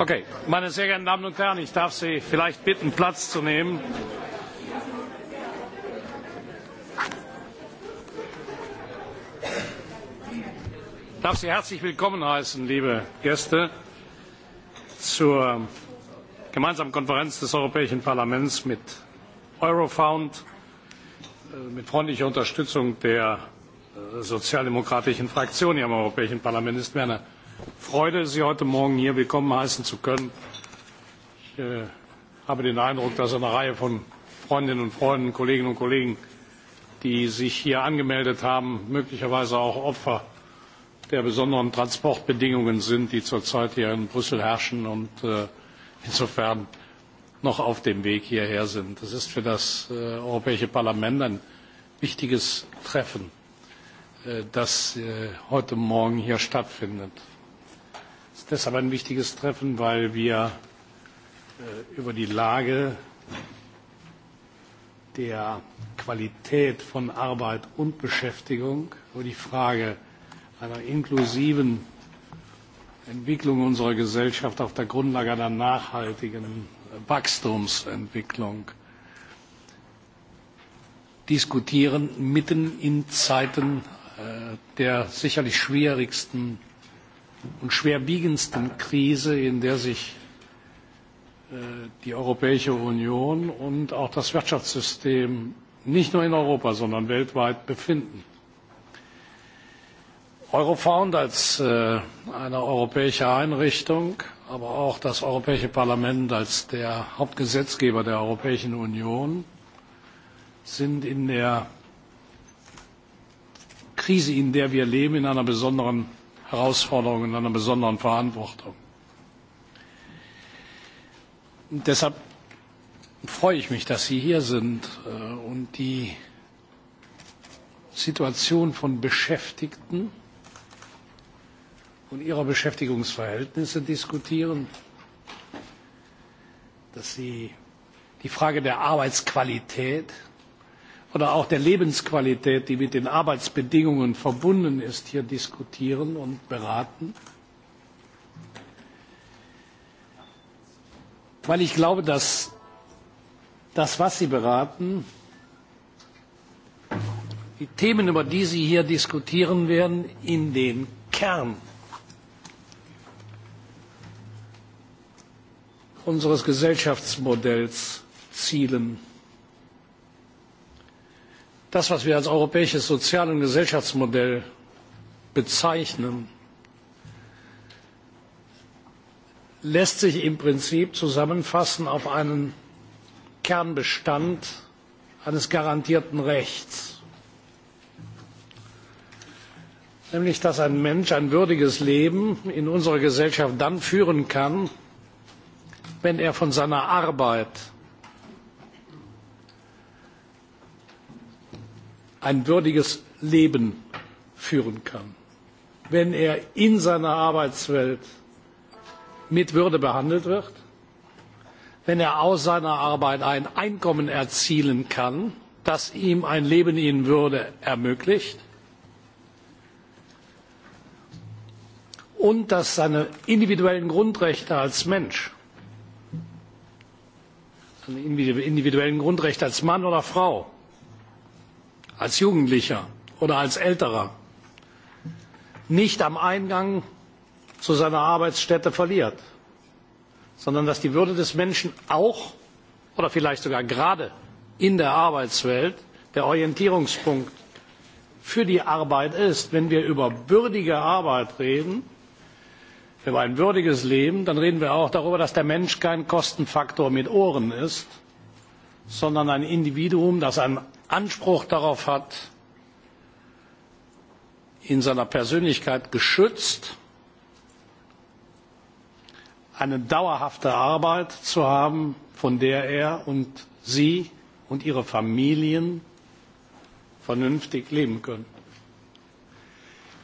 Okay, meine sehr geehrten Damen und Herren, ich darf Sie vielleicht bitten, Platz zu nehmen. Ich darf Sie herzlich willkommen heißen, liebe Gäste, zur gemeinsamen Konferenz des Europäischen Parlaments mit Eurofound mit freundlicher Unterstützung der sozialdemokratischen Fraktion hier im Europäischen Parlament ist mir Freude, Sie heute Morgen hier willkommen heißen zu können. Ich habe den Eindruck, dass eine Reihe von Freundinnen und Freunden, Kolleginnen und Kollegen, die sich hier angemeldet haben, möglicherweise auch Opfer der besonderen Transportbedingungen sind, die zurzeit hier in Brüssel herrschen und insofern noch auf dem Weg hierher sind. Das ist für das Europäische Parlament ein wichtiges Treffen, das heute Morgen hier stattfindet. Es ist deshalb ein wichtiges Treffen, weil wir über die Lage der Qualität von Arbeit und Beschäftigung, über die Frage einer inklusiven Entwicklung unserer Gesellschaft auf der Grundlage einer nachhaltigen Wachstumsentwicklung diskutieren, mitten in Zeiten der sicherlich schwierigsten und schwerwiegendsten Krise, in der sich die Europäische Union und auch das Wirtschaftssystem nicht nur in Europa, sondern weltweit befinden. Eurofound als eine europäische Einrichtung, aber auch das Europäische Parlament als der Hauptgesetzgeber der Europäischen Union sind in der Krise, in der wir leben, in einer besonderen Herausforderungen und einer besonderen Verantwortung. Deshalb freue ich mich, dass Sie hier sind und die Situation von Beschäftigten und ihrer Beschäftigungsverhältnisse diskutieren, dass Sie die Frage der Arbeitsqualität oder auch der Lebensqualität, die mit den Arbeitsbedingungen verbunden ist, hier diskutieren und beraten, weil ich glaube, dass das, was Sie beraten, die Themen, über die Sie hier diskutieren werden, in den Kern unseres Gesellschaftsmodells zielen das was wir als europäisches sozial und gesellschaftsmodell bezeichnen lässt sich im prinzip zusammenfassen auf einen kernbestand eines garantierten rechts nämlich dass ein mensch ein würdiges leben in unserer gesellschaft dann führen kann wenn er von seiner arbeit ein würdiges leben führen kann wenn er in seiner arbeitswelt mit würde behandelt wird wenn er aus seiner arbeit ein einkommen erzielen kann das ihm ein leben in würde ermöglicht und dass seine individuellen grundrechte als mensch seine individuellen grundrechte als mann oder frau als Jugendlicher oder als Älterer nicht am Eingang zu seiner Arbeitsstätte verliert, sondern dass die Würde des Menschen auch oder vielleicht sogar gerade in der Arbeitswelt der Orientierungspunkt für die Arbeit ist. Wenn wir über würdige Arbeit reden, über ein würdiges Leben, dann reden wir auch darüber, dass der Mensch kein Kostenfaktor mit Ohren ist, sondern ein Individuum, das Anspruch darauf hat, in seiner Persönlichkeit geschützt, eine dauerhafte Arbeit zu haben, von der er und Sie und Ihre Familien vernünftig leben können.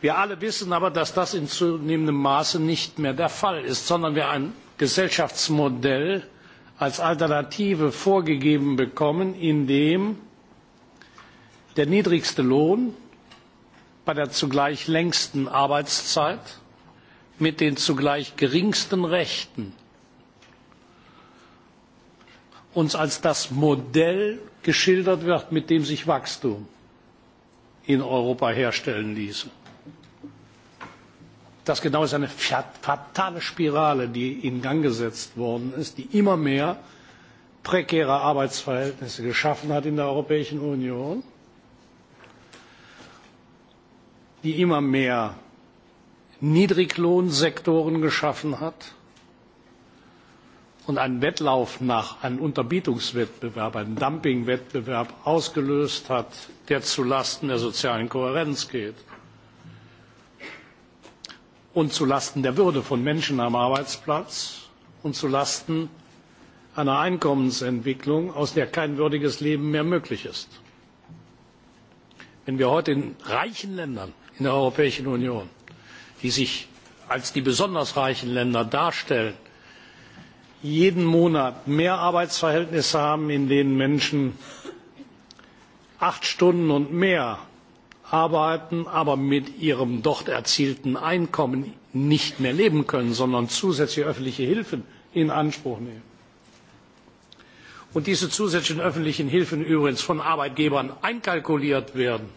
Wir alle wissen aber, dass das in zunehmendem Maße nicht mehr der Fall ist, sondern wir ein Gesellschaftsmodell als Alternative vorgegeben bekommen, in dem der niedrigste lohn bei der zugleich längsten arbeitszeit mit den zugleich geringsten rechten uns als das modell geschildert wird mit dem sich wachstum in europa herstellen ließe. das genau ist eine fatale spirale die in gang gesetzt worden ist die immer mehr prekäre arbeitsverhältnisse geschaffen hat in der europäischen union die immer mehr Niedriglohnsektoren geschaffen hat und einen Wettlauf nach einem Unterbietungswettbewerb, einen Dumpingwettbewerb ausgelöst hat, der zu Lasten der sozialen Kohärenz geht und zulasten der Würde von Menschen am Arbeitsplatz und zu Lasten einer Einkommensentwicklung, aus der kein würdiges Leben mehr möglich ist. Wenn wir heute in reichen Ländern in der Europäischen Union, die sich als die besonders reichen Länder darstellen, jeden Monat mehr Arbeitsverhältnisse haben, in denen Menschen acht Stunden und mehr arbeiten, aber mit ihrem dort erzielten Einkommen nicht mehr leben können, sondern zusätzliche öffentliche Hilfen in Anspruch nehmen. Und diese zusätzlichen öffentlichen Hilfen übrigens von Arbeitgebern einkalkuliert werden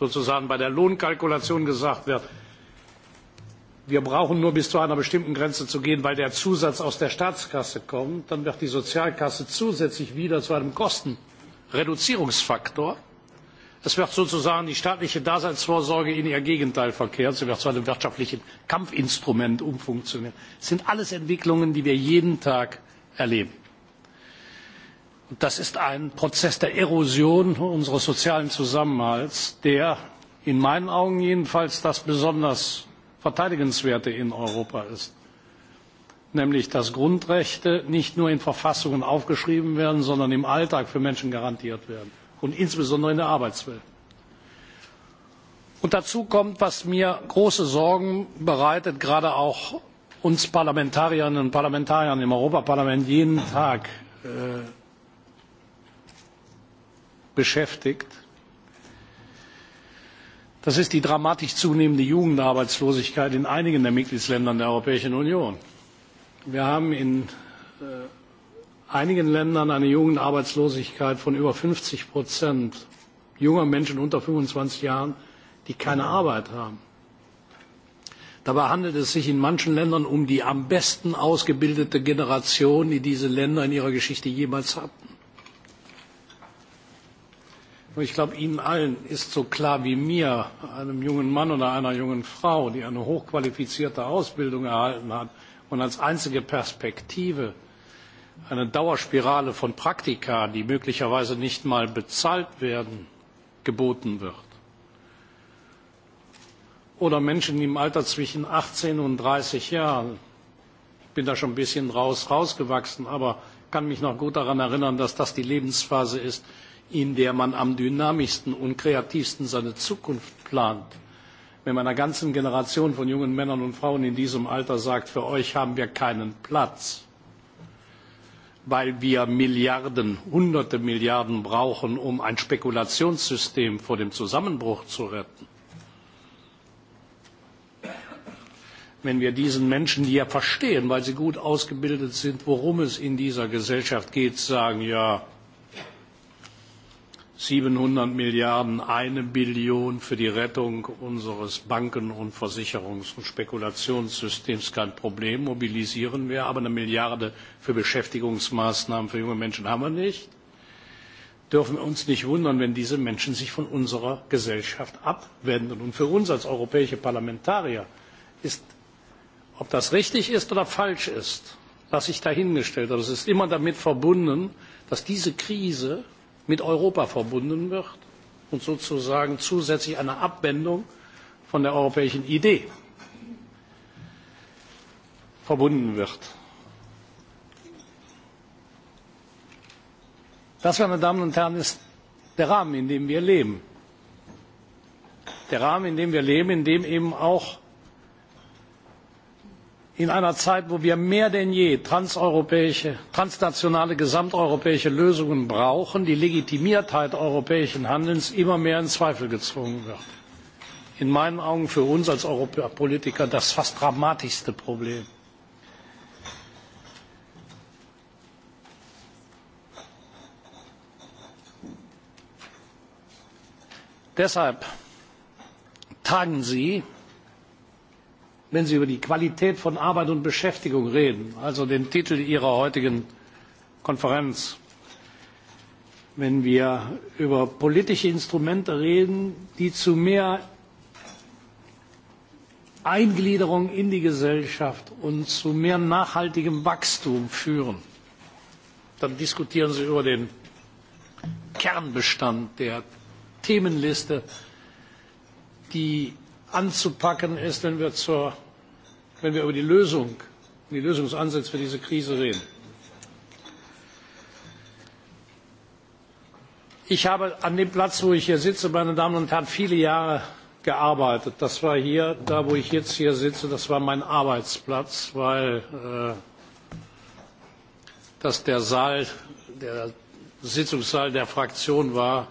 sozusagen bei der Lohnkalkulation gesagt wird, wir brauchen nur bis zu einer bestimmten Grenze zu gehen, weil der Zusatz aus der Staatskasse kommt, dann wird die Sozialkasse zusätzlich wieder zu einem Kostenreduzierungsfaktor. Es wird sozusagen die staatliche Daseinsvorsorge in ihr Gegenteil verkehrt. Sie wird zu einem wirtschaftlichen Kampfinstrument umfunktioniert. Das sind alles Entwicklungen, die wir jeden Tag erleben das ist ein prozess der erosion unseres sozialen zusammenhalts der in meinen augen jedenfalls das besonders verteidigenswerte in europa ist nämlich dass grundrechte nicht nur in verfassungen aufgeschrieben werden sondern im alltag für menschen garantiert werden und insbesondere in der arbeitswelt. dazu kommt was mir große sorgen bereitet gerade auch uns parlamentarierinnen und parlamentariern im europäischen parlament jeden tag beschäftigt. Das ist die dramatisch zunehmende Jugendarbeitslosigkeit in einigen der Mitgliedstaaten der Europäischen Union. Wir haben in einigen Ländern eine Jugendarbeitslosigkeit von über 50 junger Menschen unter 25 Jahren, die keine Arbeit haben. Dabei handelt es sich in manchen Ländern um die am besten ausgebildete Generation, die diese Länder in ihrer Geschichte jemals Und ich glaube, Ihnen allen ist so klar wie mir, einem jungen Mann oder einer jungen Frau, die eine hochqualifizierte Ausbildung erhalten hat und als einzige Perspektive eine Dauerspirale von Praktika, die möglicherweise nicht mal bezahlt werden, geboten wird. Oder Menschen, die im Alter zwischen 18 und 30 Jahren, ich bin da schon ein bisschen raus, rausgewachsen, aber kann mich noch gut daran erinnern, dass das die Lebensphase ist, in der man am dynamischsten und kreativsten seine Zukunft plant, wenn man einer ganzen Generation von jungen Männern und Frauen in diesem Alter sagt, für euch haben wir keinen Platz, weil wir Milliarden, hunderte Milliarden brauchen, um ein Spekulationssystem vor dem Zusammenbruch zu retten. wenn wir diesen Menschen, die ja verstehen, weil sie gut ausgebildet sind, worum es in dieser Gesellschaft geht, sagen, ja, 700 Milliarden, eine Billion für die Rettung unseres Banken- und Versicherungs- und Spekulationssystems kein Problem, mobilisieren wir, aber eine Milliarde für Beschäftigungsmaßnahmen für junge Menschen haben wir nicht. Dürfen wir uns nicht wundern, wenn diese Menschen sich von unserer Gesellschaft abwenden. Und für uns als europäische Parlamentarier ist, ob das richtig ist oder falsch ist, was ich dahingestellt habe, es ist immer damit verbunden, dass diese Krise mit Europa verbunden wird und sozusagen zusätzlich einer Abwendung von der europäischen Idee verbunden wird. Das, meine Damen und Herren, ist der Rahmen, in dem wir leben. Der Rahmen, in dem wir leben, in dem eben auch in einer zeit in der wir mehr denn je transnationale gesamteuropäische lösungen brauchen die legitimiertheit europäischen handelns immer mehr in zweifel gezwungen wird. in meinen augen für uns als europapolitiker das fast dramatischste problem. deshalb tagen sie wenn Sie über die Qualität von Arbeit und Beschäftigung reden, also den Titel Ihrer heutigen Konferenz, wenn wir über politische Instrumente reden, die zu mehr Eingliederung in die Gesellschaft und zu mehr nachhaltigem Wachstum führen, dann diskutieren Sie über den Kernbestand der Themenliste, die anzupacken ist, wenn wir über die Lösung, die Lösungsansätze für diese Krise reden. Ich habe an dem Platz, wo ich hier sitze, meine Damen und Herren, viele Jahre gearbeitet. Das war hier, da wo ich jetzt hier sitze, das war mein Arbeitsplatz, weil das der Saal, der Sitzungssaal der Fraktion war,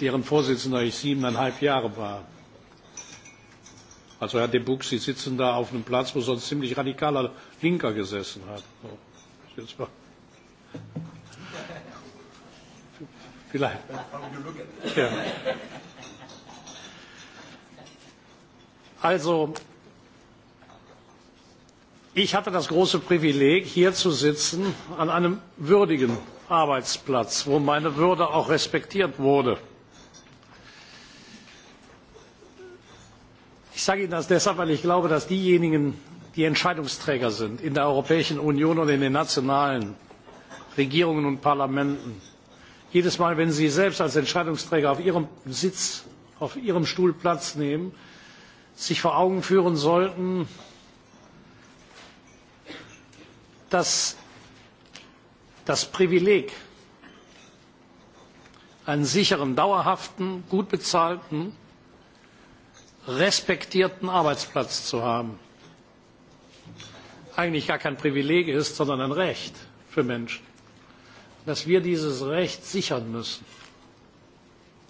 deren Vorsitzender ich siebeneinhalb Jahre war. Also Herr de Buch, Sie sitzen da auf einem Platz, wo sonst ziemlich radikaler Linker gesessen hat. Also, ich hatte das große Privileg, hier zu sitzen, an einem würdigen Arbeitsplatz, wo meine Würde auch respektiert wurde ich sage ihnen das deshalb weil ich glaube dass diejenigen die entscheidungsträger sind in der europäischen union und in den nationalen regierungen und parlamenten jedes mal wenn sie selbst als entscheidungsträger auf ihrem sitz auf ihrem stuhl platz nehmen sich vor augen führen sollten dass das privileg einen sicheren dauerhaften gut bezahlten respektierten Arbeitsplatz zu haben, eigentlich gar kein Privileg ist, sondern ein Recht für Menschen, dass wir dieses Recht sichern müssen.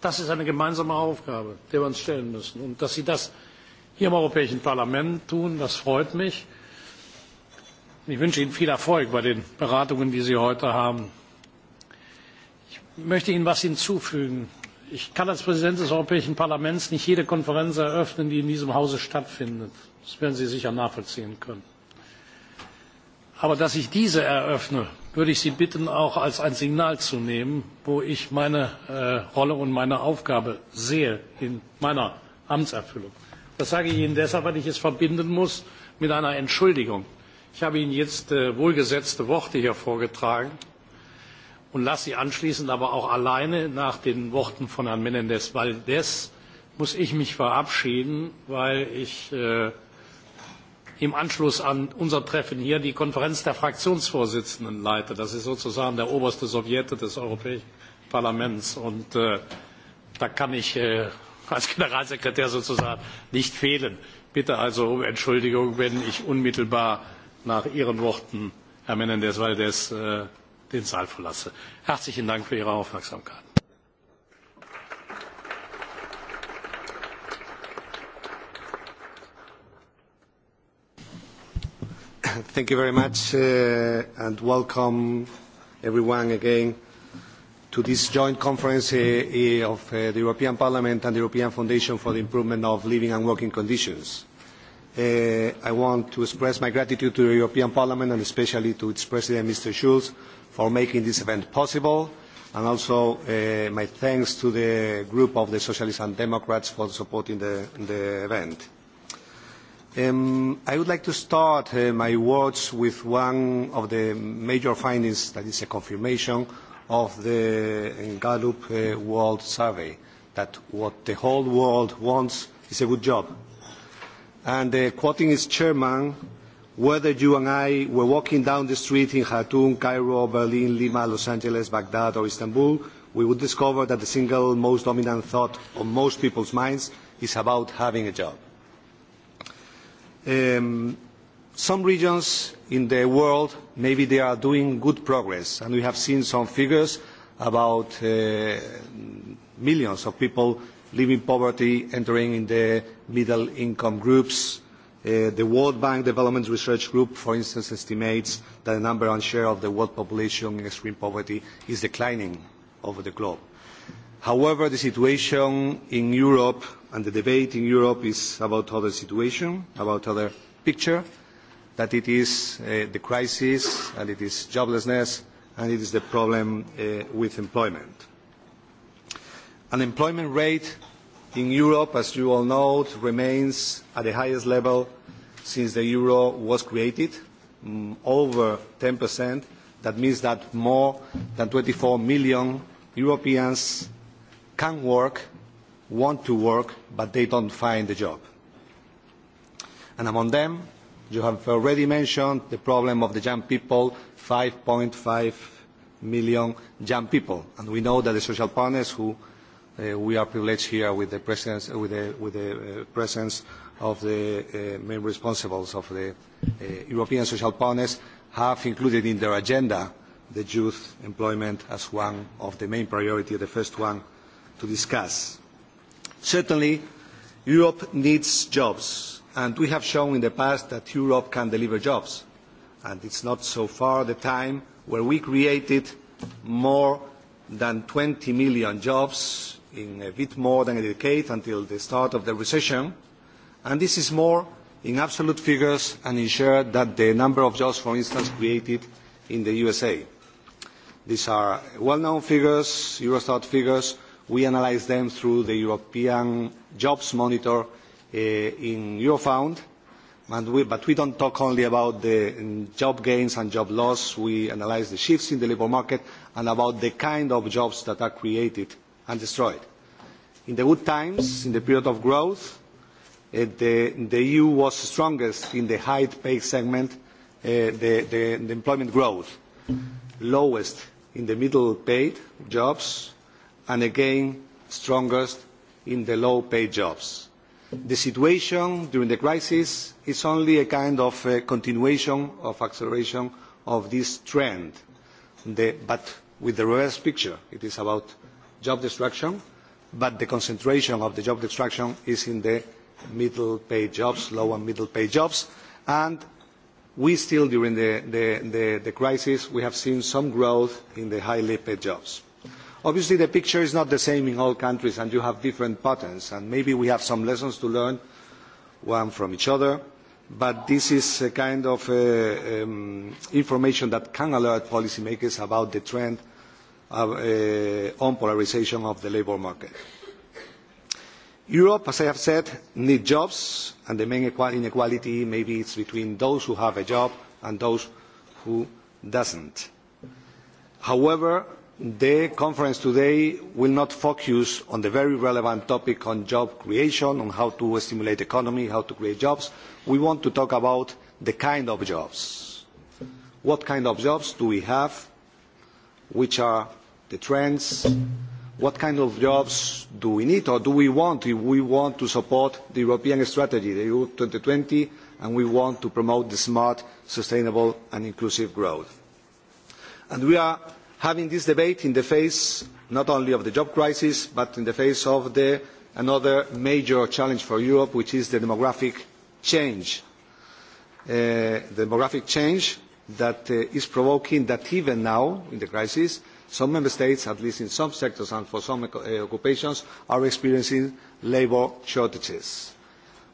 Das ist eine gemeinsame Aufgabe, der wir uns stellen müssen. Und dass Sie das hier im Europäischen Parlament tun, das freut mich. Ich wünsche Ihnen viel Erfolg bei den Beratungen, die Sie heute haben. Ich möchte Ihnen etwas hinzufügen ich kann als präsident des europäischen parlaments nicht jede konferenz eröffnen die in diesem hause stattfindet das werden sie sicher nachvollziehen können. aber dass ich diese eröffne würde ich sie bitten auch als ein signal zu nehmen wo ich meine rolle und meine aufgabe sehe in meiner amtserfüllung. das sage ich ihnen deshalb weil ich es verbinden muss mit einer entschuldigung. ich habe ihnen jetzt wohlgesetzte worte hier vorgetragen und lasse sie anschließend aber auch alleine nach den worten von herrn menéndez valdés muss ich mich verabschieden weil ich im anschluss an unser treffen hier die konferenz der fraktionsvorsitzenden leite. das ist sozusagen der oberste sowjet des europäischen parlaments und da kann ich als generalsekretär sozusagen nicht fehlen. bitte also um entschuldigung wenn ich unmittelbar nach ihren worten herr menéndez valdés den Saal verlasse. Herzlichen Dank für Ihre Aufmerksamkeit. Thank you very much and welcome everyone again to this joint conference of the European Parliament and the European Foundation for the Improvement of Living and Working Conditions. I want to express my gratitude to the European Parliament and especially to its President, Mr. Schulz, for making this event possible. And also my thanks to the group of the Socialists and Democrats for supporting the event. I would like to start my words with one of the major findings that is a confirmation of the Gallup World Survey, that what the whole world wants is a good job. And quoting its chairman, whether you and I were walking down the street in Khartoum, Cairo, Berlin, Lima, Los Angeles, Baghdad or Istanbul, we would discover that the single most dominant thought on most people's minds is about having a job. Some regions in the world, maybe they are doing good progress, and we have seen some figures about millions of people living poverty, entering in the middle income groups The World Bank Development Research Group, for instance, estimates that the number and share of the world population in extreme poverty is declining over the globe. However, the situation in Europe and the debate in Europe is about other situation, about other picture, that it is the crisis and it is joblessness and it is the problem with employment. Unemployment rate in Europe, as you all know, remains at the highest level since the euro was created, over 10%. That means that more than 24 million Europeans can work, want to work, but they don't find a job. And among them, you have already mentioned the problem of the young people, 5.5 million young people. And we know that the social partners who We are privileged here with the presence of the main responsibles of the European social partners have included in their agenda the youth employment as one of the main priorities, the first one to discuss. Certainly, Europe needs jobs, and we have shown in the past that Europe can deliver jobs. And it's not so far the time where we created more than 20 million jobs in a bit more than a decade until the start of the recession, and this is more in absolute figures and in share than the number of jobs, for instance, created in the USA. These are well-known figures, Eurostat figures. We analyse them through the European Jobs Monitor in Eurofound, but we don't talk only about the job gains and job loss. We analyse the shifts in the labour market and about the kind of jobs that are created and destroyed. In the good times, in the period of growth, the EU was strongest in the high paid segment, the employment growth, lowest in the middle paid jobs, and again strongest in the low paid jobs. The situation during the crisis is only a kind of continuation of acceleration of this trend, but with the reverse picture. It is about job destruction, but the concentration of the job destruction is in the middle-paid jobs, low and middle-paid jobs. And we still, during the crisis, we have seen some growth in the highly paid jobs. Obviously, the picture is not the same in all countries, and you have different patterns, and maybe we have some lessons to learn, one from each other, but this is a kind of information that can alert policymakers about the trend on polarization of the labour market. Europe, as I have said, needs jobs, and the main inequality maybe is between those who have a job and those who doesn't. However, the conference today will not focus on the very relevant topic on job creation, on how to stimulate the economy, how to create jobs. We want to talk about the kind of jobs. What kind of jobs do we have? Which are the trends, what kind of jobs do we need or do we want? if We want to support the European strategy, the EU 2020, and we want to promote the smart, sustainable and inclusive growth. And we are having this debate in the face not only of the job crisis, but in the face of another major challenge for Europe, which is the demographic change. demographic change that is provoking that even now in the crisis some member states, at least in some sectors and for some occupations, are experiencing labour shortages.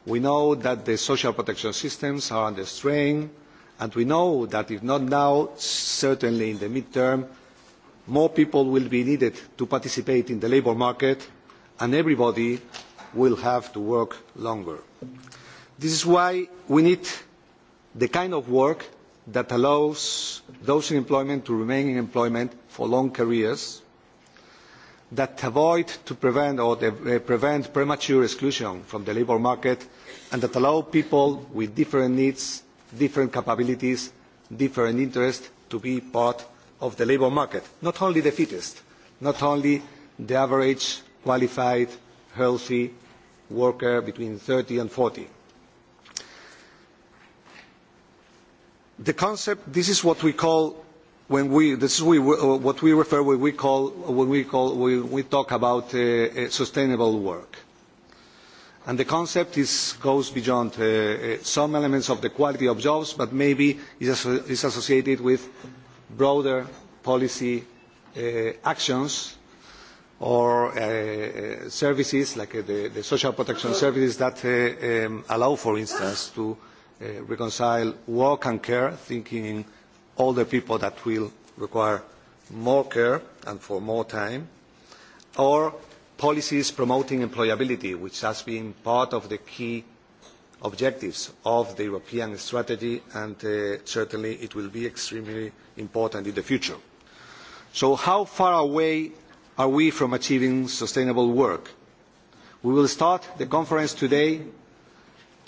We know that the social protection systems are under strain, and we know that if not now, certainly in the mid term, more people will be needed to participate in the labour market, and everybody will have to work longer. This is why we need the kind of work that allows those in employment to remain in employment for long careers, that avoid to prevent or prevent premature exclusion from the labour market, and that allow people with different needs, different capabilities, different interests to be part of the labour market. Not only the fittest, not only the average qualified, healthy worker between 30 and 40. the concept this is what we call when we this is what we refer when we call when we call we talk about sustainable work and the concept goes beyond some elements of the quality of jobs but maybe is associated with broader policy actions or services like the social protection services that allow for instance to reconcile work and care, thinking all the people that will require more care and for more time, or policies promoting employability, which has been part of the key objectives of the European strategy, and certainly it will be extremely important in the future. So how far away are we from achieving sustainable work? We will start the conference today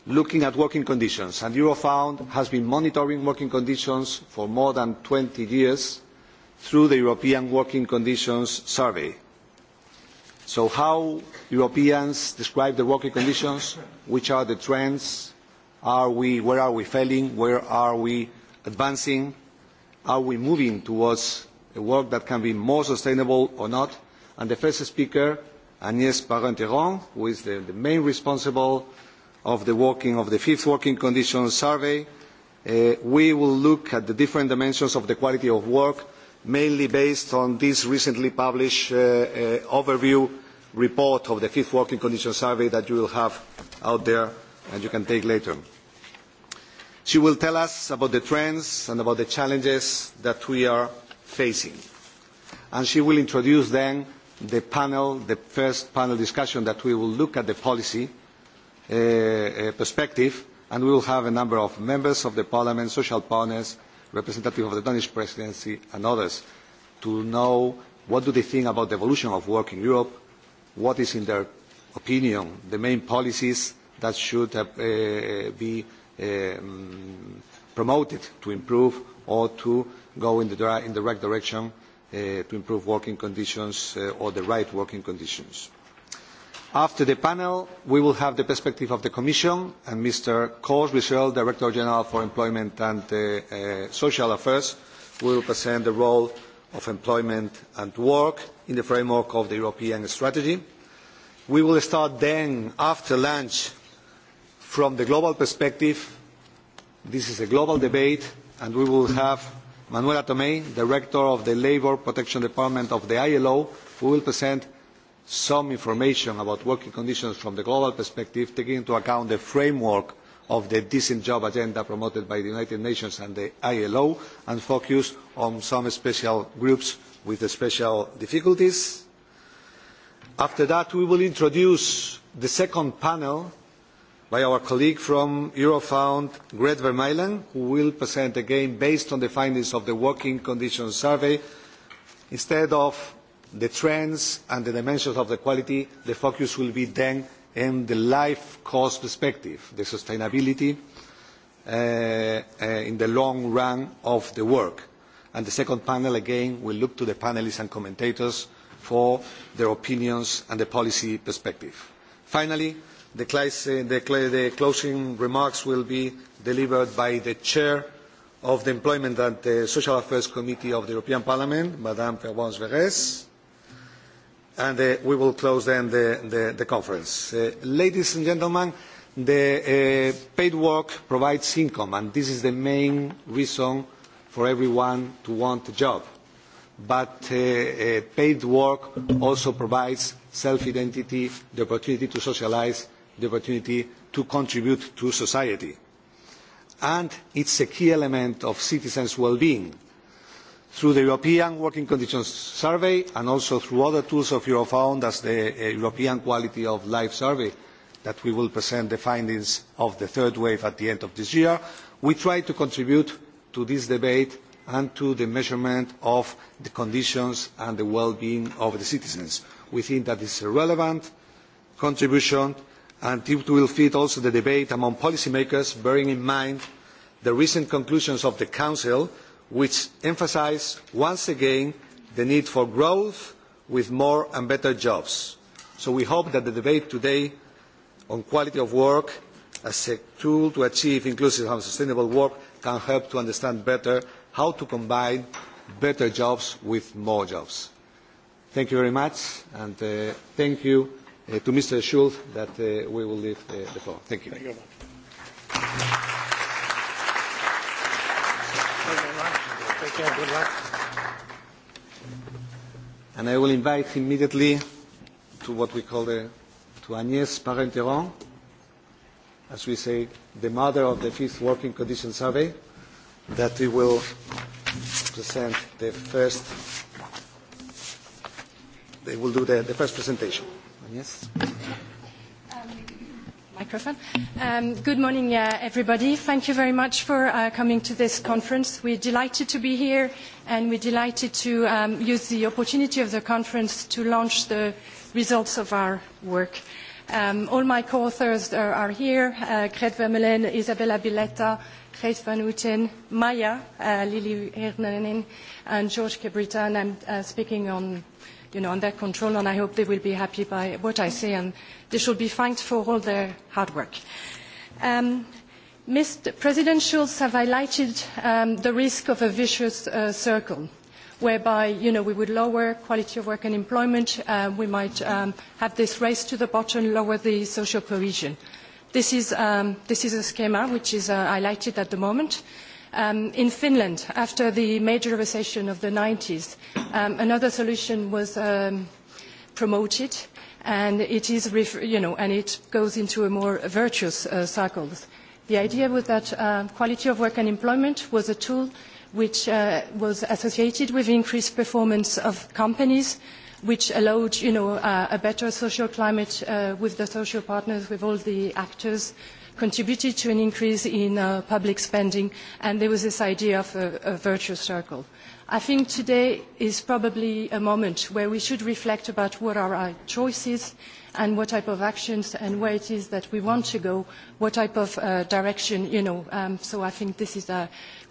looking at working conditions and eurofound has been monitoring working conditions for more than 20 years through the european working conditions survey so how europeans describe the working conditions which are the trends where are we failing where are we advancing are we moving towards a work that can be more sustainable or not and the first speaker Agnès who is the main responsible of the working of the fifth working conditions survey, we will look at the different dimensions of the quality of work, mainly based on this recently published overview report of the fifth working conditions survey that you will have out there and you can take later. She will tell us about the trends and about the challenges that we are facing. And she will introduce then the panel, the first panel discussion that we will look at the policy perspective and we will have a number of members of the parliament, social partners, representatives of the Danish presidency and others to know what do they think about the evolution of work in Europe, what is in their opinion the main policies that should be promoted to improve or to go in the right direction to improve working conditions or the right working conditions. After the panel, we will have the perspective of the Commission and Mr. Kors Director General for Employment and Social Affairs, will present the role of employment and work in the framework of the European strategy. We will start then, after lunch, from the global perspective. This is a global debate, and we will have Manuela Tomei, Director of the Labour Protection Department of the ILO, who will present some information about working conditions from the global perspective, taking into account the framework of the decent job agenda promoted by the United Nations and the ILO, and focus on some special groups with special difficulties. After that, we will introduce the second panel by our colleague from Eurofound, Gret Vermeulen, who will present again based on the findings of the Working Conditions Survey, instead of the trends and the dimensions of the quality, the focus will be then in the life cost perspective, the sustainability in the long run of the work. And the second panel, again, will look to the panelists and commentators for their opinions and the policy perspective. Finally, the closing remarks will be delivered by the Chair of the Employment and Social Affairs Committee of the European Parliament, Madame Fervance Verres and we will close then the conference. Ladies and gentlemen, the paid work provides income, and this is the main reason for everyone to want a job. But paid work also provides self-identity, the opportunity to socialize, the opportunity to contribute to society. And it's a key element of citizens' well-being through the European Working Conditions Survey and also through other tools of Eurofound as the European Quality of Life Survey that we will present the findings of the third wave at the end of this year, we try to contribute to this debate and to the measurement of the conditions and the well-being of the citizens. We think that is a relevant contribution and it will feed also the debate among policymakers, bearing in mind the recent conclusions of the Council which emphasise once again the need for growth with more and better jobs. So we hope that the debate today on quality of work as a tool to achieve inclusive and sustainable work can help to understand better how to combine better jobs with more jobs. Thank you very much and thank you to Mr. Schulz that we will leave the floor. Thank you. And I will invite immediately to what we call the to Agnès Parenteron, as we say, the mother of the fifth working condition survey, that we will present the first. They will do the, the first presentation microphone. Good morning, everybody. Thank you very much for coming to this conference. We're delighted to be here, and we're delighted to use the opportunity of the conference to launch the results of our work. All my co-authors are here, Gret Vermeulen, Isabella Biletta, Gijs van Houten, Maya, Lili Hirnanen, and George Kebrita, and I'm speaking on you know, under control, and I hope they will be happy by what I say, and they should be thanked for all their hard work. Mr. President Schulz have highlighted the risk of a vicious circle, whereby, you know, we would lower quality of work and employment, we might have this race to the bottom, lower the social cohesion. This is a schema which is highlighted at the moment In Finland, after the major recession of the 90s, another solution was promoted, and it goes into a more virtuous cycle. The idea was that quality of work and employment was a tool which was associated with increased performance of companies, which allowed a better social climate with the social partners, with all the actors contributed to an increase in public spending, and there was this idea of a virtuous circle. I think today is probably a moment where we should reflect about what are our choices and what type of actions and where it is that we want to go, what type of direction, you know. So I think this is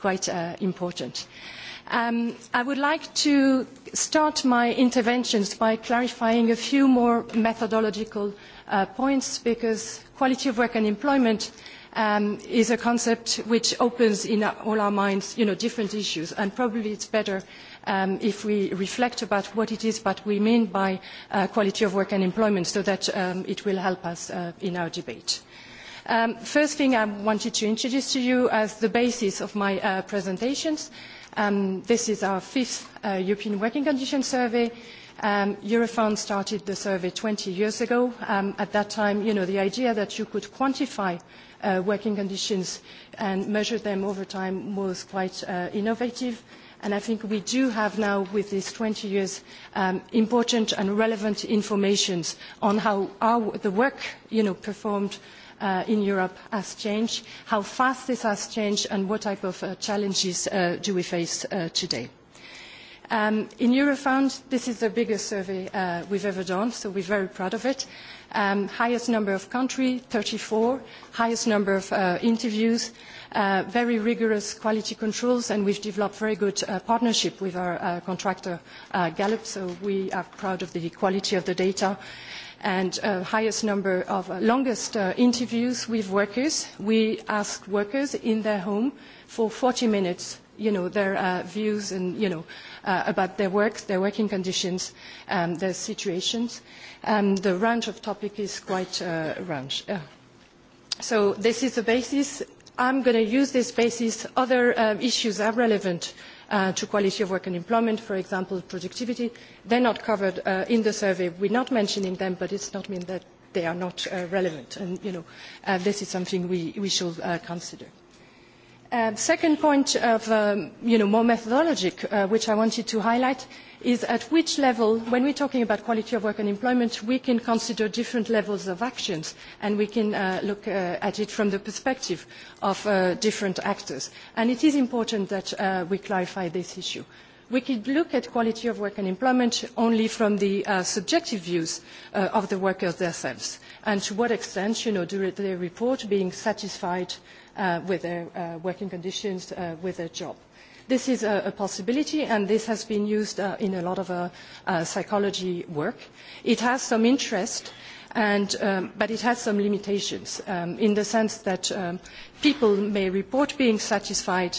quite important. I would like to start my interventions by clarifying a few more methodological points because quality of work and employment is a concept which opens in all our minds different issues and probably it's better if we reflect about what it is that we mean by quality of work and employment so that it will help us in our debate. first thing I wanted to introduce to you as the basis of my presentations, this is our fifth European Working Conditions Survey Eurofound started the survey 20 years ago. At that time, you know, the idea that you could quantify working conditions and measure them over time was quite innovative. And I think we do have now, with these 20 years, important and relevant information on how the work performed in Europe has changed, how fast this has changed, and what type of challenges do we face today. In Eurofound, this is the biggest survey we've ever done, so we're very proud of it. Highest number of countries, 34. Highest number of interviews. Very rigorous quality controls, and we've developed very good partnership with our contractor Gallup, so we are proud of the quality of the data. And highest number of longest interviews with workers. We ask workers in their home for 40 minutes, you know, their views and, you know about their work, their working conditions, their situations. The range of topic is quite a range. So this is the basis. I'm going to use this basis. Other issues are relevant to quality of work and employment, for example, productivity. They're not covered in the survey. We're not mentioning them, but it's not mean that they are not relevant. And, you know, this is something we should consider. Second point of more methodologic, which I wanted to highlight, is at which level, when we are talking about quality of work and employment, we can consider different levels of actions and we can look at it from the perspective of different actors. And it is important that we clarify this issue. We could look at quality of work and employment only from the subjective views of the workers themselves and to what extent do they report being satisfied with their working conditions, with their job. This is a possibility, and this has been used in a lot of psychology work. It has some interest, but it has some limitations in the sense that people may report being satisfied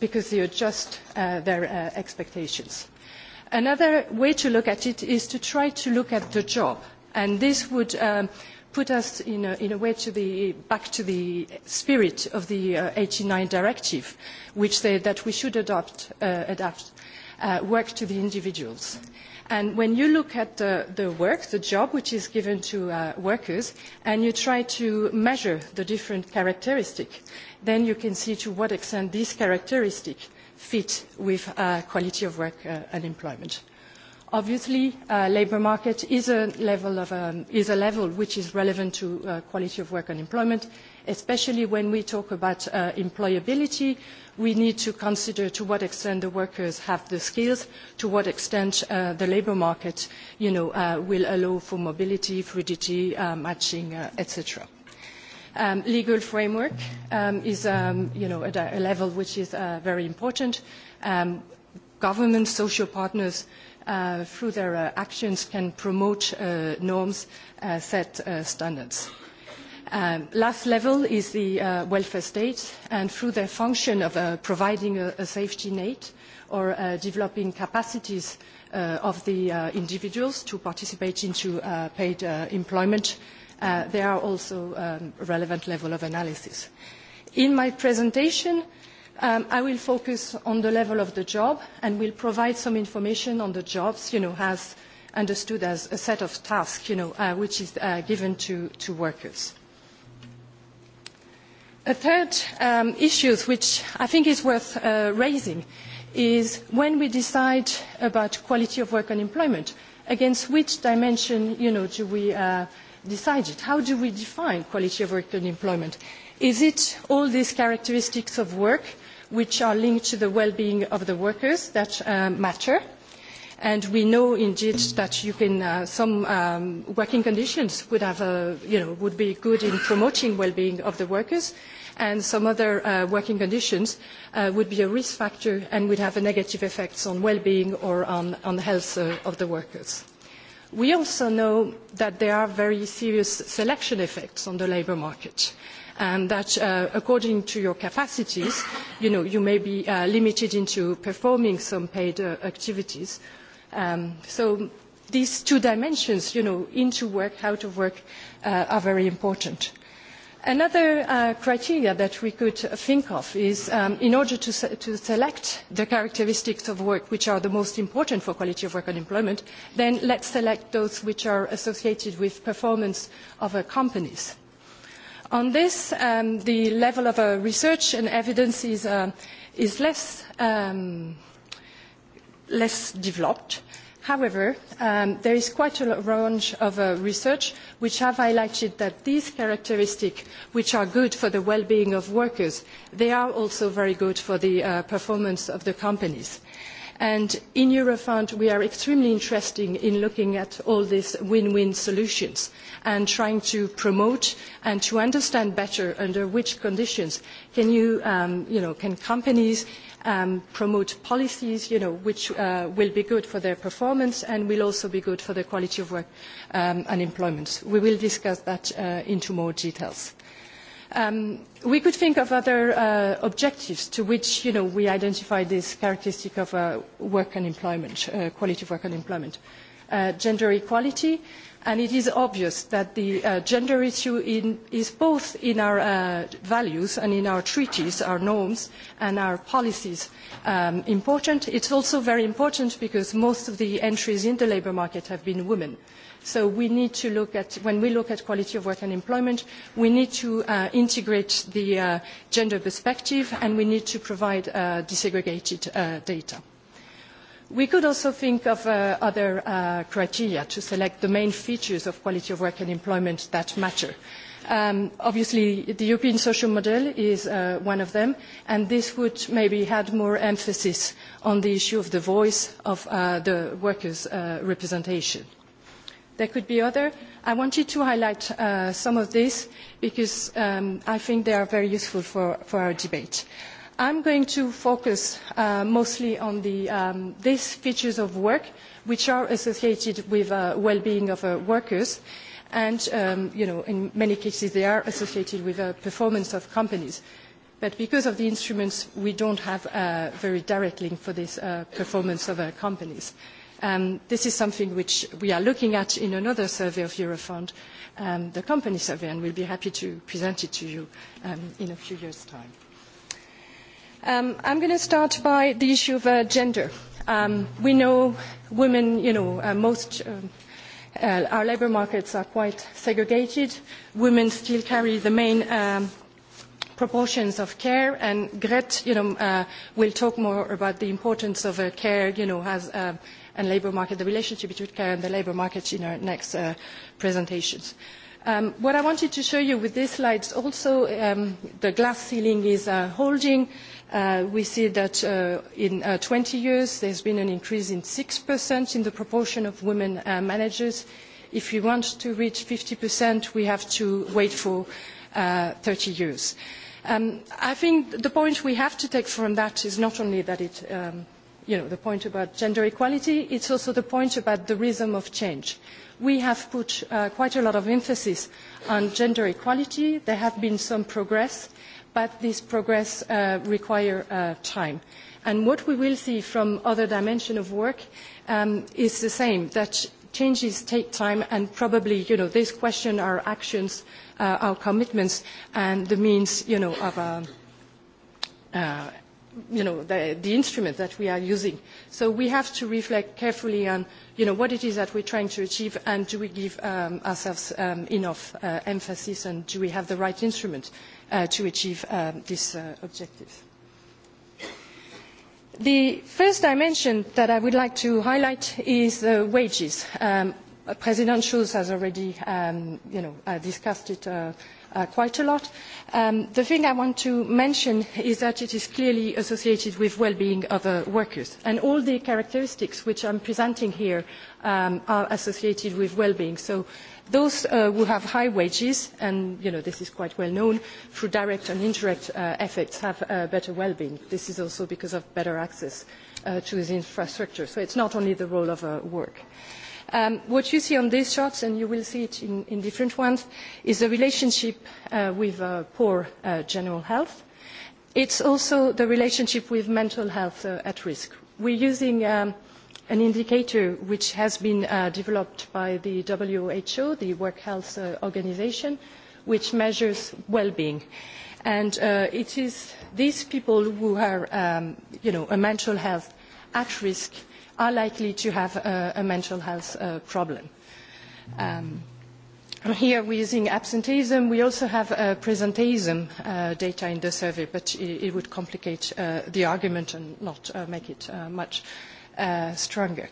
because they adjust their expectations. Another way to look at it is to try to look at the job, and this would put us in a way back to the spirit of the 89 directive, which said that we should adopt work to the individuals. And when you look at the work, the job which is given to workers, and you try to measure the different characteristics, then you can see to what extent these characteristics fit with quality of work and employment. Obviously, labour market is a level which is relevant to quality of work and employment, especially when we talk about employability. We need to consider to what extent the workers have the skills, to what extent the labour market will allow for mobility, fluidity, matching, etc. Legal framework is a level which is very important. Government, social partners through their actions can promote norms, set standards. Last level is the welfare state, and through their function of providing a safety net or developing capacities of the individuals to participate into paid employment, they are also a relevant level of analysis. In my presentation, I will focus on the level of the job and will provide some information on the jobs, you know, as understood as a set of tasks, you know, which is given to workers. A third issue which I think is worth raising is when we decide about quality of work and employment, against which dimension, you know, do we decide it? How do we define quality of work and employment? Is it all these characteristics of work? which are linked to the well-being of the workers that matter. And we know indeed that some working conditions would have, you know, would be good in promoting well-being of the workers, and some other working conditions would be a risk factor and would have a negative effects on well-being or on the health of the workers. We also know that there are very serious selection effects on the labour market and that according to your capacities you may be limited into performing some paid activities. So these two dimensions, into work, out of work, are very important. Another criteria that we could think of is in order to select the characteristics of work which are the most important for quality of work and employment, then let's select those which are associated with performance of companies. On this, the level of research and evidence is less developed. However, there is quite a range of research which have highlighted that these characteristics, which are good for the well-being of workers, they are also very good for the performance of the companies and in eurofund we are extremely interested in looking at all these win win solutions and trying to promote and to understand better under which conditions can companies promote policies which will be good for their performance and will also be good for the quality of work and employment. we will discuss that in more details. We could think of other objectives to which we identify this characteristic of work and employment, quality of work and employment. Gender equality, and it is obvious that the gender issue is both in our values and in our treaties, our norms and our policies important. It is also very important because most of the entries in the labour market have been women. So we need to look at, when we look at quality of work and employment, we need to integrate the gender perspective and we need to provide desegregated data. We could also think of other criteria to select the main features of quality of work and employment that matter. Obviously, the European social model is one of them, and this would maybe add more emphasis on the issue of the voice of the workers' representation. There could be other. I wanted to highlight some of these because I think they are very useful for our debate. I'm going to focus mostly on these features of work which are associated with well-being of workers and, in many cases, they are associated with the performance of companies. But because of the instruments, we don't have a very direct link for this performance of companies. This is something which we are looking at in another survey of Eurofund, the company survey, and we'll be happy to present it to you in a few years' time. I'm going to start by the issue of gender. We know women, you know, most our labour markets are quite segregated. Women still carry the main proportions of care, and Gret, you know, will talk more about the importance of care, you know, as and labour market, the relationship between care and the labour market in our next presentations. What I wanted to show you with these slides also, the glass ceiling is holding. We see that in 20 years there's been an increase in 6% in the proportion of women managers. If we want to reach 50%, we have to wait for 30 years. I think the point we have to take from that is not only that it you know, the point about gender equality. It's also the point about the rhythm of change. We have put quite a lot of emphasis on gender equality. There have been some progress, but this progress requires time. And what we will see from other dimensions of work is the same, that changes take time and probably, you know, this question our actions, our commitments and the means, you know, of you know, the, the instrument that we are using. So we have to reflect carefully on, you know, what it is that we're trying to achieve and do we give um, ourselves um, enough uh, emphasis and do we have the right instrument uh, to achieve um, this uh, objective. The first dimension that I would like to highlight is uh, wages. Um, President Schulz has already, um, you know, uh, discussed it uh, quite a lot. The thing I want to mention is that it is clearly associated with well-being of workers, and all the characteristics which I'm presenting here are associated with well-being. So those who have high wages, and this is quite well known, through direct and indirect effects have better well-being. This is also because of better access to the infrastructure. So it's not only the role of work. What you see on these charts, and you will see it in different ones, is the relationship with poor general health. It's also the relationship with mental health at risk. We're using an indicator which has been developed by the WHO, the Work Health Organization, which measures well-being. And it is these people who are, you know, a mental health at risk are likely to have a mental health problem. Here we're using absenteeism. We also have presenteeism data in the survey, but it would complicate the argument and not make it much stronger.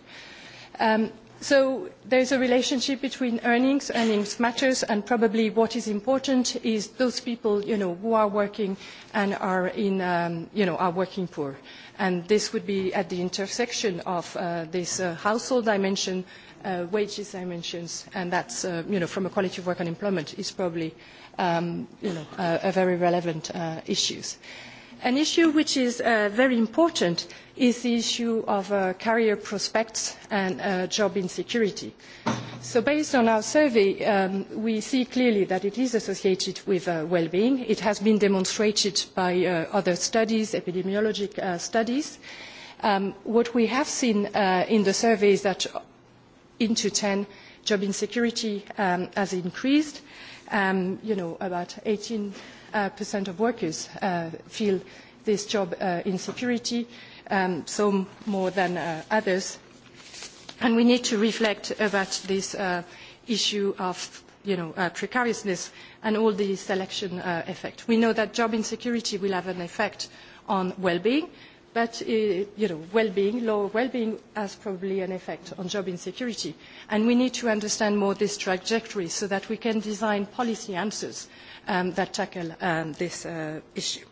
So there is a relationship between earnings, earnings matters, and probably what is important is those people who are working and are working poor and this would be at the intersection of this household dimension, wages dimensions, and that's, you from a quality of work and employment is probably, a very relevant issue. An issue which is very important is the issue of career prospects and job insecurity. So based on our survey, we see clearly that it is associated with well-being. It has been demonstrated by other studies, epidemiologic studies. What we have seen in the survey is that into 10, job insecurity has increased. You know, about 18% of workers feel this job insecurity some more than others. And we need to reflect about this issue of precariousness and all the selection effect. We know that job insecurity will have an effect on well-being, but well-being, lower well-being has probably an effect on job insecurity. And we need to understand more this trajectory so that we can design policy answers that tackle this issue.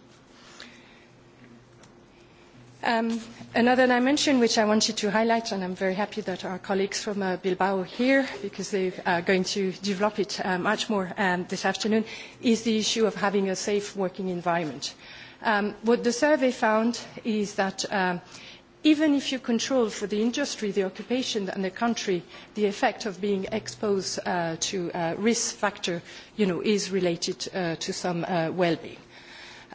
Another dimension which I wanted to highlight, and I'm very happy that our colleagues from Bilbao are here because they are going to develop it much more this afternoon, is the issue of having a safe working environment. What the survey found is that even if you control for the industry, the occupation and the country, the effect of being exposed to risk factor is related to some well-being.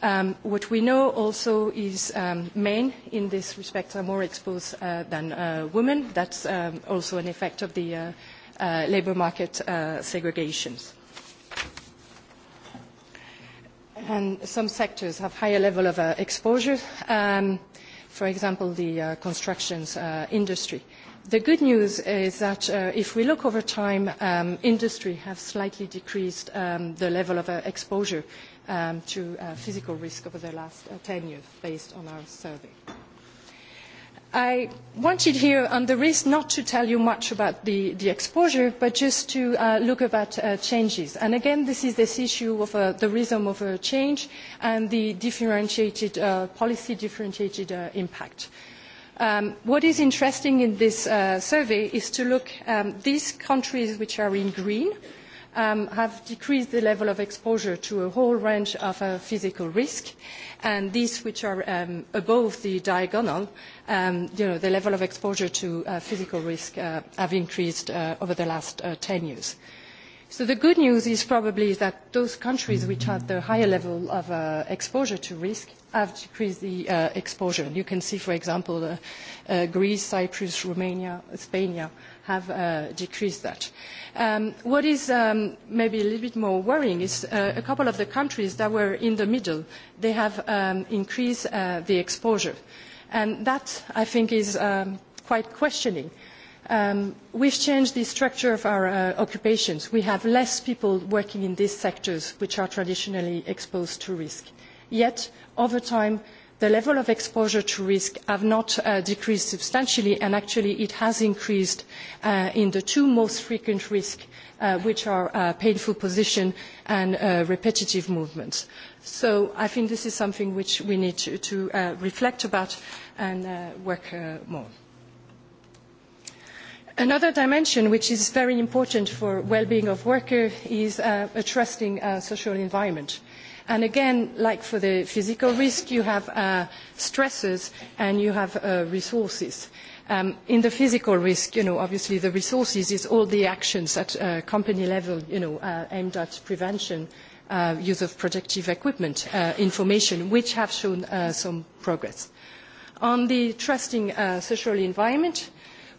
What we know also is men in this respect are more exposed than women. That's also an effect of the labour market segregations. And some sectors have higher level of exposure, for example, the construction industry. The good news is that if we look over time, industry has slightly decreased the level of exposure to physical risk over the last 10 years based on our survey. I wanted here on the risk not to tell you much about the exposure, but just to look about changes. And again, this is this issue of the rhythm of change and the differentiated policy differentiated impact. What is interesting in this survey is to look at these countries which are in green have decreased the level of exposure to a whole range of physical risk, and these which are above the diagonal, the level of exposure to physical risk have increased over the last 10 years. So the good news is probably that those countries which have the higher level of exposure to risk have decreased the exposure. You can see, for example, Greece, Cyprus, Romania, Spain have decreased that. What is maybe a little bit more worrying is a couple of the countries that were in the middle, they have increased the exposure. And that, I think, is quite questioning. We've changed the structure of our occupations. We have less people working in these sectors which are traditionally exposed to risk. Yet, over time, the level of exposure to risk have not decreased substantially and actually it has increased in the two most frequent risks which are painful position and repetitive movements. So I think this is something which we need to reflect about and work more. Another dimension which is very important for well-being of workers is a trusting social environment. And again, like for the physical risk, you have stresses and you have resources. In the physical risk, obviously the resources is all the actions at company level aimed at prevention, use of protective equipment, information, which have shown some progress. On the trusting social environment,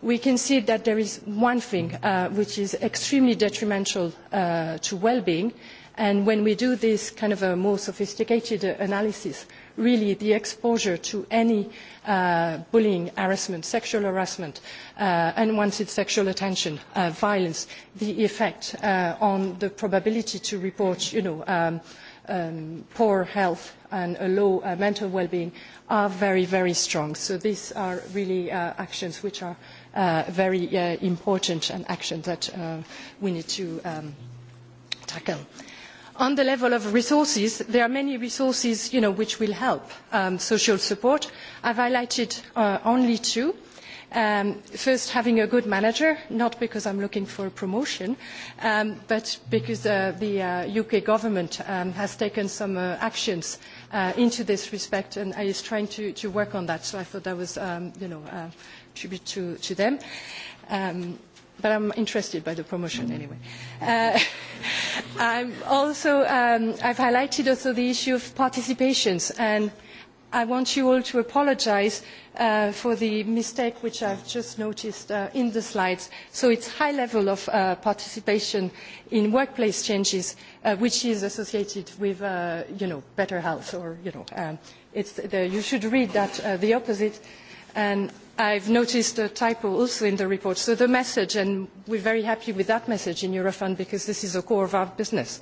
we can see that there is one thing which is extremely detrimental to well-being, And when we do this kind of a more sophisticated analysis, really the exposure to any bullying, harassment, sexual harassment, unwanted sexual attention, violence, the effect on the probability to report, you know, poor health and a low mental well-being are very, very strong. So these are really actions which are very important and actions that we need to tackle on the level of resources there are many resources which will help social support. i highlighted only two first having a good manager not because i am looking for a promotion but because the uk government has taken some actions into this respect and is trying to work on that so i thought that was a tribute to them but I'm interested by the promotion anyway. I'm also, I've highlighted also the issue of participations, and I want you all to apologise for the mistake which I've just noticed in the slides. So it's high level of participation in workplace changes, which is associated with, you know, better health, or you know, it's you should read that the opposite, and I've noticed a typo also in the report. So the message, and we're very happy with that message in Eurofund because this is the core of our business,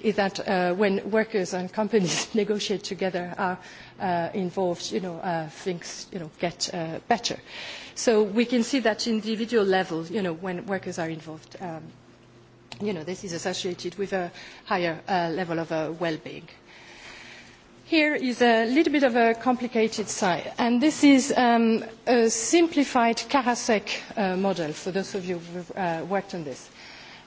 is that when workers and companies negotiate together, are involved, you know, things, you know, get better. So we can see that individual level, you know, when workers are involved, you know, this is associated with a higher level of well-being. Here is a little bit of a complicated side, and this is a simplified Karasek model, for those of you who have worked on this.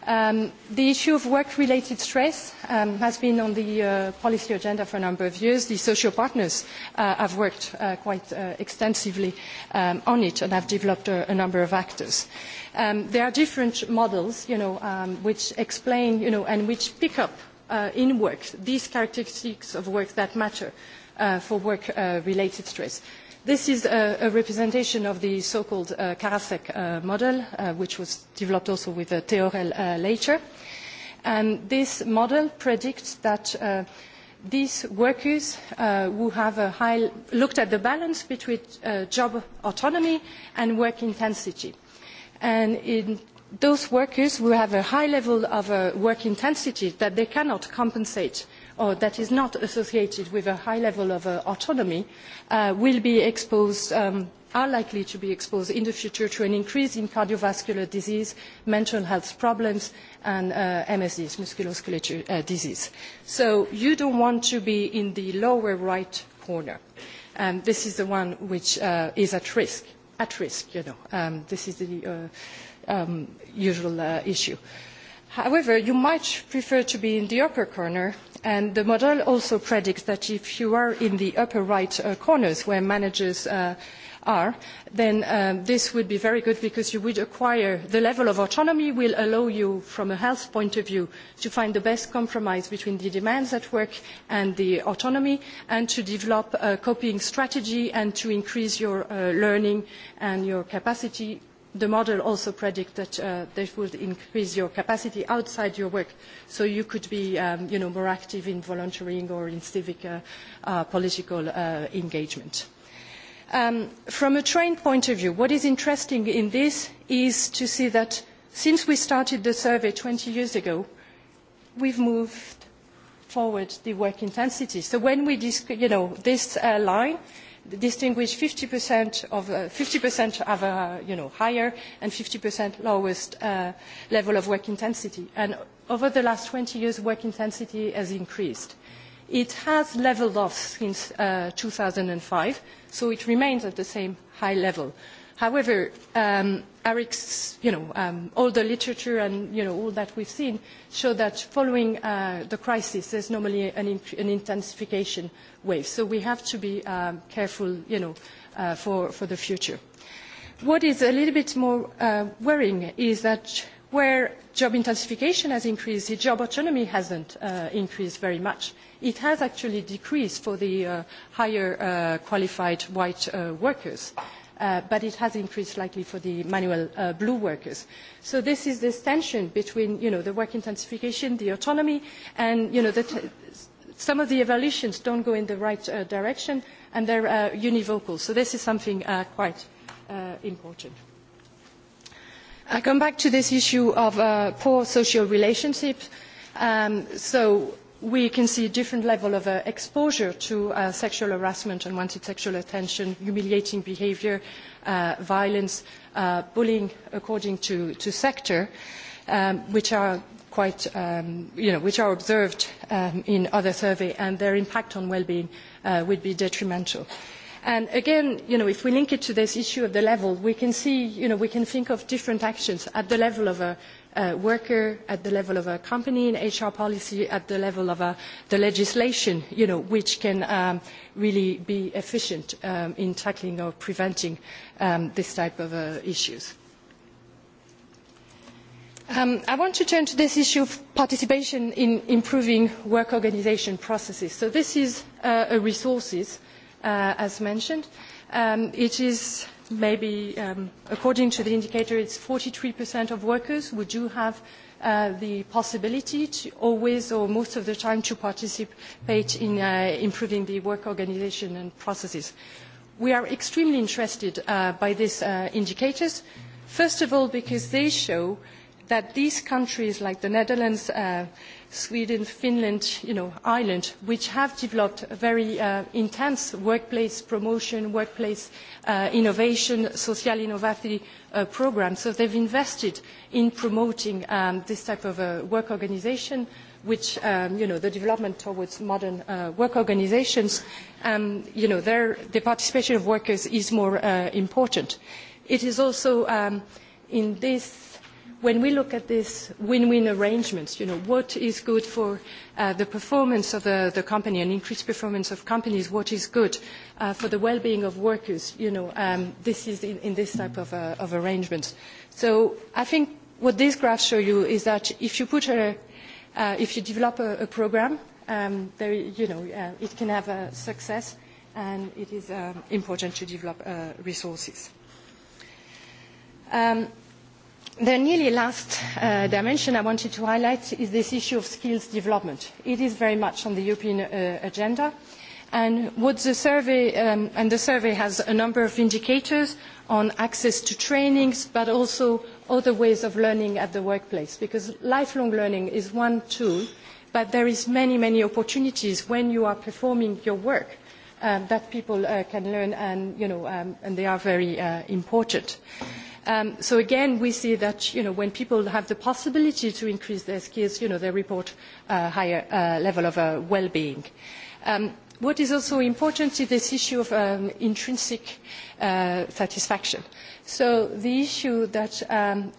The issue of work-related stress has been on the policy agenda for a number of years. The social partners have worked quite extensively on it and have developed a number of actors. There are different models, you know, which explain, you know, and which pick up in work, these characteristics of work that matter for work-related stress. This is a representation of the so-called Karasek model, which was developed also with Theorel later. And this model predicts that these workers who have a high looked at the balance between job autonomy and work intensity. And in those workers who have a high level of work intensity that they cannot compensate or that is not associated with a high level of autonomy will be exposed are likely to be exposed in the future to an increase in cardiovascular disease, mental health problems and MSDs, musculoskeletal disease. So you don't want to be in the lower right corner. This is the one which is at risk. At risk, you know. This is the usual issue. However, you might prefer to be in the upper corner, and the model also predicts that if you are in the upper right corners where managers are, then this would be very good because you would acquire the level of autonomy will allow you, from a health point of view, to find the best compromise between the demands at work and the autonomy, and to develop a copying strategy and to increase your learning and your capacity the model also predicts that this would increase your capacity outside your work, so you could be, you know, more active in volunteering or in civic political engagement. From a trained point of view, what is interesting in this is to see that since we started the survey 20 years ago, we've moved forward the work intensity. So when we, you know, this line distinguish 50% of 50% have a you know higher and 50% lowest level of work intensity. And over the last 20 years, work intensity has increased. It has levelled off since 2005, so it remains at the same high level. However, Eric's, all the literature and, all that we've seen show that following the crisis, there's normally an intensification wave. So we have to be careful, for the future. What is a little bit more worrying is that where job intensification has increased, job autonomy hasn't increased very much. It has actually decreased for the higher qualified white workers but it has increased slightly for the manual blue workers. So this is this tension between the work intensification, the autonomy, and some of the evolutions don't go in the right direction, and they're univocal. So this is something quite important. I come back to this issue of poor social relationships. So we can see a different level of exposure to sexual harassment, unwanted sexual attention, humiliating behaviour, violence, bullying according to sector, which are quite, you know, which are observed in other surveys and their impact on well-being would be detrimental. And again, you know, if we link it to this issue of the level, we can see, you know, we can think of different actions at the level of a worker at the level of a company and HR policy at the level of the legislation, you know, which can really be efficient in tackling or preventing this type of issues. I want to turn to this issue of participation in improving work organisation processes. So this is a resources, as mentioned. It is maybe according to the indicator it's 43% of workers who do have the possibility to always or most of the time to participate in improving the work organisation and processes. We are extremely interested by these indicators, first of all because they show that these countries like the Netherlands, Sweden, Finland, Ireland, which have developed a very intense workplace promotion, workplace innovation, social innovative programmes. So they've invested in promoting this type of work organisation, which, you know, the development towards modern work organisations, you know, the participation of workers is more important. It is also in this when we look at this win-win arrangements, you know, what is good for the performance of the company and increased performance of companies, what is good for the well-being of workers, you know, this is in this type of arrangements. So I think what these graphs show you is that if you put if you develop a program, there, you know, it can have a success and it is important to develop resources. The nearly last dimension I wanted to highlight is this issue of skills development. It is very much on the European agenda, and the survey the survey has a number of indicators on access to trainings, but also other ways of learning at the workplace, because lifelong learning is one tool, but there is many many opportunities when you are performing your work that people can learn, and they are very important. So again, we see that when people have the possibility to increase their skills, they report a higher level of well-being. What is also important is this issue of intrinsic satisfaction. So the issue that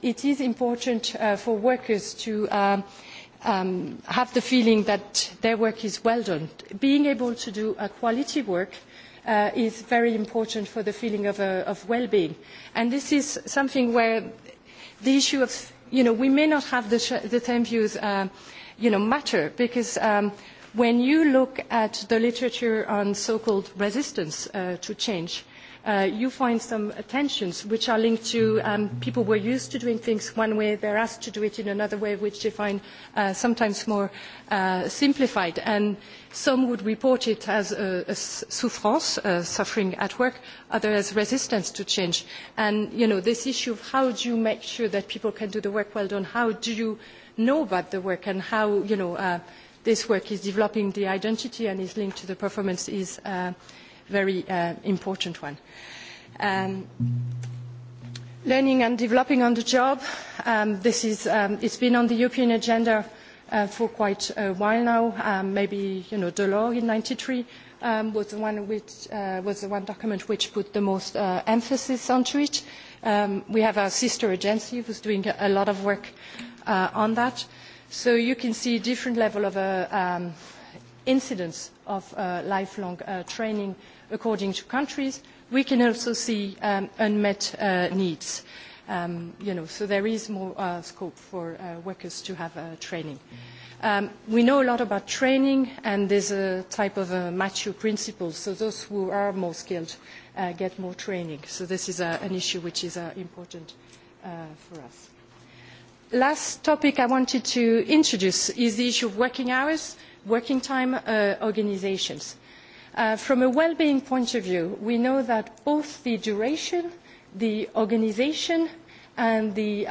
it is important for workers to have the feeling that their work is well done. Being able to do quality work is very important for the feeling of well-being. And this is something where the issue of, you know, we may not have the same views, you know, matter because when you look at the literature on so-called resistance to change, you find some tensions which are linked to people who are used to doing things one way, they're asked to do it in another way, which they find sometimes more simplified. And some would report it as souffrance, suffering at work, others as resistance to change. And, you know, this issue of how do you make sure that people can do the work well done, how do you know about the work and how, you know, this work is developing the identity and is linked to the performance is very important one. Learning and developing on the job, this is it's been on the European agenda for quite a while now. Maybe you know Delors in '93 was the one which was the one document which put the most emphasis onto it. We have our sister agency who's doing a lot of work on that. So you can see different level of incidence of lifelong training according to countries, we can also see unmet needs. So there is more scope for workers to have training. We know a lot about training, and there's a type of a principle, so those who are more skilled get more training. So this is an issue which is important for us. Last topic I wanted to introduce is the issue of working hours working time organisations. From a well-being point of view, we know that both the duration, the organisation and the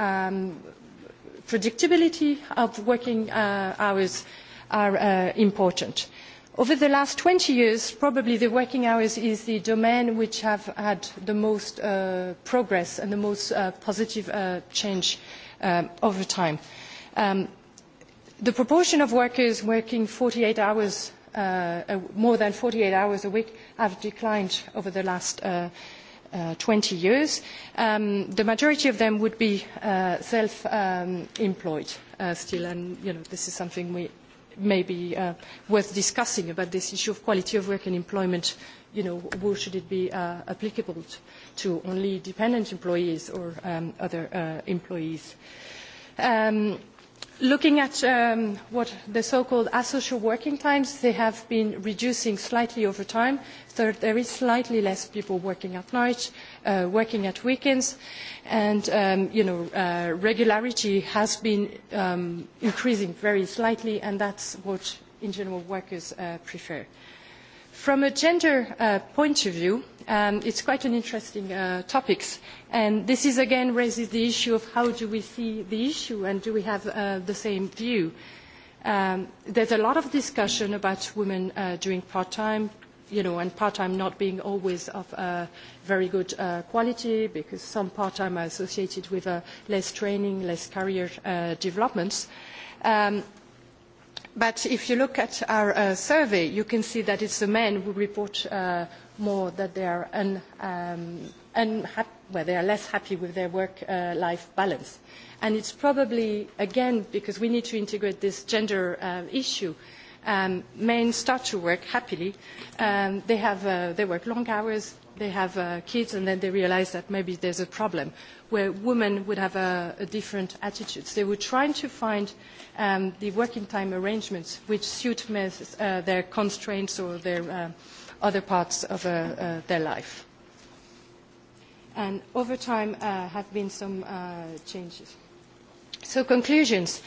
predictability of working hours are important. Over the last 20 years, probably the working hours is the domain which have had the most progress and the most positive change over time. The proportion of workers working 48 hours, more than 48 hours a week, have declined over the last 20 years. The majority of them would be self-employed still, and this is something we may be worth discussing about this issue of quality of work and employment. You know, should it be applicable to? Only dependent employees or other employees? Looking at what the so-called asocial working times, they have been reducing slightly over time. There is slightly less people working at night, working at weekends, and regularity has been increasing very slightly, and that's what in general workers prefer. From a gender point of view, it's quite an interesting topic, and this again raises the issue of how do we see the issue and do we have the same view. There's a lot of discussion about women doing part-time, you know, and part-time not being always of very good quality because some part-time are associated with less training, less career developments. But if you look at our survey, you can see that it's the men who report more that they are less happy with their work-life balance. And it's probably, again, because we need to integrate this gender issue, men start to work happily. They work long hours they have kids and then they realize that maybe there's a problem, where women would have a different attitude. They were trying to find the working time arrangements which suit their constraints or their other parts of their life. And over time have been some changes. So conclusions.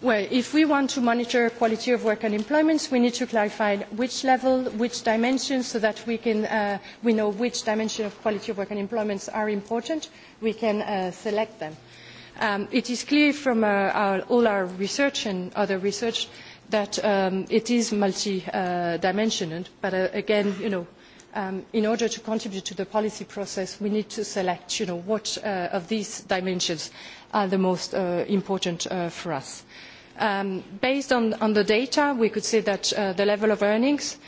Well, if we want to monitor quality of work and employment, we need to clarify which level, which dimensions, so that we can we know which dimension of quality of work and employment are important. We can select them. It is clear from all our research and other research that it is multi-dimensional. But again, you know, in order to contribute to the policy process, we need to select, you know, what of these dimensions are the most important for us. Based on the data, we could see that the level of earnings,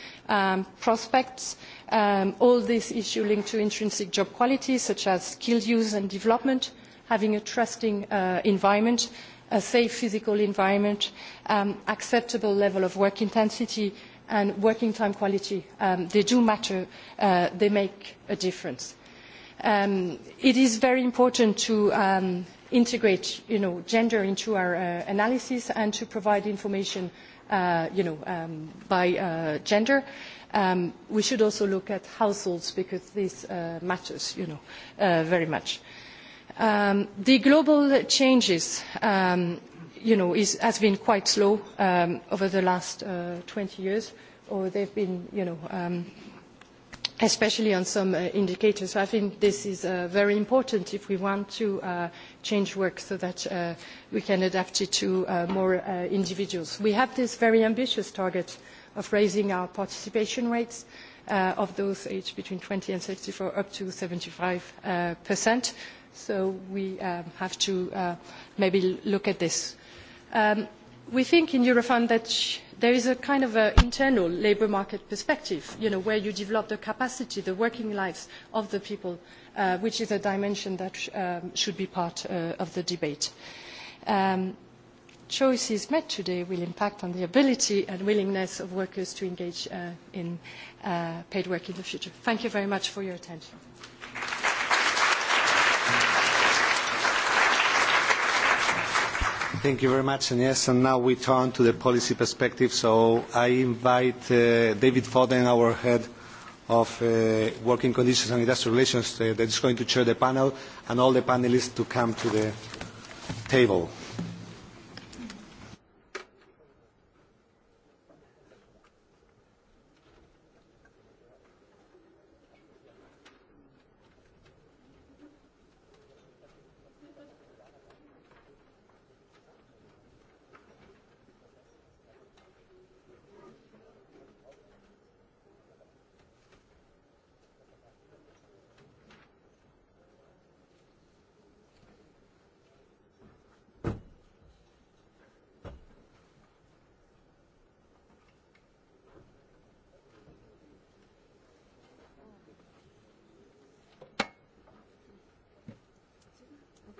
prospects, all these issues linked to intrinsic job quality, such as skill use and development, having a trusting environment, a safe physical environment, acceptable level of work intensity and working time quality, they do matter, they make a difference. It is very important to integrate gender into our analysis and to provide information you know by gender we should also look at households because this matters you know very much the global changes you know has been quite slow over the last 20 years or they've been you know especially on some indicators. So I think this is very important if we want to change work so that we can adapt it to more individuals. We have this very ambitious target of raising our participation rates of those aged between 20 and 64 up to 75%. So we have to maybe look at this. We think in Eurofund that there is a kind of internal labour market perspective, you know, where you develop the capacity, the working lives of the people, which is a dimension that should be part of the debate. Choices made today will impact on the ability and willingness of workers to engage in paid work in the future. Thank you very much for your attention. Thank you very much. And yes, and now we turn to the policy perspective. So I invite David Foden, our head of Working Conditions and Industrial Relations, that is going to chair the panel, and all the panelists to come to the table.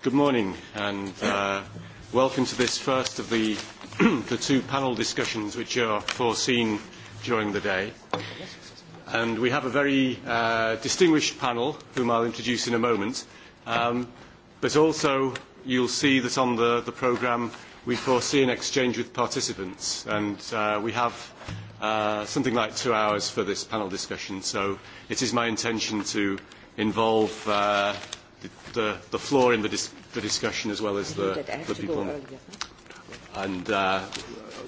Good morning and welcome to this first of the two panel discussions which are foreseen during the day. And we have a very distinguished panel, whom I'll introduce in a moment. But also you'll see that on the programme we foresee an exchange with participants. And we have something like two hours for this panel discussion. So it is my intention to involve the floor in the discussion as well as the the people and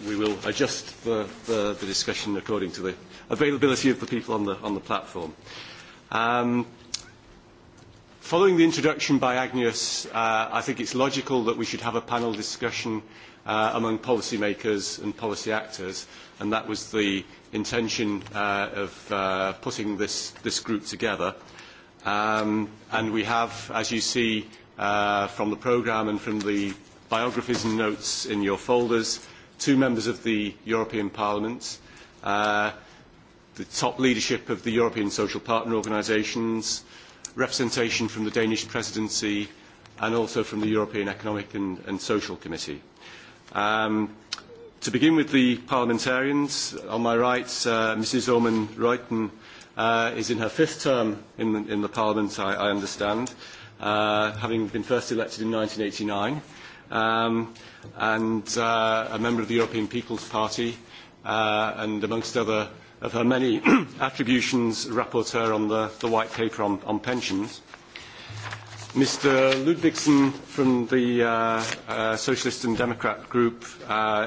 we will adjust the the discussion according to the availability of the people on the on the platform following the introduction by agnes i think it's logical that we should have a panel discussion among policymakers and policy actors and that was the intention of putting this this group together and we have, as you see from the programme and from the biographies and notes in your folders, two members of the European Parliament, the top leadership of the European Social Partner Organisations, representation from the Danish Presidency and also from the European Economic and Social Committee. To begin with the parliamentarians, on my right, Mrs. Orman Reuten is in her fifth term in the Parliament, I understand, having been first elected in 1989, and a member of the European People's Party, and amongst other of her many attributions, rapporteur on the White Paper on pensions. Mr. Ludvigsen from the Socialist and Democrat Group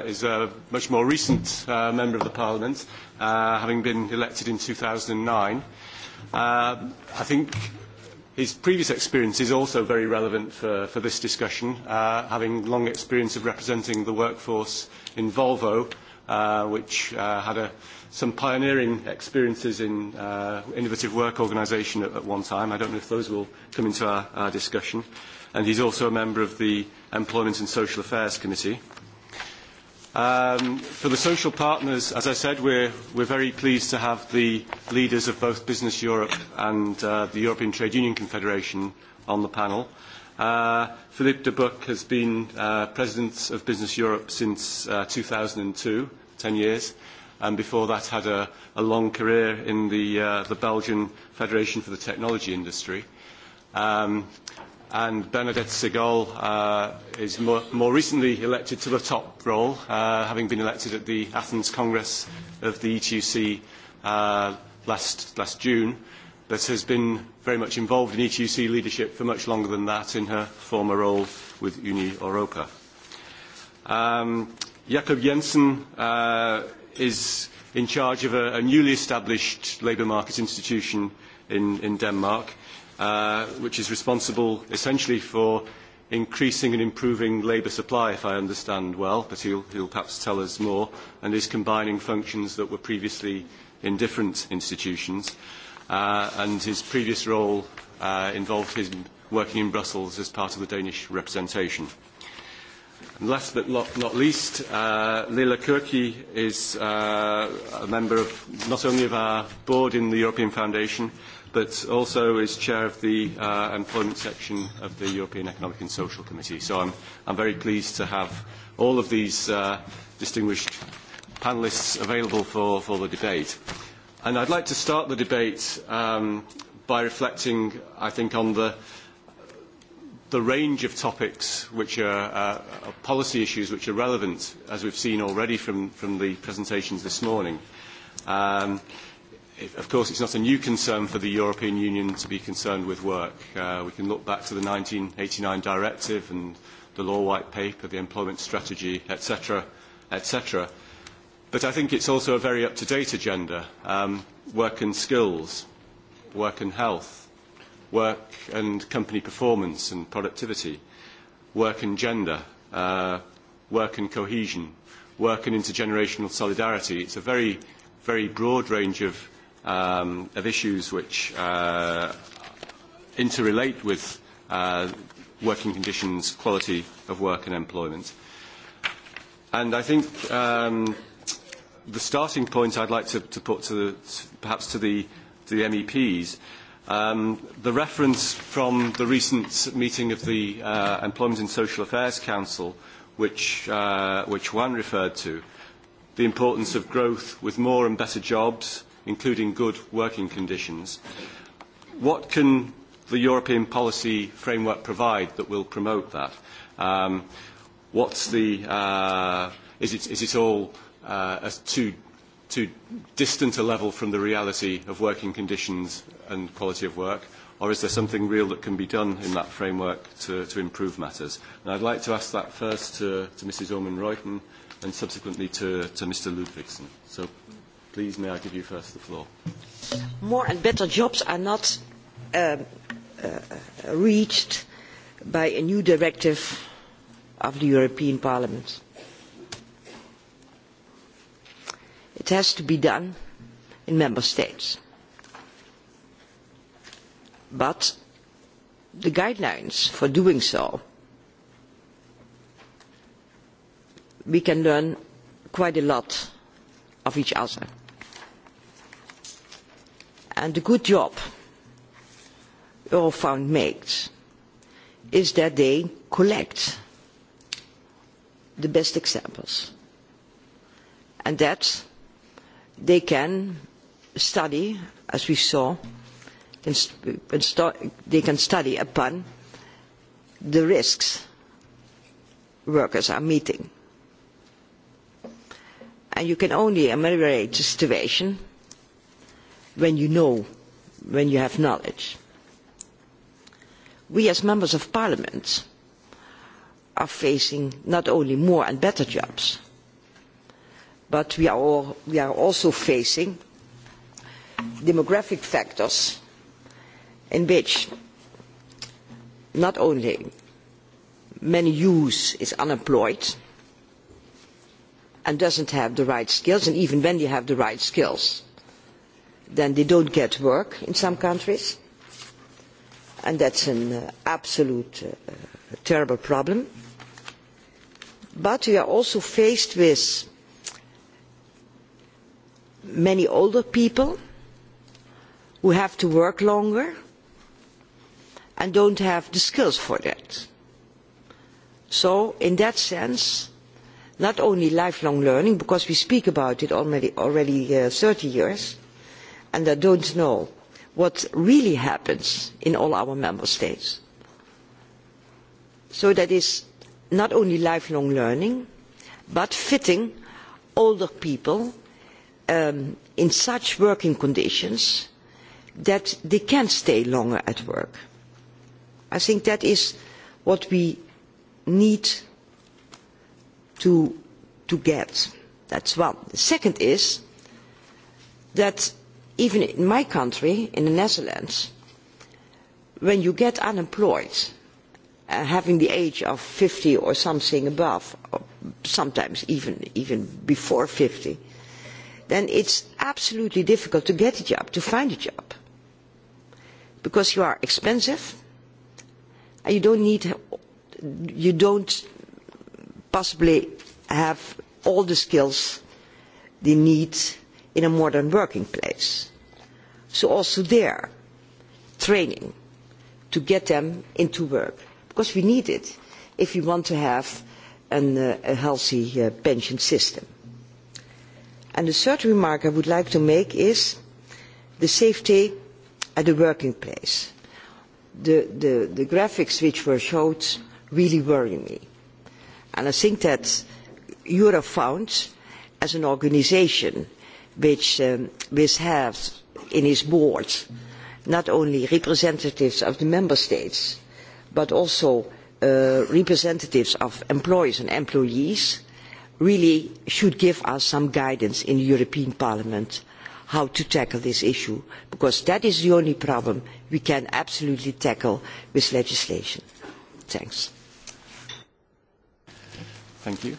is a much more recent member of the Parliament, having been elected in 2009. I think his previous experience is also very relevant for this discussion, having long experience of representing the workforce in Volvo, which had a some pioneering experiences in innovative work organisation at one time. I don't know if those will come into our discussion. And he's also a member of the Employment and Social Affairs Committee. For the social partners, as I said, we're very pleased to have the leaders of both Business Europe and the European Trade Union Confederation on the panel. Philippe de Buc has been President of Business Europe since 2002, 10 years, and before that had a long career in the Belgian Federation for the Technology Industry. And Bernadette Segal is more recently elected to the top role, having been elected at the Athens Congress of the ETUC last June, but has been very much involved in ETUC leadership for much longer than that in her former role with Uni Europa. Jakob Jensen is in charge of a newly established labour market institution in Denmark, which is responsible essentially for increasing and improving labour supply, if I understand well, but he'll perhaps tell us more, and is combining functions that were previously in different institutions. And his previous role involved him working in Brussels as part of the Danish representation. Last but not least, Leila Kirky is a member of not only of our board in the European Foundation, but also is chair of the employment section of the European Economic and Social Committee. So I'm very pleased to have all of these distinguished panelists available for the debate. And I'd like to start the debate by reflecting, I think, on the the range of topics which are policy issues which are relevant, as we've seen already from the presentations this morning. Of course, it's not a new concern for the European Union to be concerned with work. We can look back to the 1989 directive and the law white paper, the employment strategy, etc., etc. But I think it's also a very up-to-date agenda. Work and skills, work and health, work and company performance and productivity, work and gender, work and cohesion, work and intergenerational solidarity. It's a very, very broad range of issues which interrelate with working conditions, quality of work and employment. And I think the starting point I'd like to put to perhaps to the MEPs The reference from the recent meeting of the Employment and Social Affairs Council, which Juan referred to, the importance of growth with more and better jobs, including good working conditions. What can the European policy framework provide that will promote that? What's the? Is it all too too distant a level from the reality of working conditions and quality of work, or is there something real that can be done in that framework to improve matters? And I'd like to ask that first to Mrs. oomen Reuten and subsequently to Mr. Ludvigsen. So please, may I give you first the floor. More and better jobs are not reached by a new directive of the European Parliament It has to be done in member states. But the guidelines for doing so, we can learn quite a lot of each other. And the good job Eurofound makes is that they collect the best examples. And that they can study, as we saw, they can study upon the risks workers are meeting. And you can only ameliorate the situation when you know, when you have knowledge. We as members of parliament are facing not only more and better jobs, but we are also facing demographic factors in which not only many youth is unemployed and doesn't have the right skills and even when they have the right skills then they don't get work in some countries and that's an absolute terrible problem but we are also faced with many older people who have to work longer and don't have the skills for that. So in that sense, not only lifelong learning, because we speak about it already 30 years, and I don't know what really happens in all our member states. So that is not only lifelong learning, but fitting older people in such working conditions that they can stay longer at work. I think that is what we need to get. That's one. The second is that even in my country, in the Netherlands, when you get unemployed, having the age of 50 or something above, sometimes even before 50, then it's absolutely difficult to get a job, to find a job, because you are expensive, and you don't need, you don't possibly have all the skills they need in a modern working place. So also there, training to get them into work, because we need it if we want to have a healthy pension system the third remark I would like to make is the safety at the working place. The graphics which were showed really worry me. And I think that Eurofound, as an organisation which has in its board not only representatives of the member states, but also representatives of employees and employees, really should give us some guidance in the European Parliament how to tackle this issue, because that is the only problem we can absolutely tackle with legislation. Thanks. Thank you.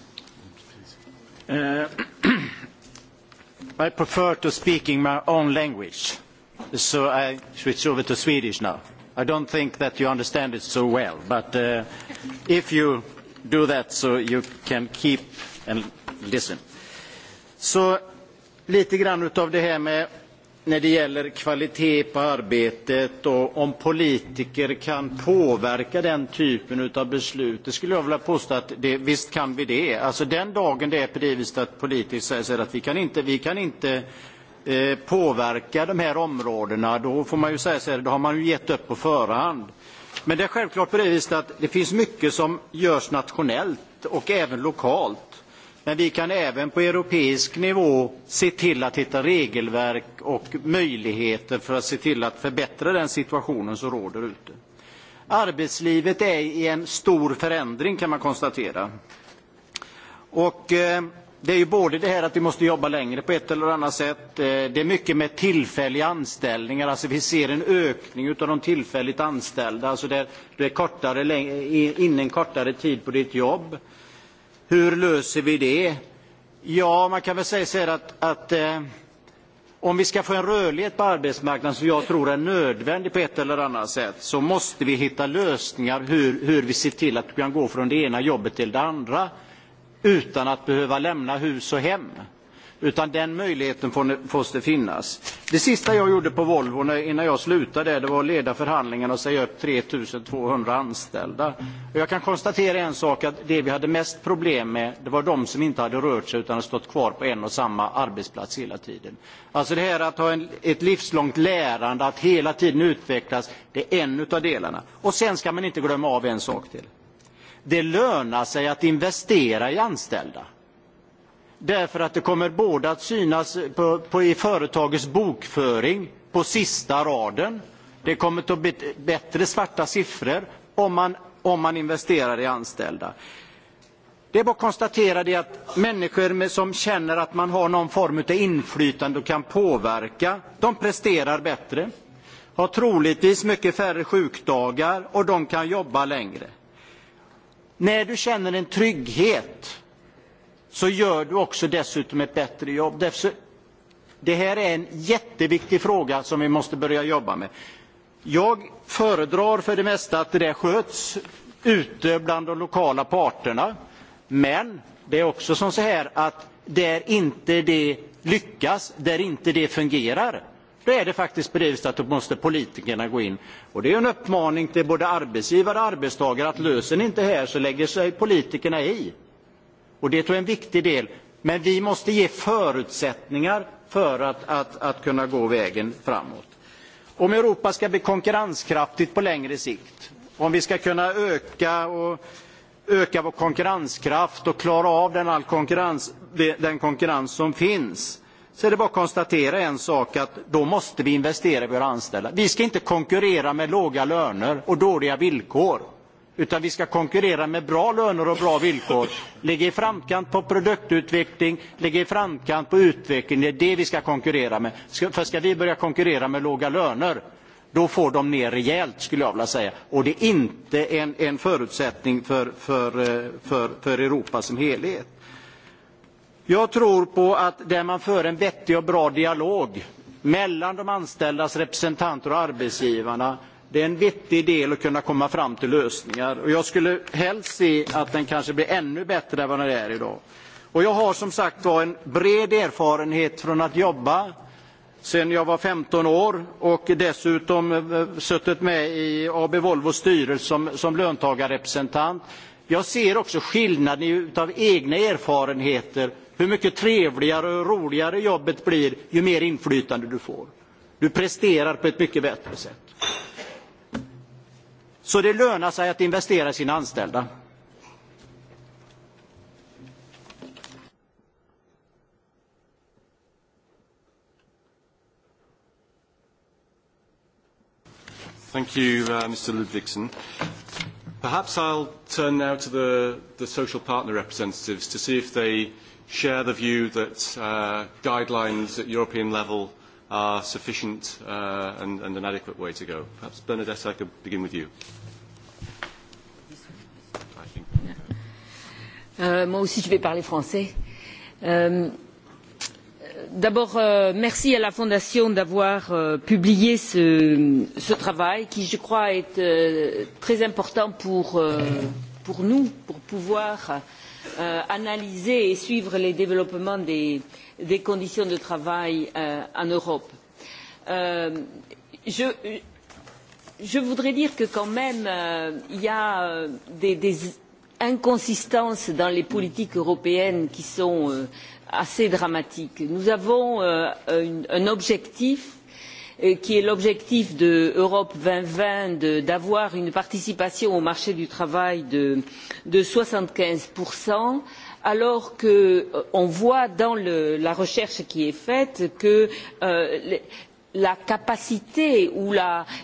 I prefer to speak in my own language, so I switch over to Swedish now. I don't think that you understand it so well, but if you do that, so you can keep and listen. Så lite grann av det här med när det gäller kvalitet på arbetet och om politiker kan påverka den typen av beslut. Det skulle jag vilja påstå att det, visst kan vi det. Alltså den dagen det är på att politiker säger att vi kan inte, vi kan inte eh, påverka de här områdena, då får man ju säga så här, då har man ju gett upp på förhand. Men det är självklart på att det finns mycket som görs nationellt och även lokalt. Men vi kan även på europeisk nivå se till att hitta regelverk och möjligheter för att se till att förbättra den situationen som råder ute. Arbetslivet är i en stor förändring kan man konstatera. Och det är ju både det här att vi måste jobba längre på ett eller annat sätt. Det är mycket med tillfälliga anställningar. Alltså vi ser en ökning av de tillfälligt anställda. Alltså det är kortare, in en kortare tid på ditt jobb. Hur löser vi det? Ja, man kan väl säga så här att om vi ska få en rörlighet på arbetsmarknaden som jag tror är nödvändig på ett eller annat sätt så måste vi hitta lösningar hur vi ser till att vi kan gå från det ena jobbet till det andra utan att behöva lämna hus och hem utan den möjligheten måste finnas. Det sista jag gjorde på Volvo innan jag slutade det var att leda förhandlingarna och säga upp 3 200 anställda. Jag kan konstatera en sak att det vi hade mest problem med det var de som inte hade rört sig utan stått kvar på en och samma arbetsplats hela tiden. Alltså det här att ha ett livslångt lärande, att hela tiden utvecklas, det är en av delarna. Och sen ska man inte glömma av en sak till. Det lönar sig att investera i anställda därför att det kommer både att synas i företagets bokföring på sista raden det kommer att bli bättre svarta siffror om man investerar i anställda. Det är bara att konstatera att människor som känner att man har någon form av inflytande och kan påverka, de presterar bättre, har troligtvis mycket färre sjukdagar och de kan jobba längre. När du känner en trygghet så gör du också dessutom ett bättre jobb. Det här är en jätteviktig fråga som vi måste börja jobba med. Jag föredrar för det mesta att det sköts ute bland de lokala parterna. Men det är också så här att där inte det lyckas, där inte det fungerar, då är det faktiskt på det att då måste politikerna gå in. Och det är en uppmaning till både arbetsgivare och arbetstagare att lösen inte här så lägger sig politikerna i. Och det är en viktig del. Men vi måste ge förutsättningar för att kunna gå vägen framåt. Om Europa ska bli konkurrenskraftigt på längre sikt, om vi ska kunna öka vår konkurrenskraft och klara av den konkurrens som finns, så är det bara att konstatera en sak, att då måste vi investera i våra anställda. Vi ska inte konkurrera med låga löner och dåliga villkor utan vi ska konkurrera med bra löner och bra villkor. Ligga i framkant på produktutveckling, ligga i framkant på utveckling. Det är det vi ska konkurrera med. För ska vi börja konkurrera med låga löner, då får de ner rejält skulle jag vilja säga. Och det är inte en förutsättning för Europa som helhet. Jag tror på att där man för en vettig och bra dialog mellan de anställdas representanter och arbetsgivarna Det är en vettig del att kunna komma fram till lösningar. Och jag skulle helst se att den kanske blir ännu bättre än vad den är idag. Och jag har som sagt var en bred erfarenhet från att jobba sedan jag var 15 år och dessutom suttit med i AB Volvos styrelse som, som löntagarrepresentant. Jag ser också skillnaden av egna erfarenheter, hur mycket trevligare och roligare jobbet blir ju mer inflytande du får. Du presterar på ett mycket bättre sätt. Så det lönar sig att investera i sina anställda. Thank you, Mr. Ludvigsen. Perhaps I'll turn now to the, the social partner representatives to see if they share the view that guidelines at European level are sufficient and an adequate way to go. Perhaps, Bernadette, I could begin with you. Moi aussi, je vais parler français. D'abord, merci à la Fondation d'avoir publié ce ce travail qui, je crois, est très important pour nous, pour pouvoir analyser et suivre les développements des des conditions de travail en Europe. Je voudrais dire que quand même, il y a des inconsistances dans les politiques européennes qui sont assez dramatiques. Nous avons un objectif qui est l'objectif de Europe 2020 d'avoir une participation au marché du travail de 75 alors qu'on voit dans la recherche qui est faite que la capacité ou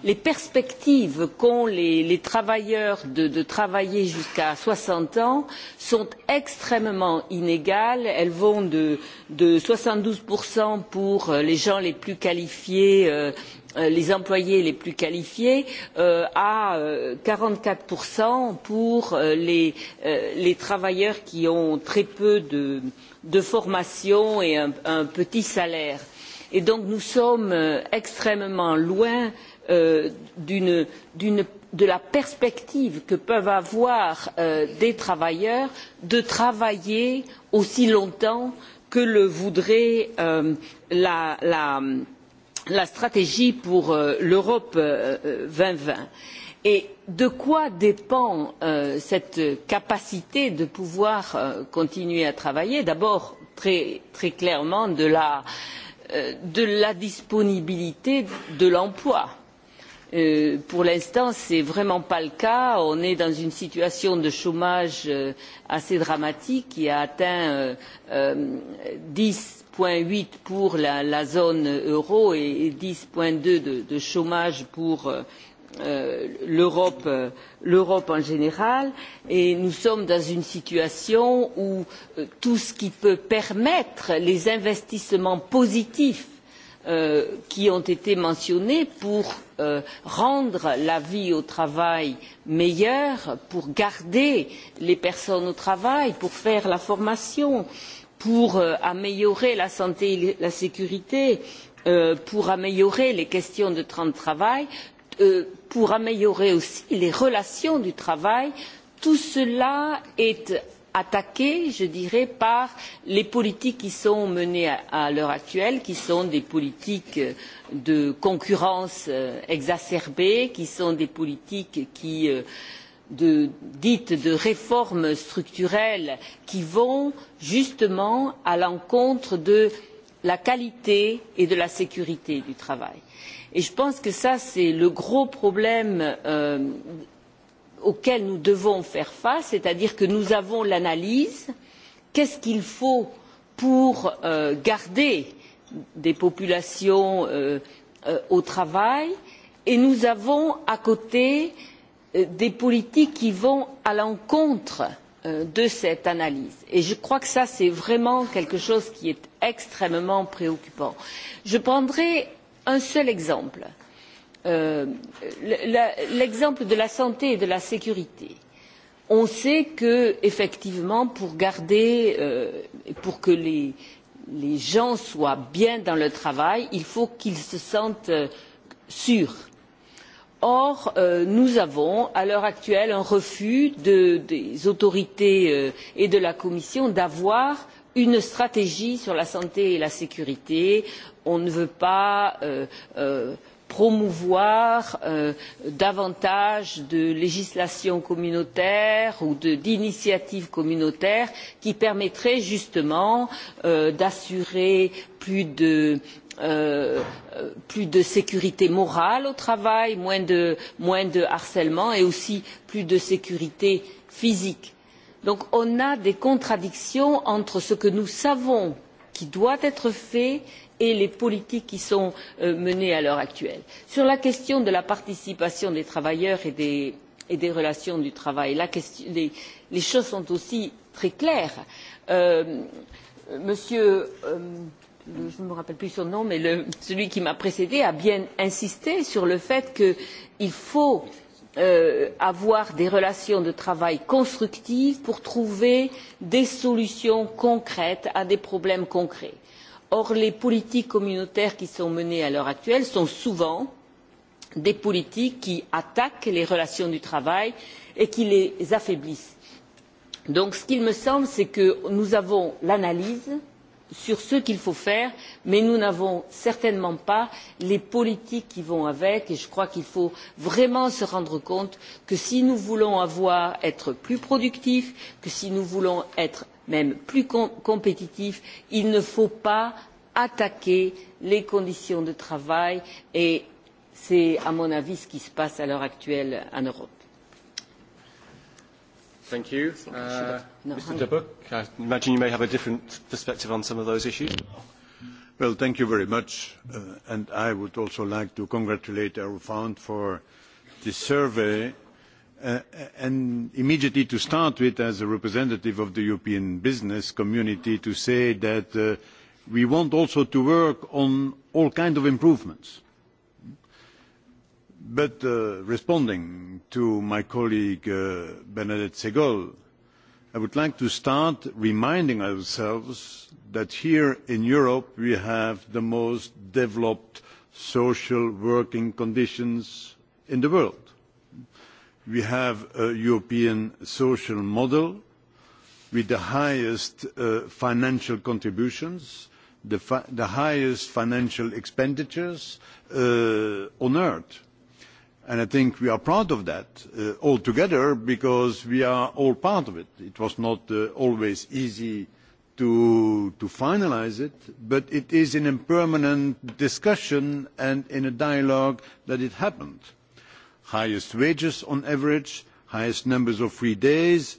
les perspectives qu'ont les travailleurs de travailler jusqu'à soixante ans sont extrêmement inégales. Elles vont de soixante douze pour les gens les plus qualifiés, les employés les plus qualifiés, à quarante quatre pour les travailleurs qui ont très peu de formation et un petit salaire et donc nous sommes extrêmement loin de la perspective que peuvent avoir des travailleurs de travailler aussi longtemps que le voudrait la stratégie pour l'europe. deux mille vingt et de quoi dépend cette capacité de pouvoir continuer à travailler? d'abord très clairement de la de la disponibilité de l'emploi. Pour l'instant, ce n'est vraiment pas le cas. On est dans une situation de chômage assez dramatique qui a atteint dix. huit pour la zone euro et dix deux de chômage pour l'Europe en général et nous sommes dans une situation où tout ce qui peut permettre les investissements positifs qui ont été mentionnés pour rendre la vie au travail meilleure, pour garder les personnes au travail, pour faire la formation, pour améliorer la santé et la sécurité, pour améliorer les questions de temps de travail pour améliorer aussi les relations du travail tout cela est attaqué je dirais par les politiques qui sont menées à l'heure actuelle qui sont des politiques de concurrence exacerbée qui sont des politiques dites de réformes structurelles qui vont justement à l'encontre de la qualité et de la sécurité du travail et je pense que c'est le gros problème auquel nous devons faire face c'est à dire que nous avons l'analyse qu'est ce qu'il faut pour garder des populations au travail et nous avons à côté des politiques qui vont à l'encontre de cette analyse et je crois que ça c'est vraiment quelque chose qui est extrêmement préoccupant. je prendrai un seul exemple l'exemple de la santé et de la sécurité. on sait que effectivement pour garder pour que les gens soient bien dans leur travail il faut qu'ils se sentent sûrs. or nous avons à l'heure actuelle un refus des autorités et de la commission d'avoir une stratégie sur la santé et la sécurité on ne veut pas promouvoir davantage de législation communautaire ou d'initiatives communautaires qui permettraient justement d'assurer plus de plus de sécurité morale au travail moins de harcèlement et aussi plus de sécurité physique donc on a des contradictions entre ce que nous savons qui doit être fait et les politiques qui sont menées à l'heure actuelle. sur la question de la participation des travailleurs et des relations du travail les choses sont aussi très claires. monsieur je ne me rappelle plus son nom mais celui qui m'a précédé a bien insisté sur le fait qu'il faut avoir des relations de travail constructives pour trouver des solutions concrètes à des problèmes concrets. or les politiques communautaires qui sont menées à l'heure actuelle sont souvent des politiques qui attaquent les relations du travail et qui les affaiblissent. donc ce qu'il me semble c'est que nous avons l'analyse sur ce qu'il faut faire mais nous n'avons certainement pas les politiques qui vont avec et je crois qu'il faut vraiment se rendre compte que si nous voulons être plus productifs que si nous voulons être même plus compétitifs il ne faut pas attaquer les conditions de travail et c'est à mon avis ce qui se passe à l'heure actuelle en europe. Thank you. Mr. Dubuk, I imagine you may have a different perspective on some of those issues. Well, thank you very much. And I would also like to congratulate our fund for this survey. And immediately to start with, as a representative of the European business community, to say that we want also to work on all kinds of improvements But responding to my colleague Bernadette Segol, I would like to start reminding ourselves that here in Europe we have the most developed social working conditions in the world. We have a European social model with the highest financial contributions, the highest financial expenditures on earth and I think we are proud of that all together because we are all part of it. It was not always easy to finalise it, but it is in a permanent discussion and in a dialogue that it happened. Highest wages on average, highest numbers of free days,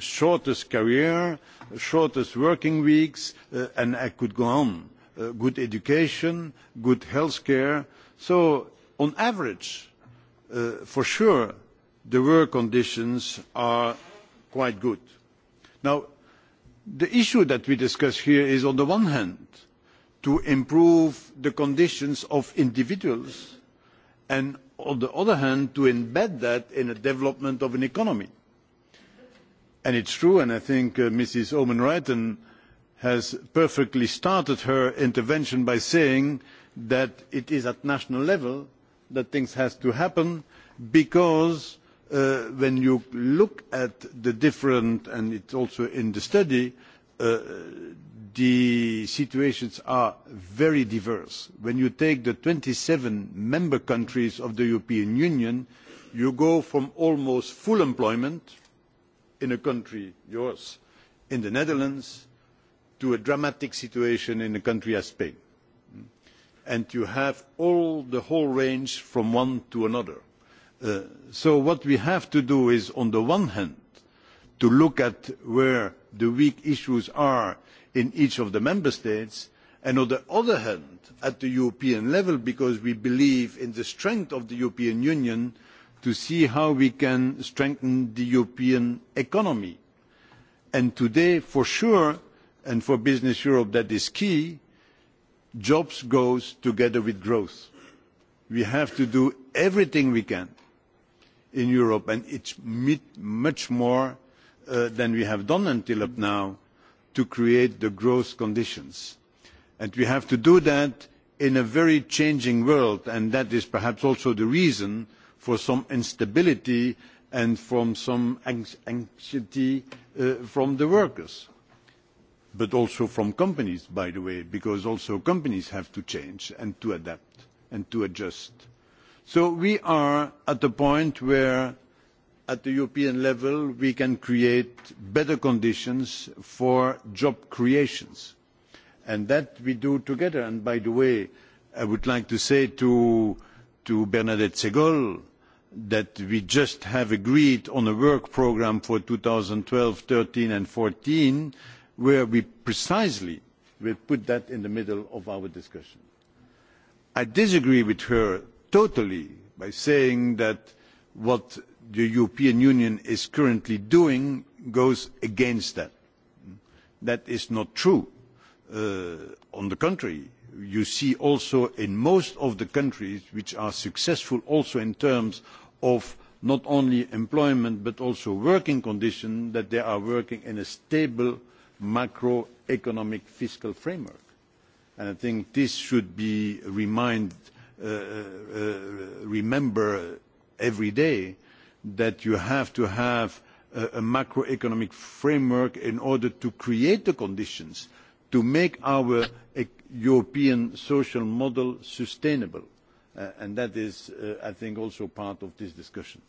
shortest career, shortest working weeks, and I could go on. Good education, good health care. So, on average for sure the work conditions are quite good. Now, the issue that we discuss here is on the one hand to improve the conditions of individuals and on the other hand to embed that in the development of an economy. And it's true, and I think Mrs. Oomen-Ruijten has perfectly started her intervention by saying that it is at national level that things have to happen because when you look at the different and it's also in the study the situations are very diverse. when you take the twenty seven member countries of the european union you go from almost full employment in a country yours in the netherlands to a dramatic situation in a country as spain and you have all the whole range from one to another. So what we have to do is, on the one hand, to look at where the weak issues are in each of the member states, and on the other hand, at the European level, because we believe in the strength of the European Union, to see how we can strengthen the European economy. And today, for sure, and for Business Europe that is key, jobs go together with growth. We have to do everything we can in Europe, and it's much more than we have done until up now to create the growth conditions. And we have to do that in a very changing world, and that is perhaps also the reason for some instability and from some anxiety from the workers but also from companies, by the way, because also companies have to change and to adapt and to adjust. So we are at the point where, at the European level, we can create better conditions for job creations, and that we do together. And by the way, I would like to say to Bernadette Segol that we just have agreed on a work programme for 2012, 13 and 14 where we precisely will put that in the middle of our discussion. I disagree with her totally by saying that what the European Union is currently doing goes against that. That is not true. On the contrary, you see also in most of the countries which are successful also in terms of not only employment but also working conditions that they are working in a stable macroeconomic fiscal framework. And I think this should be remembered every day that you have to have a macroeconomic framework in order to create the conditions to make our European social model sustainable. And that is, I think, also part of this discussion.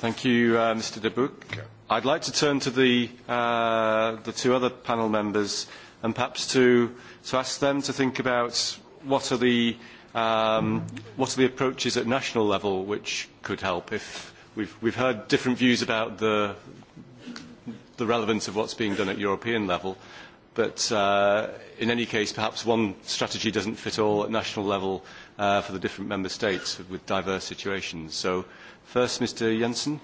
Thank you, Mr. De Boek. I'd like to turn to the two other panel members and perhaps to ask them to think about what are the approaches at national level which could help. We've heard different views about the relevance of what's being done at European level, but in any case, perhaps one strategy doesn't fit all at national level for the different member states with diverse situations. So First, Mr. Jensen.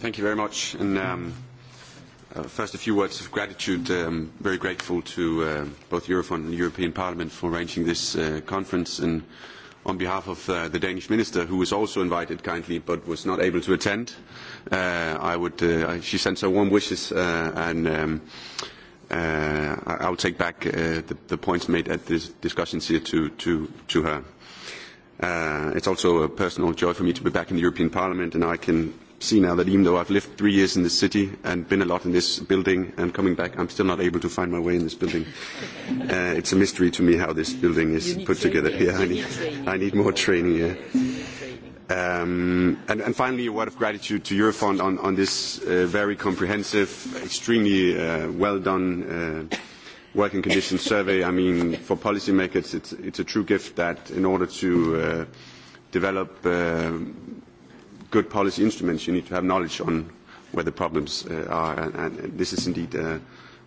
Thank you very much. And first, a few words of gratitude. am very grateful to both Eurofund and the European Parliament for arranging this conference. And on behalf of the Danish minister, who was also invited kindly but was not able to attend, she sends her warm wishes and. I will take back the points made at the discussions here to her. It's also a personal joy for me to be back in the European Parliament, and I can see now that even though I've lived three years in this city and been a lot in this building and coming back, I'm still not able to find my way in this building. It's a mystery to me how this building is put together. Yeah, I need more training. Yeah. And finally, a word of gratitude to Eurofund on this very comprehensive, extremely well done working conditions survey, I mean, for policymakers, it's, it's a true gift that in order to develop good policy instruments, you need to have knowledge on where the problems are. And, this is indeed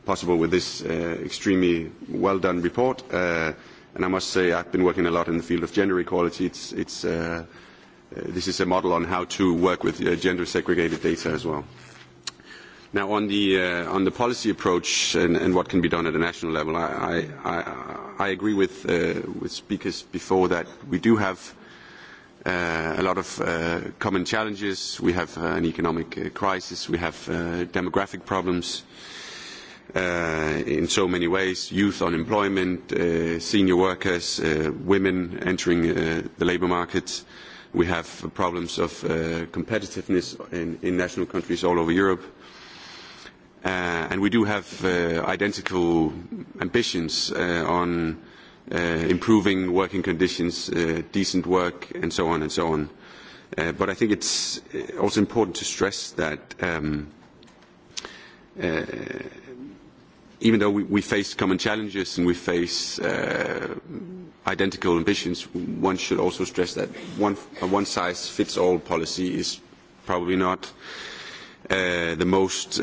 possible with this extremely well done report. and I must say, I've been working a lot in the field of gender equality. It's, it's, this is a model on how to work with gender segregated data as well. Now, on the policy approach and what can be done at a national level, I agree with speakers before that we do have a lot of common challenges. We have an economic crisis. We have demographic problems in so many ways, youth unemployment, senior workers, women entering the labour market. We have problems of competitiveness in national countries all over Europe and we do have identical ambitions on improving working conditions, decent work, and so on and so on. But I think it's also important to stress that even though we face common challenges and we face identical ambitions, one should also stress that a one-size-fits-all policy is probably not the most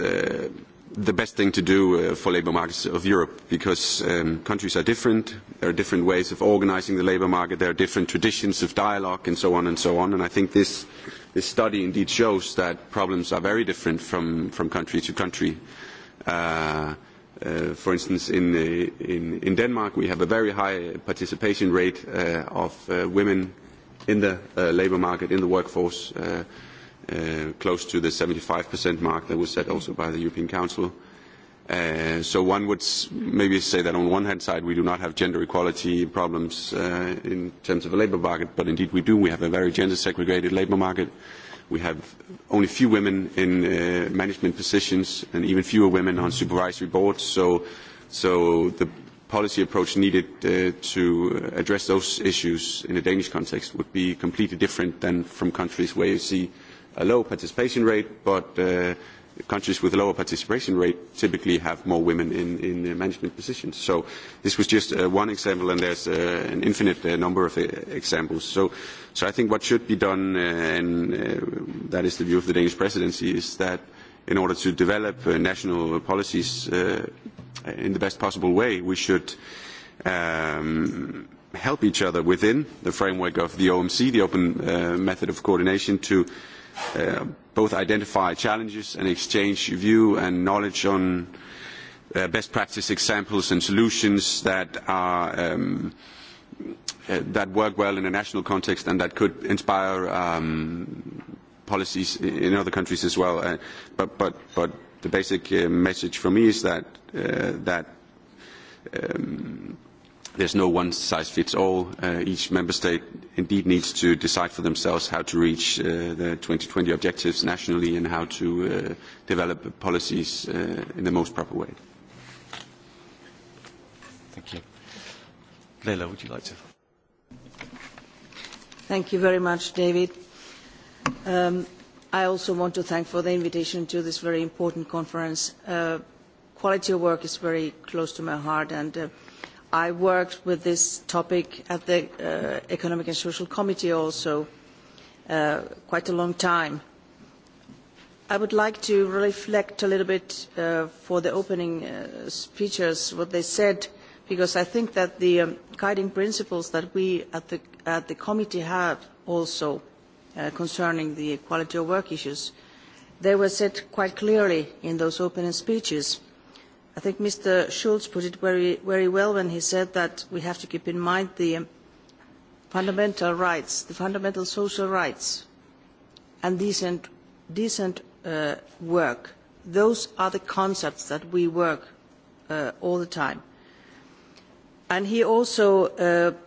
the best thing to do for labour markets of Europe because countries are different, there are different ways of organising the labour market, there are different traditions of dialogue and so on and so on. And I think this study indeed shows that problems are very different from country to country. For instance, in Denmark we have a very high participation rate of women in the labour market, in the workforce close to the 75% mark that was set also by the European Council. So one would maybe say that on one hand side we do not have gender equality problems in terms of a labour market, but indeed we do. We have a very gender segregated labour market. We have only few women in management positions and even fewer women on supervisory boards. So the policy approach needed to address those issues in a Danish context would be completely different than from countries where you see a low participation rate, but countries with a lower participation rate typically have more women in management positions. So this was just one example, and there's an infinite number of examples. So I think what should be done, and that is the view of the Danish presidency, is that in order to develop national policies in the best possible way, we should help each other within the framework of the OMC, the Open Method of Coordination, to both identify challenges and exchange view and knowledge on best practice examples and solutions that are that work well in a national context and that could inspire policies in other countries as well. But the basic message for me is that There is no one-size-fits-all. Each member state indeed needs to decide for themselves how to reach the 2020 objectives nationally and how to develop policies in the most proper way. Thank you. would you like to? Thank you very much, David. I also want to thank for the invitation to this very important conference. Quality of work is very close to my heart and I worked with this topic at the Economic and Social Committee also quite a long time. I would like to reflect a little bit for the opening speeches what they said, because I think that the guiding principles that we at the committee had also concerning the equality of work issues, they were set quite clearly in those opening speeches I think Mr. Schulz put it very well when he said that we have to keep in mind the fundamental rights, the fundamental social rights and decent work. Those are the concepts that we work all the time. And he also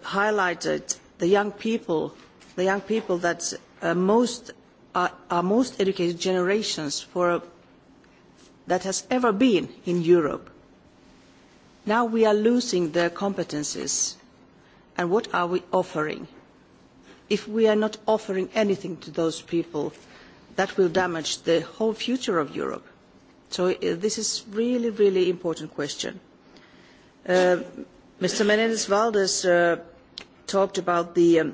highlighted the young people, the young people that are most educated generations for that has ever been in Europe. Now we are losing their competences. And what are we offering? If we are not offering anything to those people, that will damage the whole future of Europe. So this is really, really important question. Mr. Menendez-Valdez talked about the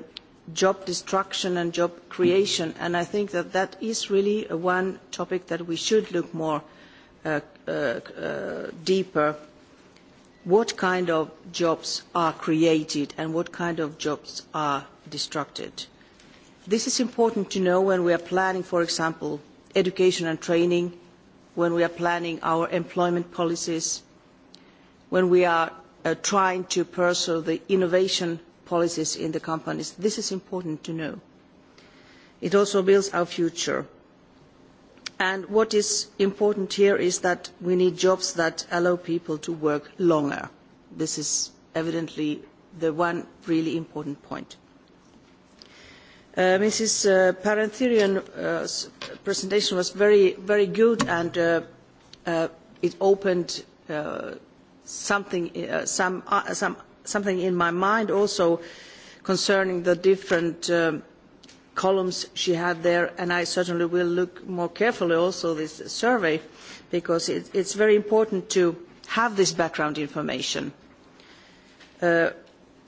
job destruction and job creation, and I think that that is really one topic that we should look more deeper what kind of jobs are created and what kind of jobs are destructed. This is important to know when we are planning, for example, education and training, when we are planning our employment policies, when we are trying to pursue the innovation policies in the companies. This is important to know. It also builds our future and what is important here is that we need jobs that allow people to work longer. this is evidently the one really important point. mrs parenthirian's presentation was very good and it opened something in my mind also concerning the different columns she had there, and I certainly will look more carefully also this survey, because it's very important to have this background information.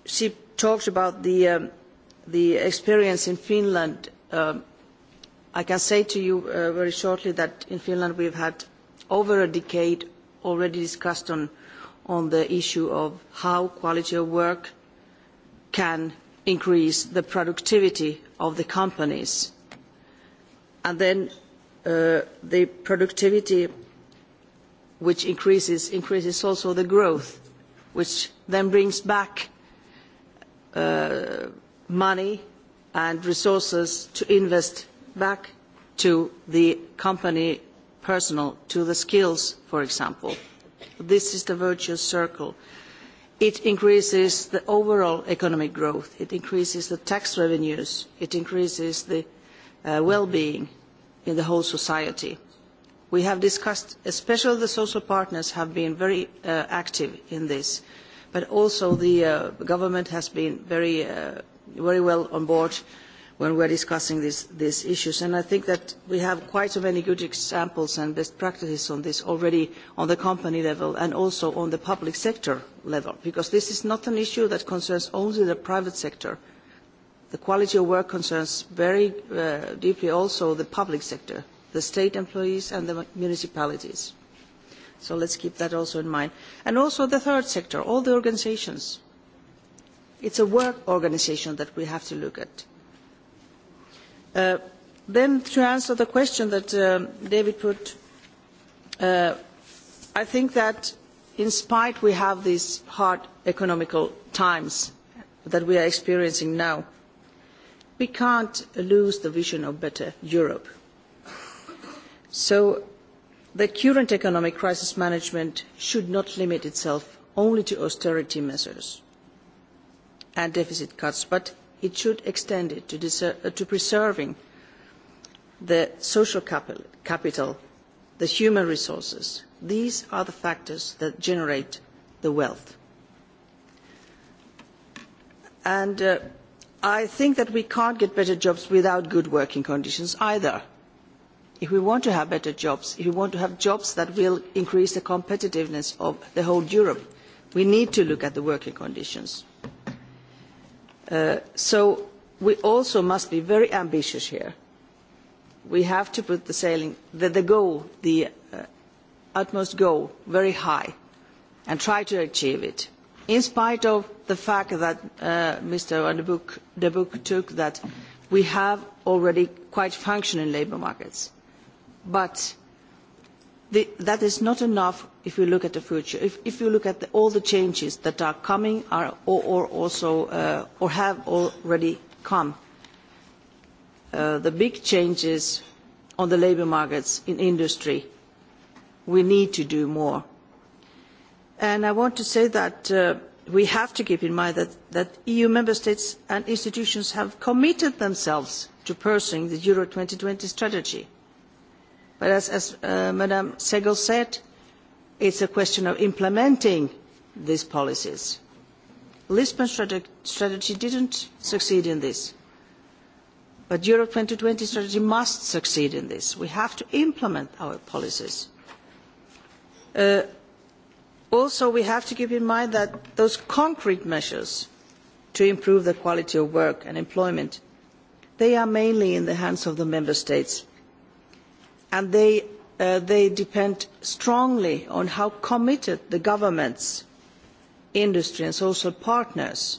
She talked about the experience in Finland. I can say to you very shortly that in Finland we've had over a decade already discussed on the issue of how quality of work can increase the productivity of the companies. And then the productivity which increases increases also the growth, which then brings back money and resources to invest back to the company personal, to the skills, for example. This is the virtuous circle It increases the overall economic growth, it increases the tax revenues, it increases the well-being in the whole society. We have discussed, especially the social partners have been very active in this, but also the government has been very well on board when we are discussing these issues. And I think that we have quite so many good examples and best practices on this already on the company level and also on the public sector level, because this is not an issue that concerns only the private sector. The quality of work concerns very deeply also the public sector, the state employees and the municipalities. So let's keep that also in mind. And also the third sector, all the organisations. It's a work organisation that we have to look at Then to answer the question that David put, I think that in spite we have these hard economical times that we are experiencing now, we cannot lose the vision of better Europe. So the current economic crisis management should not limit itself only to austerity measures and deficit cuts, but it should extend it to preserving the social capital, the human resources. These are the factors that generate the wealth. And I think that we can't get better jobs without good working conditions either. If we want to have better jobs, if we want to have jobs that will increase the competitiveness of the whole Europe, we need to look at the working conditions. So we also must be very ambitious here. We have to put the sailing, the goal, the utmost goal, very high, and try to achieve it, in spite of the fact that Mr. Van De Boek took that we have already quite functioning labour markets, but that is not enough if you look at the future, if you look at all the changes that are coming or also or have already come, the big changes on the labour markets in industry, we need to do more. And I want to say that we have to keep in mind that EU member states and institutions have committed themselves to pursuing the Euro 2020 strategy. But as Madam Segel said It's a question of implementing these policies. The Lisbon strategy didn't succeed in this. But Europe 2020 strategy must succeed in this. We have to implement our policies. Also, we have to keep in mind that those concrete measures to improve the quality of work and employment, they are mainly in the hands of the member states, and they they depend strongly on how committed the governments industry and social partners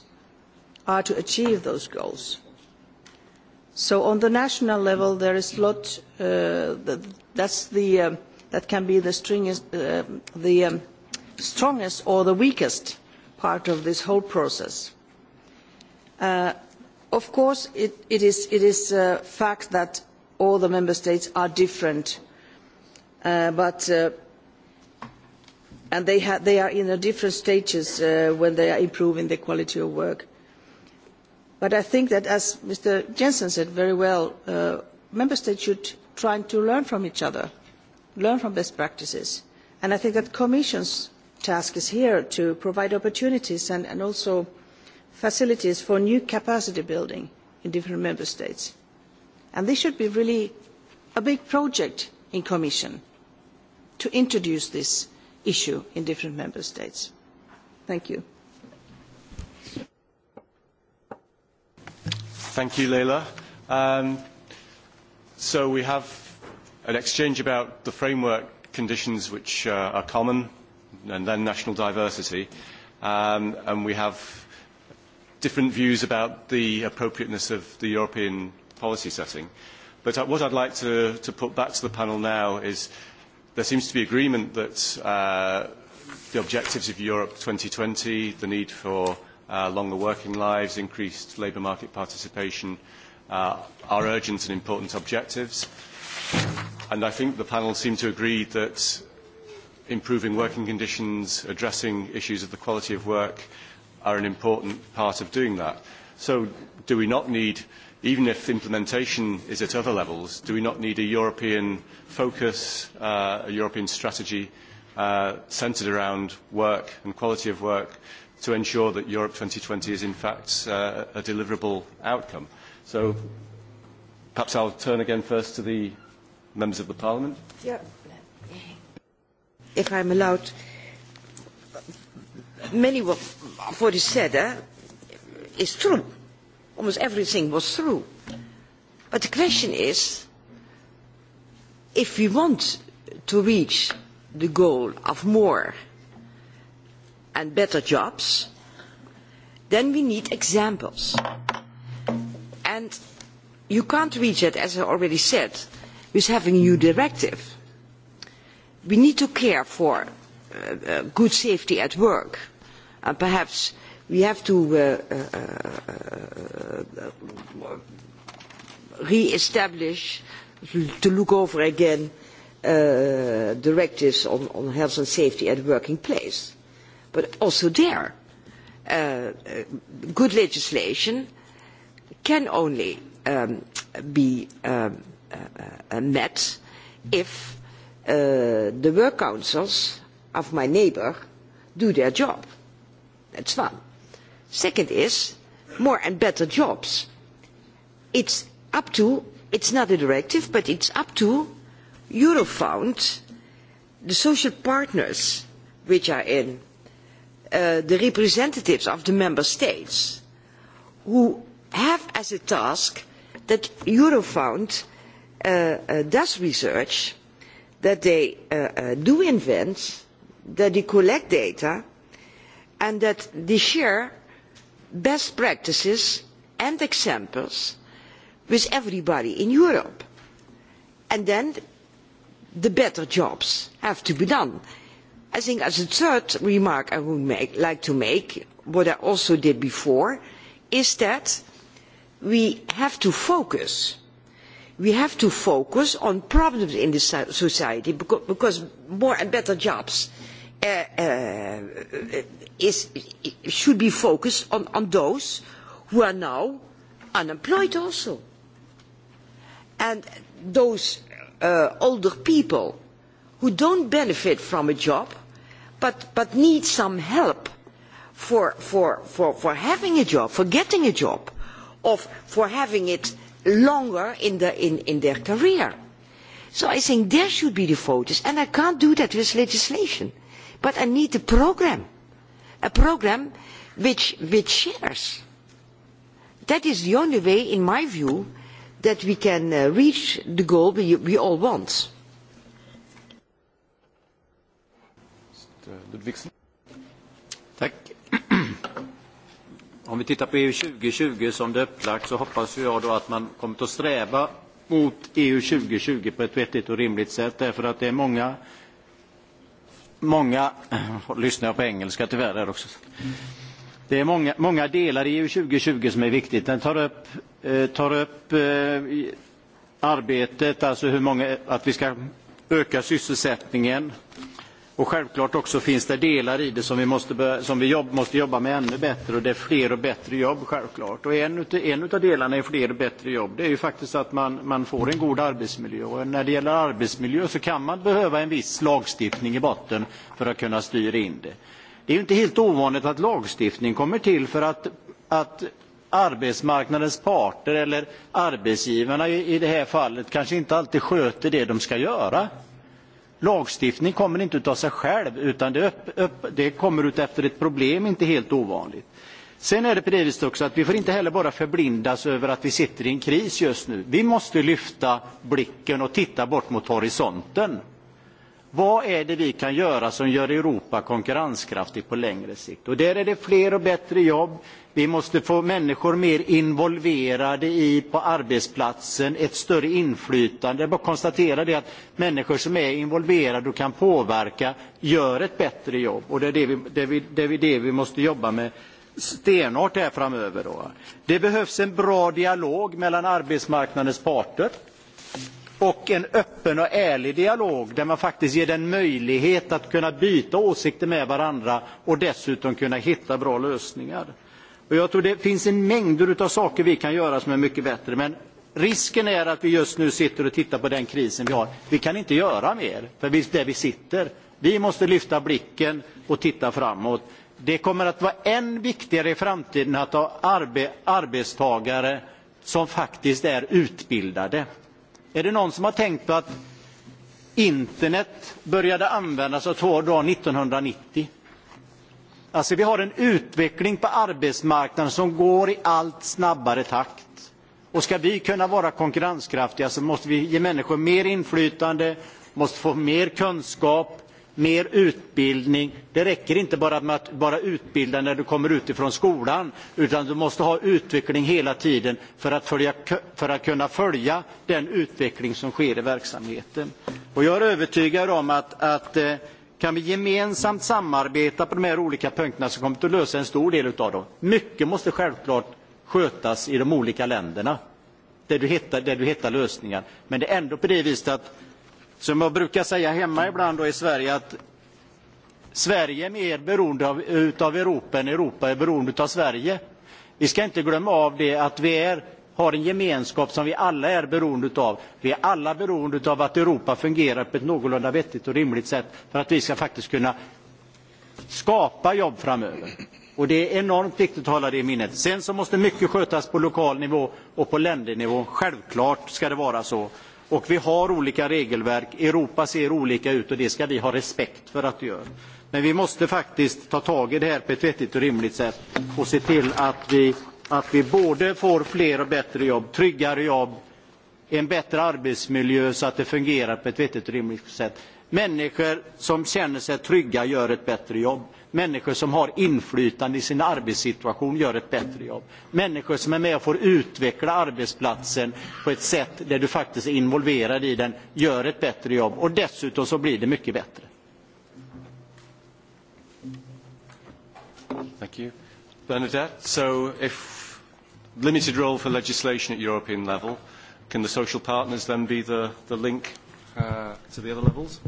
are to achieve those goals. so on the national level there is a lot that can be the strongest or the weakest part of this whole process. of course it is a fact that all the member states are different but and they are in different stages when they are improving the quality of work. But I think that, as Mr. Jensen said very well, member states should try to learn from each other, learn from best practices. And I think that the Commission's task is here to provide opportunities and also facilities for new capacity building in different member states. And this should be really a big project in Commission to introduce this issue in different member states. Thank you. Thank you, Leila. So we have an exchange about the framework conditions which are common and then national diversity. And we have different views about the appropriateness of the European policy setting. But what I'd like to put back to the panel now is There seems to be agreement that the objectives of Europe 2020, the need for longer working lives, increased labour market participation, are urgent and important objectives. And I think the panel seems to agree that improving working conditions, addressing issues of the quality of work, are an important part of doing that. So do we not need even if implementation is at other levels, do we not need a European focus, a European strategy centred around work and quality of work to ensure that Europe 2020 is in fact a deliverable outcome? So perhaps I'll turn again first to the members of the Parliament. If I'm allowed, many of what is said is true almost everything was through. But the question is, if we want to reach the goal of more and better jobs, then we need examples. And you can't reach it, as I already said, with having a new directive. We need to care for good safety at work, and perhaps we have to re-establish, to look over again, directives on health and safety at the working place. But also there, good legislation can only be met if the work councils of my neighbor do their job. That's one. Second is more and better jobs. It's up to, it's not a directive, but it's up to Eurofound, the social partners which are in, the representatives of the member states, who have as a task that Eurofound does research, that they do invent, that they collect data, and that they share best practices and examples with everybody in Europe. And then the better jobs have to be done. I think as a third remark I would like to make, what I also did before, is that we have to focus. We have to focus on problems in the society because more and better jobs should be focused on those who are now unemployed also. And those older people who don't benefit from a job but need some help for having a job, for getting a job, or for having it longer in their career. So I think there should be the focus, and I can't do that with legislation but I need a program, a program which shares. That is the only way, in my view, that we can reach the goal we all want. Om vi tittar på EU 2020 som det är upplagt så hoppas jag då att man kommer att sträva mot EU 2020 på ett vettigt och rimligt sätt därför att det är många många, lyssnar jag på engelska tyvärr här också. Det är många delar i EU 2020 som är viktigt. Den tar upp arbetet, alltså hur många att vi ska öka sysselsättningen, Och självklart också finns det delar i det som vi måste, som vi jobb, måste jobba med ännu bättre och det är fler och bättre jobb självklart. Och en, en av delarna i fler och bättre jobb det är ju faktiskt att man, man får en god arbetsmiljö. Och när det gäller arbetsmiljö så kan man behöva en viss lagstiftning i botten för att kunna styra in det. Det är ju inte helt ovanligt att lagstiftning kommer till för att, att arbetsmarknadens parter eller arbetsgivarna i, i det här fallet kanske inte alltid sköter det de ska göra Lagstiftning kommer inte av sig själv utan det kommer ut efter ett problem, inte helt ovanligt. Sen är det på också att vi får inte heller bara förblindas över att vi sitter i en kris just nu. Vi måste lyfta blicken och titta bort mot horisonten. Vad är det vi kan göra som gör Europa konkurrenskraftigt på längre sikt? Och där är det fler och bättre jobb. Vi måste få människor mer involverade i på arbetsplatsen, ett större inflytande. Jag bara det att människor som är involverade och kan påverka gör ett bättre jobb. Och det är det vi måste jobba med stenhårt här framöver. Det behövs en bra dialog mellan arbetsmarknadens parter och en öppen och ärlig dialog där man faktiskt ger den möjlighet att kunna byta åsikter med varandra och dessutom kunna hitta bra lösningar. Jag tror det finns en mängd av saker vi kan göra som är mycket bättre. Men risken är att vi just nu sitter och tittar på den krisen vi har. Vi kan inte göra mer för vi där vi sitter. Vi måste lyfta blicken och titta framåt. Det kommer att vara än viktigare i framtiden att ha arbetstagare som faktiskt är utbildade. Är det någon som har tänkt på att internet började användas av år 1990? Alltså vi har en utveckling på arbetsmarknaden som går i allt snabbare takt. Och ska vi kunna vara konkurrenskraftiga så måste vi ge människor mer inflytande, måste få mer kunskap mer utbildning. Det räcker inte bara med att bara utbilda när du kommer utifrån skolan, utan du måste ha utveckling hela tiden för att kunna följa den utveckling som sker i verksamheten. Jag är övertygad om att kan vi gemensamt samarbeta på de här olika punkterna så kommer vi att lösa en stor del av dem. Mycket måste självklart skötas i de olika länderna där du hittar lösningar. Men det är ändå på att Som jag brukar säga hemma ibland i Sverige att Sverige är mer beroende av Europa än Europa är beroende av Sverige. Vi ska inte glömma av det att vi har en gemenskap som vi alla är beroende av. Vi är alla beroende av att Europa fungerar på ett någorlunda vettigt och rimligt sätt för att vi ska faktiskt kunna skapa jobb framöver. Och det är enormt viktigt att hålla det i minnet. Sen så måste mycket skötas på lokal nivå och på ländernivå. Självklart ska det vara så och vi har olika regelverk. Europa ser olika ut och det ska vi ha respekt för att det gör. Men vi måste faktiskt ta tag i det här på ett vettigt och rimligt sätt och se till att vi, att vi både får fler och bättre jobb, tryggare jobb, en bättre arbetsmiljö så att det fungerar på ett vettigt och rimligt sätt. Människor som känner sig trygga gör ett bättre jobb. Människor som har inflytande i sin arbetssituation gör ett bättre jobb. Människor som är med och får utveckla arbetsplatsen på ett sätt där du faktiskt är involverad i den gör ett bättre jobb. Och dessutom så blir det mycket bättre. Thank you. Bernadette, so if limited role for legislation at European level, can the social partners then be the link to the other levels?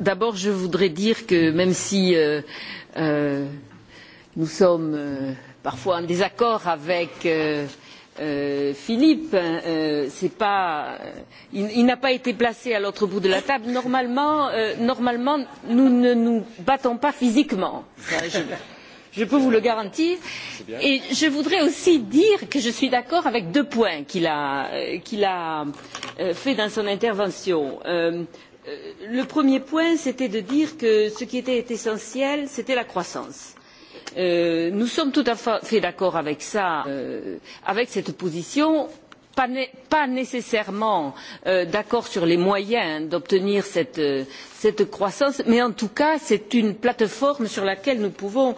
d'abord je voudrais dire que même si nous sommes parfois en désaccord avec philippe c'est pas il n'a pas été placé à l'autre bout de la table normalement normalement nous ne nous battons pas physiquement je peux vous le garantir et je voudrais aussi dire que je suis d'accord avec deux points qu'il a fait dans son intervention le premier point c'était de dire que ce qui était essentiel c'était la croissance. nous sommes tout à fait d'accord avec avec cette position pas nécessairement d'accord sur les moyens d'obtenir cette croissance mais en tout cas c'est une plateforme sur laquelle nous pouvons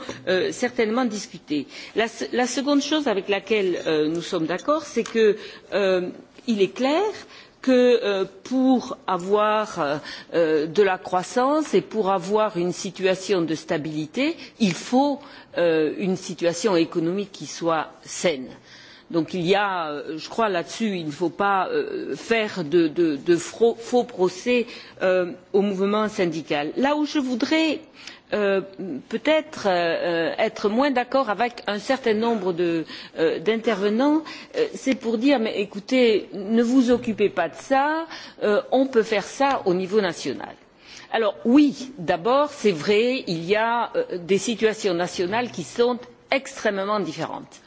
certainement discuter. la seconde chose avec laquelle nous sommes d'accord c'est qu'il est clair que pour avoir de la croissance et pour avoir une situation de stabilité il faut une situation économique qui soit saine. donc il y a je crois là dessus il ne faut pas faire de faux procès au mouvement syndical. là où je voudrais peut être être moins d'accord avec un certain nombre d'intervenants c'est pour dire écoutez ne vous occupez pas de ça on peut faire ça au niveau national. alors oui d'abord c'est vrai il y a des situations nationales qui sont extrêmement différentes.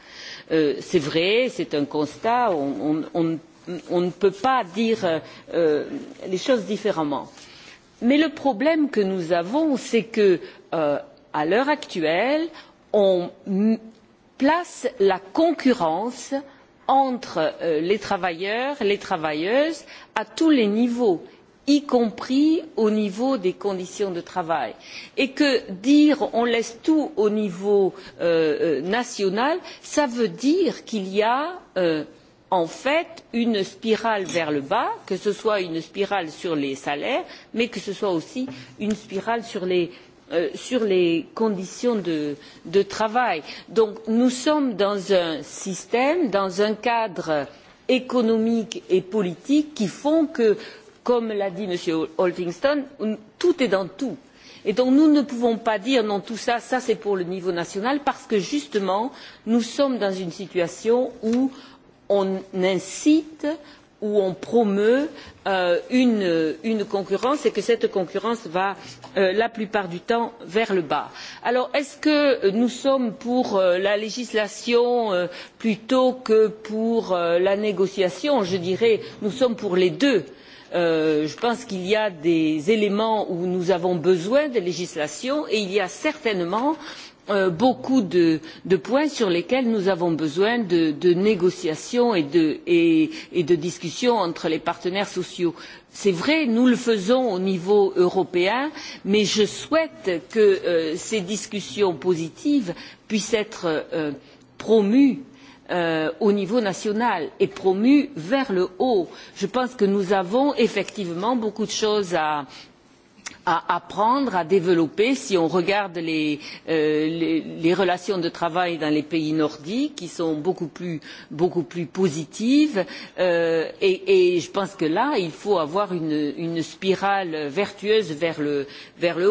c'est vrai c'est un constat on ne peut pas dire les choses différemment mais le problème que nous avons c'est que à l'heure actuelle on place la concurrence entre les travailleurs et les travailleuses à tous les niveaux y compris au niveau des conditions de travail et que dire on laisse tout au niveau national ça veut dire qu'il y a en fait une spirale vers le bas que ce soit une spirale sur les salaires mais que ce soit aussi une spirale sur les conditions de travail. donc nous sommes dans un système dans un cadre économique et politique qui font que comme l'a dit m. Holtingston, tout est dans tout. Et donc nous ne pouvons pas dire non tout ça, ça c'est pour le niveau national, parce que justement nous sommes dans une situation où on incite où on promeut une concurrence et que cette concurrence va la plupart du temps vers le bas. alors est ce que nous sommes pour la législation plutôt que pour la négociation? je dirais nous sommes pour les deux. je pense qu'il y a des éléments où nous avons besoin de législation et il y a certainement beaucoup de points sur lesquels nous avons besoin de négociations et de discussions entre les partenaires sociaux. c'est vrai nous le faisons au niveau européen mais je souhaite que ces discussions positives puissent être promues au niveau national et promues vers le haut. je pense que nous avons effectivement beaucoup de choses à à apprendre à développer si on regarde les relations de travail dans les pays nordiques qui sont beaucoup plus positives et je pense que là il faut avoir une spirale vertueuse vers le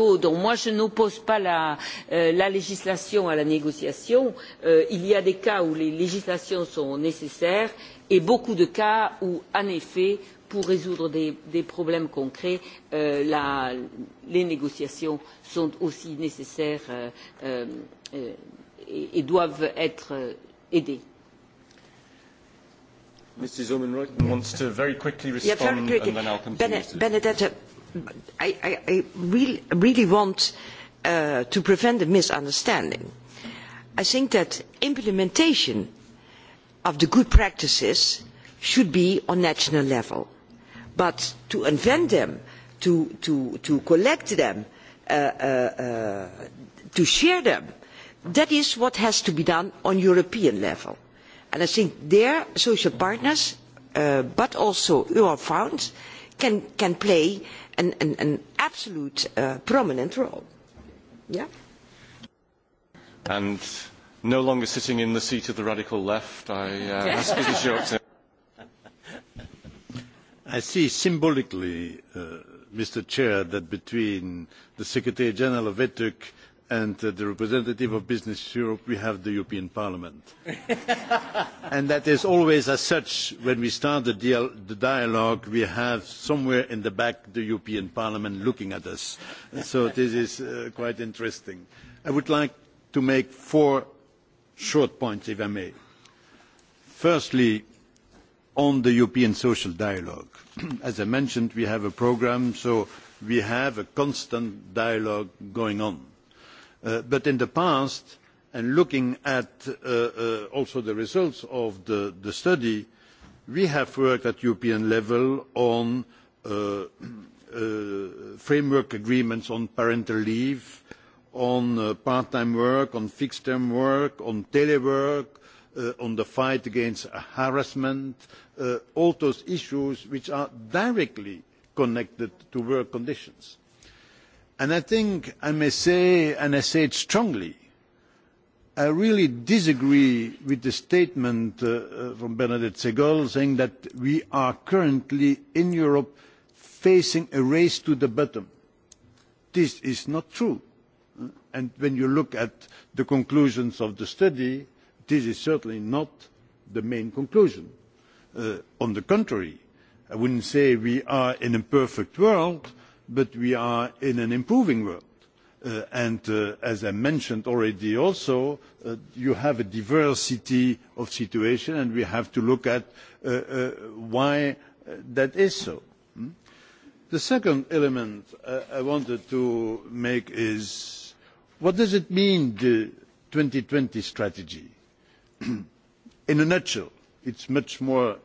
haut. donc moi je n'oppose pas la législation à la négociation. il y a des cas où les législations sont nécessaires et beaucoup de cas où en effet pour résoudre des problèmes concrets les négociations sont aussi nécessaires et doivent être aidées. Mr wants to very quickly respond Benedetta, I really want to prevent a misunderstanding. I think that implementation of the good practices should be on national level but to invent them to collect them to share them that is what has to be done on european level and i think their social partners but also your funds, can play an absolute prominent role. and no longer sitting in the seat of the radical left i ask you to show up I see symbolically, Mr. Chair, that between the Secretary General of ETUC and the representative of Business Europe, we have the European Parliament. And that is always as such, when we start the dialogue, we have somewhere in the back the European Parliament looking at us. So this is quite interesting. I would like to make four short points, if I may. Firstly, on the European social dialogue. As I mentioned, we have a programme, so we have a constant dialogue going on. But in the past, and looking at also the results of the study, we have worked at European level on framework agreements on parental leave, on part-time work, on fixed-term work, on telework on the fight against harassment, all those issues which are directly connected to work conditions. And I think I may say, and I say it strongly, I really disagree with the statement from Bernadette Segol saying that we are currently in Europe facing a race to the bottom. This is not true. And when you look at the conclusions of the study, This is certainly not the main conclusion. On the contrary, I wouldn't say we are in a perfect world, but we are in an improving world. And as I mentioned already also, you have a diversity of situation and we have to look at why that is so. The second element I wanted to make is, what does it mean, the 2020 strategy? in a nutshell it is much more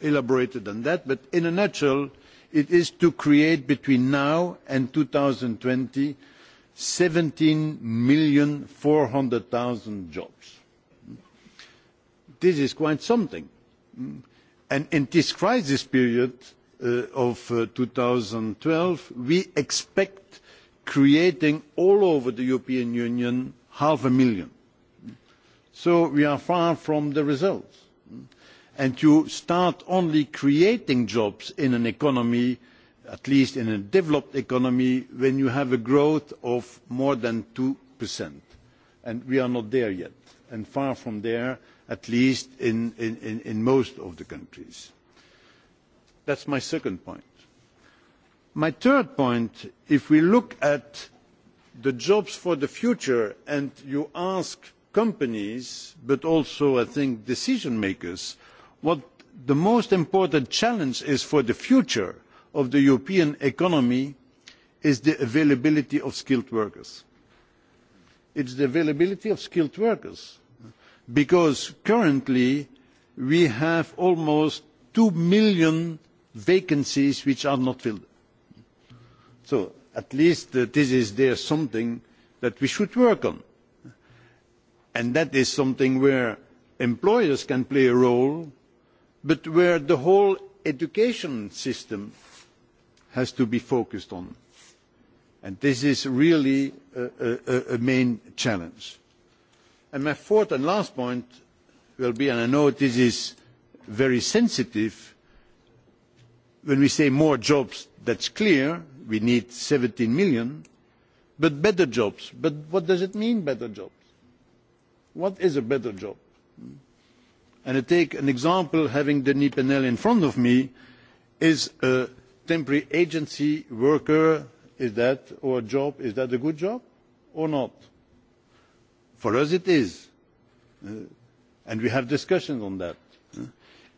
elaborated than that but in a nutshell it is to create between now and 2020 17,400,000 jobs. This is quite something. And in this crisis period of 2012, we expect creating all over the European Union half a million. So we are far from the results. And you start only creating jobs in an economy, at least in a developed economy, when you have a growth of more than 2%. And we are not there yet, and far from there, at least in most of the countries. That's my second point. My third point, if we look at the jobs for the future and you ask companies but also i think decision makers what the most important challenge is for the future of the european economy is the availability of skilled workers. it is the availability of skilled workers because currently we have almost two million vacancies which are not filled. so at least this is something that we should work on and that is something where employers can play a role but where the whole education system has to be focused on and this is really a main challenge. and my fourth and last point will be and i know this is very sensitive when we say more jobs that's clear we need 17 million but better jobs but what does it mean better jobs? What is a better job? And I take an example, having Denis Penel in front of me, is a temporary agency worker, is that, or a job, is that a good job or not? For us it is. And we have discussions on that.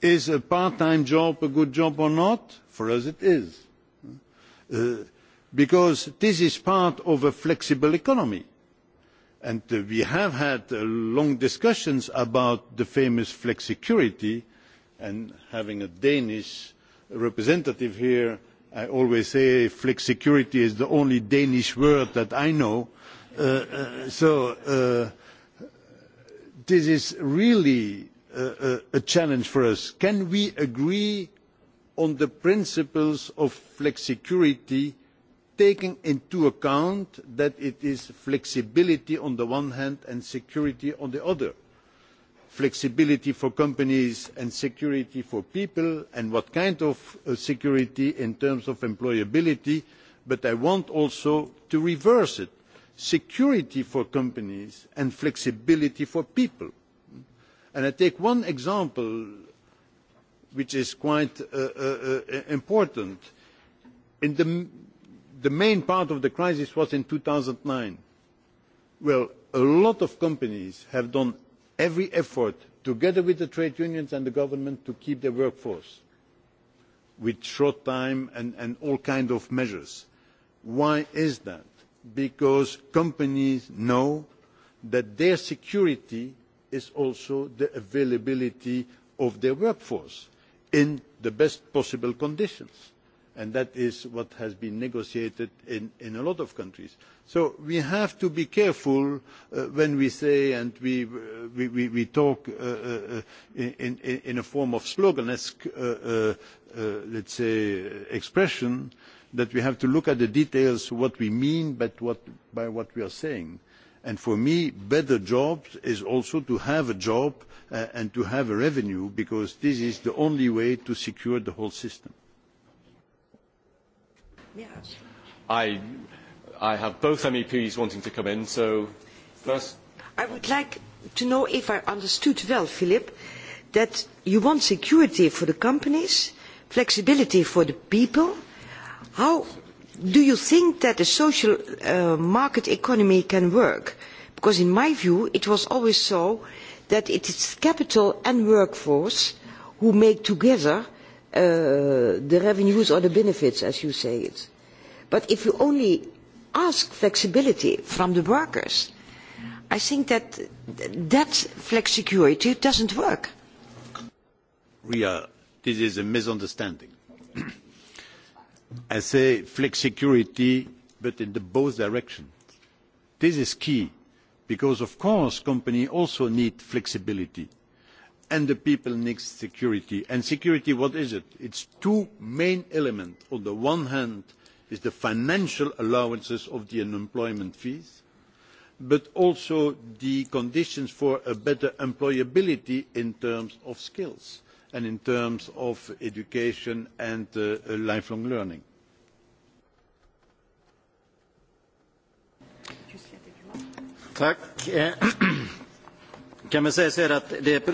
Is a part-time job a good job or not? For us it is. Because this is part of a flexible economy and we have had long discussions about the famous flexicurity and having a danish representative here i always say flexicurity is the only danish word that i know so this is really a challenge for us can we agree on the principles of flexicurity taking into account that it is flexibility on the one hand and security on the other flexibility for companies and security for people and what kind of security in terms of employability but i want also to reverse it security for companies and flexibility for people. i take one example which is quite important in the the main part of the crisis was in 2009. Well, a lot of companies have done every effort, together with the trade unions and the government, to keep their workforce with short time and all kinds of measures. Why is that? Because companies know that their security is also the availability of their workforce in the best possible conditions and that is what has been negotiated in a lot of countries. So we have to be careful when we say and we talk in a form of sloganesque, let's say, expression, that we have to look at the details what we mean by what we are saying. And for me, better jobs is also to have a job and to have a revenue, because this is the only way to secure the whole system. I I have both MEPs wanting to come in, so first. I would like to know if I understood well, Philip, that you want security for the companies, flexibility for the people. How do you think that a social market economy can work? Because in my view, it was always so that it is capital and workforce who make together the revenues or the benefits, as you say it. But if you only ask flexibility from the workers, I think that that flexicurity doesn't work. Ria, this is a misunderstanding. I say flexicurity, but in both directions. This is key, because of course companies also need flexibility and the people needs security. And security, what is it? It's two main elements. On the one hand is the financial allowances of the unemployment fees, but also the conditions for a better employability in terms of skills and in terms of education and lifelong learning. Kan man säga så att det,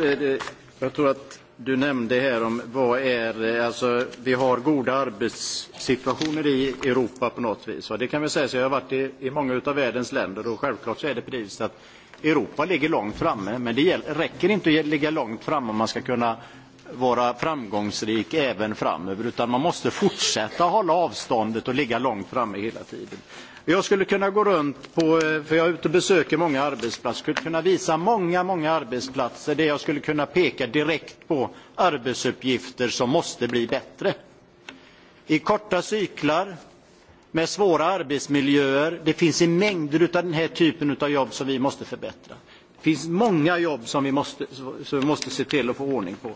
jag tror att du nämnde här om vad är, alltså vi har goda arbetssituationer i Europa på något vis. Och det kan man säga så jag har varit i, många av världens länder och självklart så är det precis att Europa ligger långt framme men det räcker inte att ligga långt framme om man ska kunna vara framgångsrik även framöver utan man måste fortsätta hålla avståndet och ligga långt framme hela tiden. Jag skulle kunna gå runt på, för jag är ute och besöker många arbetsplatser, skulle kunna visa många, många arbetsplatser där jag skulle kunna peka direkt på arbetsuppgifter som måste bli bättre. I korta cyklar, med svåra arbetsmiljöer, det finns i mängder av den här typen av jobb som vi måste förbättra. Det finns många jobb som vi måste se till att få ordning på.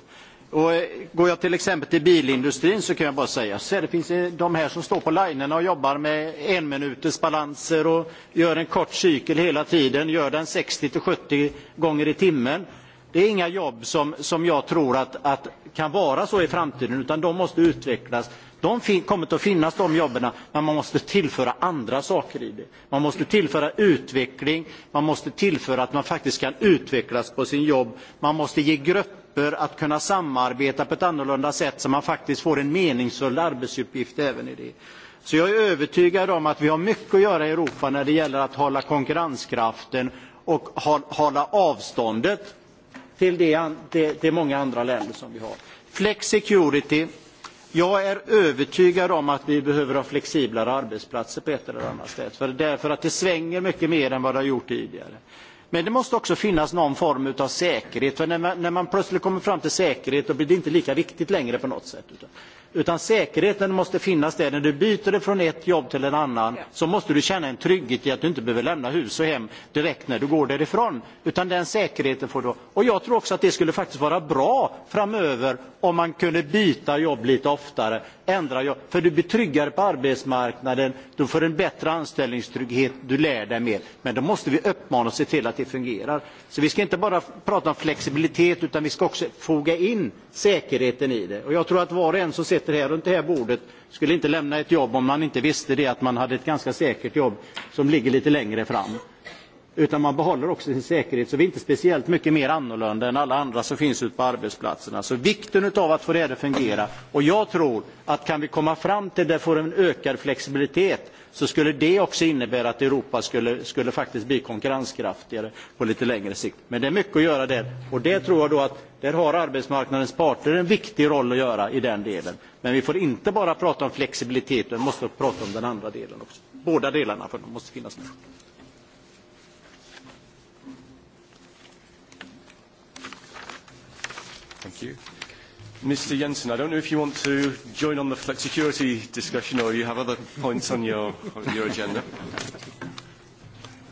Går jag till exempel till bilindustrin så kan jag bara säga så det finns de här som står på linerna och jobbar med en balanser och gör en kort cykel hela tiden, gör den 60-70 gånger i timmen. Det är inga jobb som jag tror att att kan vara så i framtiden utan de måste utvecklas. De kommer att finnas de jobben men man måste tillföra andra saker i det. Man måste tillföra utveckling, man måste tillföra att man faktiskt kan utvecklas på sin jobb, man måste ge grupper att kunna samarbeta på ett annorlunda sätt så man faktiskt får en meningsfull arbetsuppgift även i det. Så jag är övertygad om att vi har mycket att göra i Europa när det gäller att hålla konkurrenskraften och hålla avståndet till många andra länder som vi har. Flexicurity. Jag är övertygad om att vi behöver ha flexiblare arbetsplatser på ett eller annat sätt. Därför att det svänger mycket mer än vad det har gjort tidigare. Men det måste också finnas någon form av säkerhet. För när man plötsligt kommer fram till säkerhet då blir det inte lika viktigt längre på något sätt. Utan säkerheten måste finnas där. När du byter från ett jobb till en annan så måste du känna en trygghet i att du inte behöver lämna hus och hem direkt när du går därifrån. Utan den säkerheten får du. Och jag tror också att det skulle faktiskt vara bra framöver om man kunde byta jobb lite oftare ändrar jag för du blir tryggare på arbetsmarknaden, du får en bättre anställningstrygghet, du lär dig mer. Men då måste vi uppmana och se till att det fungerar. Så vi ska inte bara prata om flexibilitet utan vi ska också foga in säkerheten i det. Och jag tror att var och en som sitter här runt det här bordet skulle inte lämna ett jobb om man inte visste det att man hade ett ganska säkert jobb som ligger lite längre fram utan man behåller också sin säkerhet. Så vi är inte speciellt mycket mer annorlunda än alla andra som finns ute på arbetsplatserna. Så vikten av att få det att fungera. Och jag tror att kan vi komma fram till det får en ökad flexibilitet så skulle det också innebära att Europa skulle, skulle faktiskt bli konkurrenskraftigare på lite längre sikt. Men det är mycket att göra där. Och det tror jag då att det har arbetsmarknadens parter en viktig roll att göra i den delen. Men vi får inte bara prata om flexibilitet, vi måste prata om den andra delen också. Båda delarna för de måste finnas med. Thank you. Mr. Jensen, I don't know if you want to join on the flexicurity discussion or you have other points on your agenda.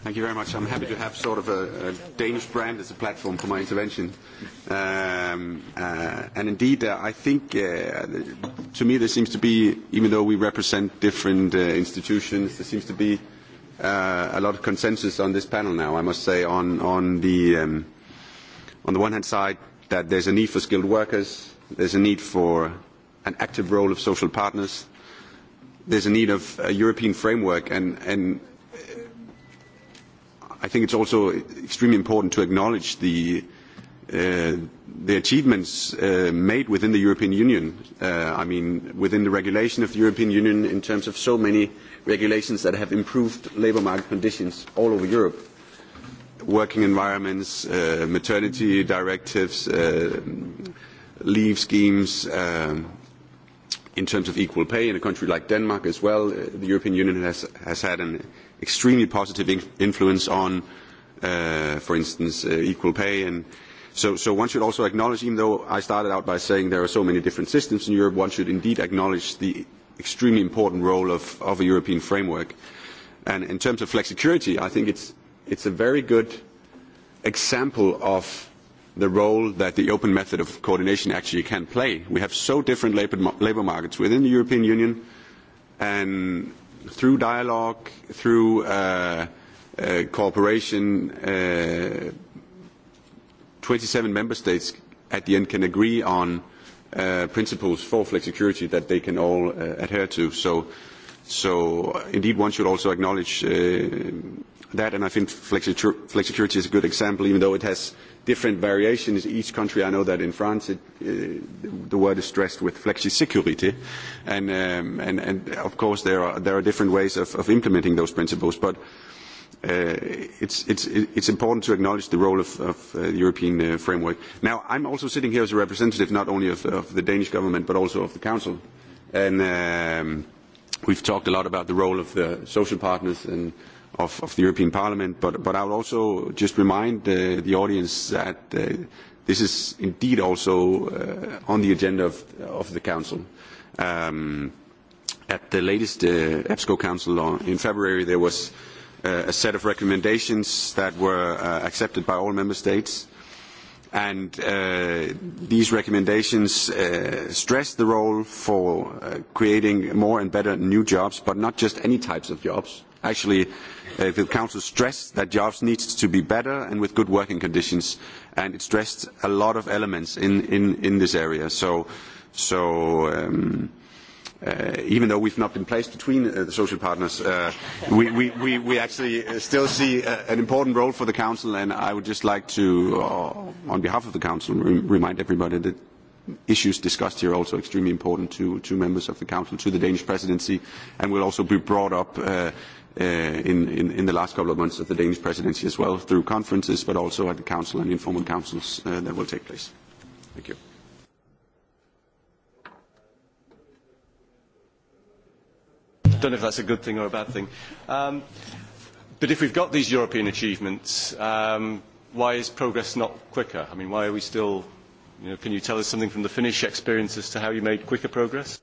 Thank you very much. I'm happy to have sort of a Danish brand as a platform for my intervention. And indeed, I think to me there seems to be, even though we represent different institutions, there seems to be a lot of consensus on this panel now, I must say, on the on the one hand side that there's a need for skilled workers, there's a need for an active role of social partners, there's a need of a European framework, and I think it's also extremely important to acknowledge the achievements made within the European Union. I mean, within the regulation of the European Union in terms of so many regulations that have improved labour market conditions all over Europe working environments, maternity directives, leave schemes in terms of equal pay in a country like Denmark as well. The European Union has had an extremely positive influence on, for instance, equal pay. And so one should also acknowledge, even though I started out by saying there are so many different systems in Europe, one should indeed acknowledge the extremely important role of a European framework. And in terms of flexicurity, I think it's It's a very good example of the role that the open method of coordination actually can play. We have so different labour markets within the European Union, and through dialogue, through cooperation, 27 member states at the end can agree on principles for flexicurity that they can all adhere to. So So indeed, one should also acknowledge that, and I think flexicurity is a good example, even though it has different variations in each country. I know that in France, the word is stressed with flexicurity, and of course there are different ways of implementing those principles. But it's important to acknowledge the role of the European framework. Now, I'm also sitting here as a representative not only of the Danish government but also of the Council, and We've talked a lot about the role of the social partners and of the European Parliament, but I would also just remind the audience that this is indeed also on the agenda of the Council. At the latest EBSCO Council in February, there was a set of recommendations that were accepted by all Member States and these recommendations stress the role for creating more and better new jobs but not just any types of jobs actually the council stressed that jobs need to be better and with good working conditions and it stressed a lot of elements in this area so even though we've not been placed between the social partners, we actually still see an important role for the Council, and I would just like to, on behalf of the Council, remind everybody that issues discussed here are also extremely important to members of the Council, to the Danish Presidency, and will also be brought up in the last couple of months of the Danish Presidency as well, through conferences, but also at the Council and informal councils that will take place. Thank you. don't know if that's a good thing or a bad thing. But if we've got these European achievements, why is progress not quicker? I mean, why are we still, you know, can you tell us something from the Finnish experience as to how you made quicker progress?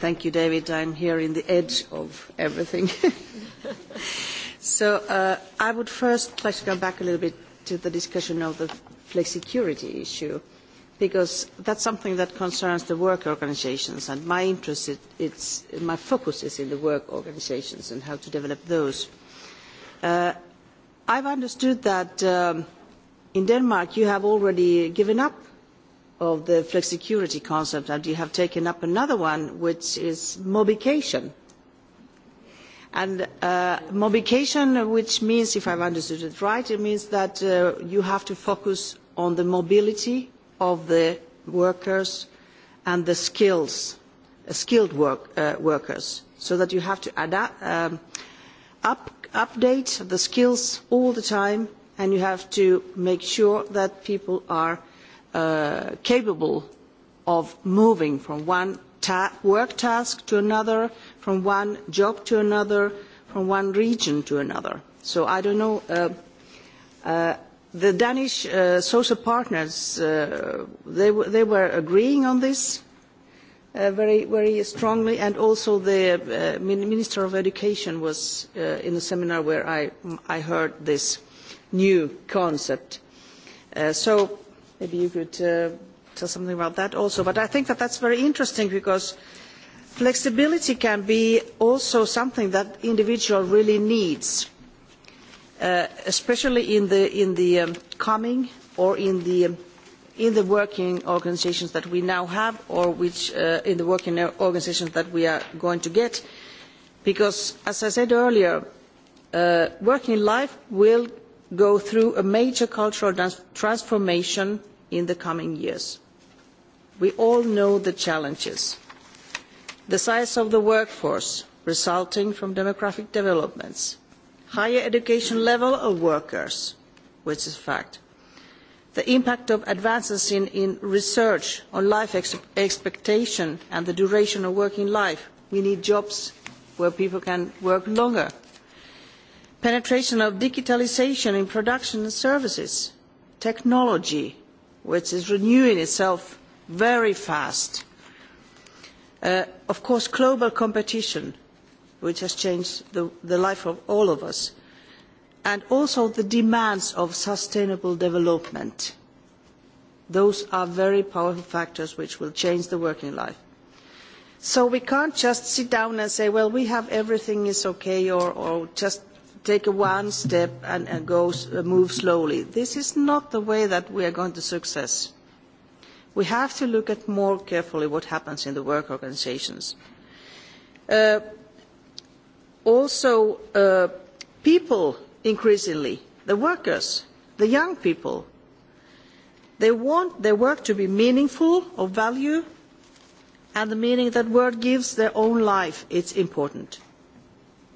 Thank you, David. I'm here in the edge of everything. So I would first like to go back a little bit to the discussion of the flexicurity issue because that's something that concerns the work organisations and my interest my focus is in the work organisations and how to develop those. I've understood that in Denmark you have already given up of the flexicurity concept and you have taken up another one which is mobication. And mobication which means, if I've understood it right, it means that you have to focus on the mobility of the workers and the skills, skilled workers, so that you have to update the skills all the time and you have to make sure that people are capable of moving from one work task to another, from one job to another, from one region to another. So I don't know the Danish social partners, they were agreeing on this very strongly, and also the Minister of Education was in a seminar where I heard this new concept. So maybe you could tell something about that also. But I think that that's very interesting because flexibility can be also something that individual really needs especially in the coming or in the working organisations that we now have or in the working organisations that we are going to get because as i said earlier working life will go through a major cultural transformation in the coming years. we all know the challenges the size of the workforce resulting from demographic developments higher education level of workers, which is a fact. The impact of advances in research on life expectation and the duration of working life. We need jobs where people can work longer. Penetration of digitalisation in production and services. Technology, which is renewing itself very fast. Of course, global competition which has changed the life of all of us, and also the demands of sustainable development. Those are very powerful factors which will change the working life. So we can't just sit down and say, well, we have everything is okay, or just take one step and move slowly. This is not the way that we are going to success. We have to look at more carefully what happens in the work organisations also people increasingly, the workers, the young people, they want their work to be meaningful, of value, and the meaning that work gives their own life is important.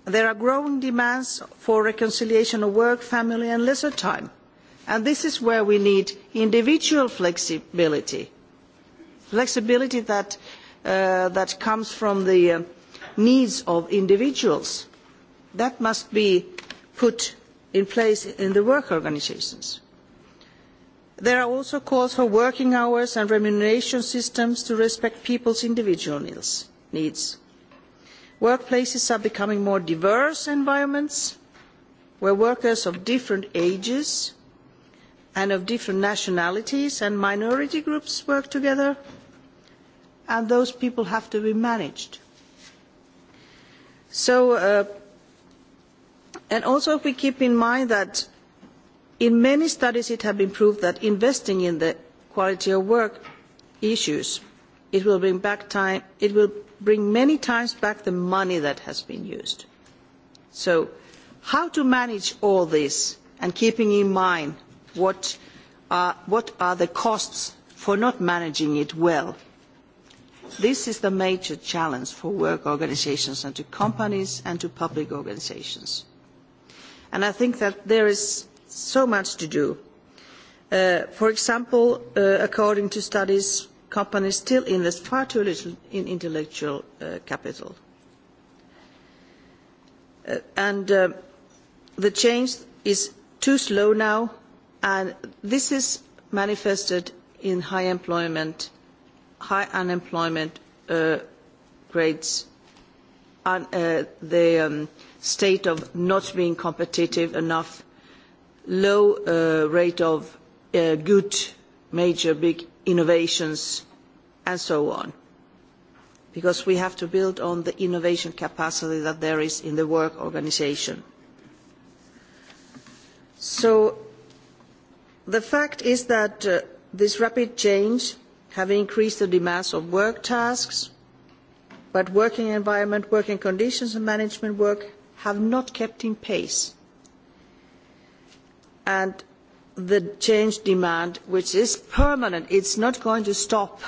There are growing demands for reconciliation of work, family and leisure time, and this is where we need individual flexibility, flexibility that comes from the needs of individuals. That must be put in place in the work organisations. There are also calls for working hours and remuneration systems to respect people's individual needs. Workplaces are becoming more diverse environments where workers of different ages and of different nationalities and minority groups work together and those people have to be managed So, and also if we keep in mind that in many studies it has been proved that investing in the quality of work issues, it will bring it will bring many times back the money that has been used. So, how to manage all this and keeping in mind what are the costs for not managing it well? This is the major challenge for work organisations and to companies and to public organisations. And I think that there is so much to do. For example, according to studies, companies still invest far too little in intellectual capital. And the change is too slow now, and this is manifested in high employment high unemployment rates the state of not being competitive enough low rate of good major big innovations and so on because we have to build on the innovation capacity that there is in the work organisation. so the fact is that this rapid change have increased the demands of work tasks, but working environment, working conditions and management work have not kept in pace. And the change demand, which is permanent, it's not going to stop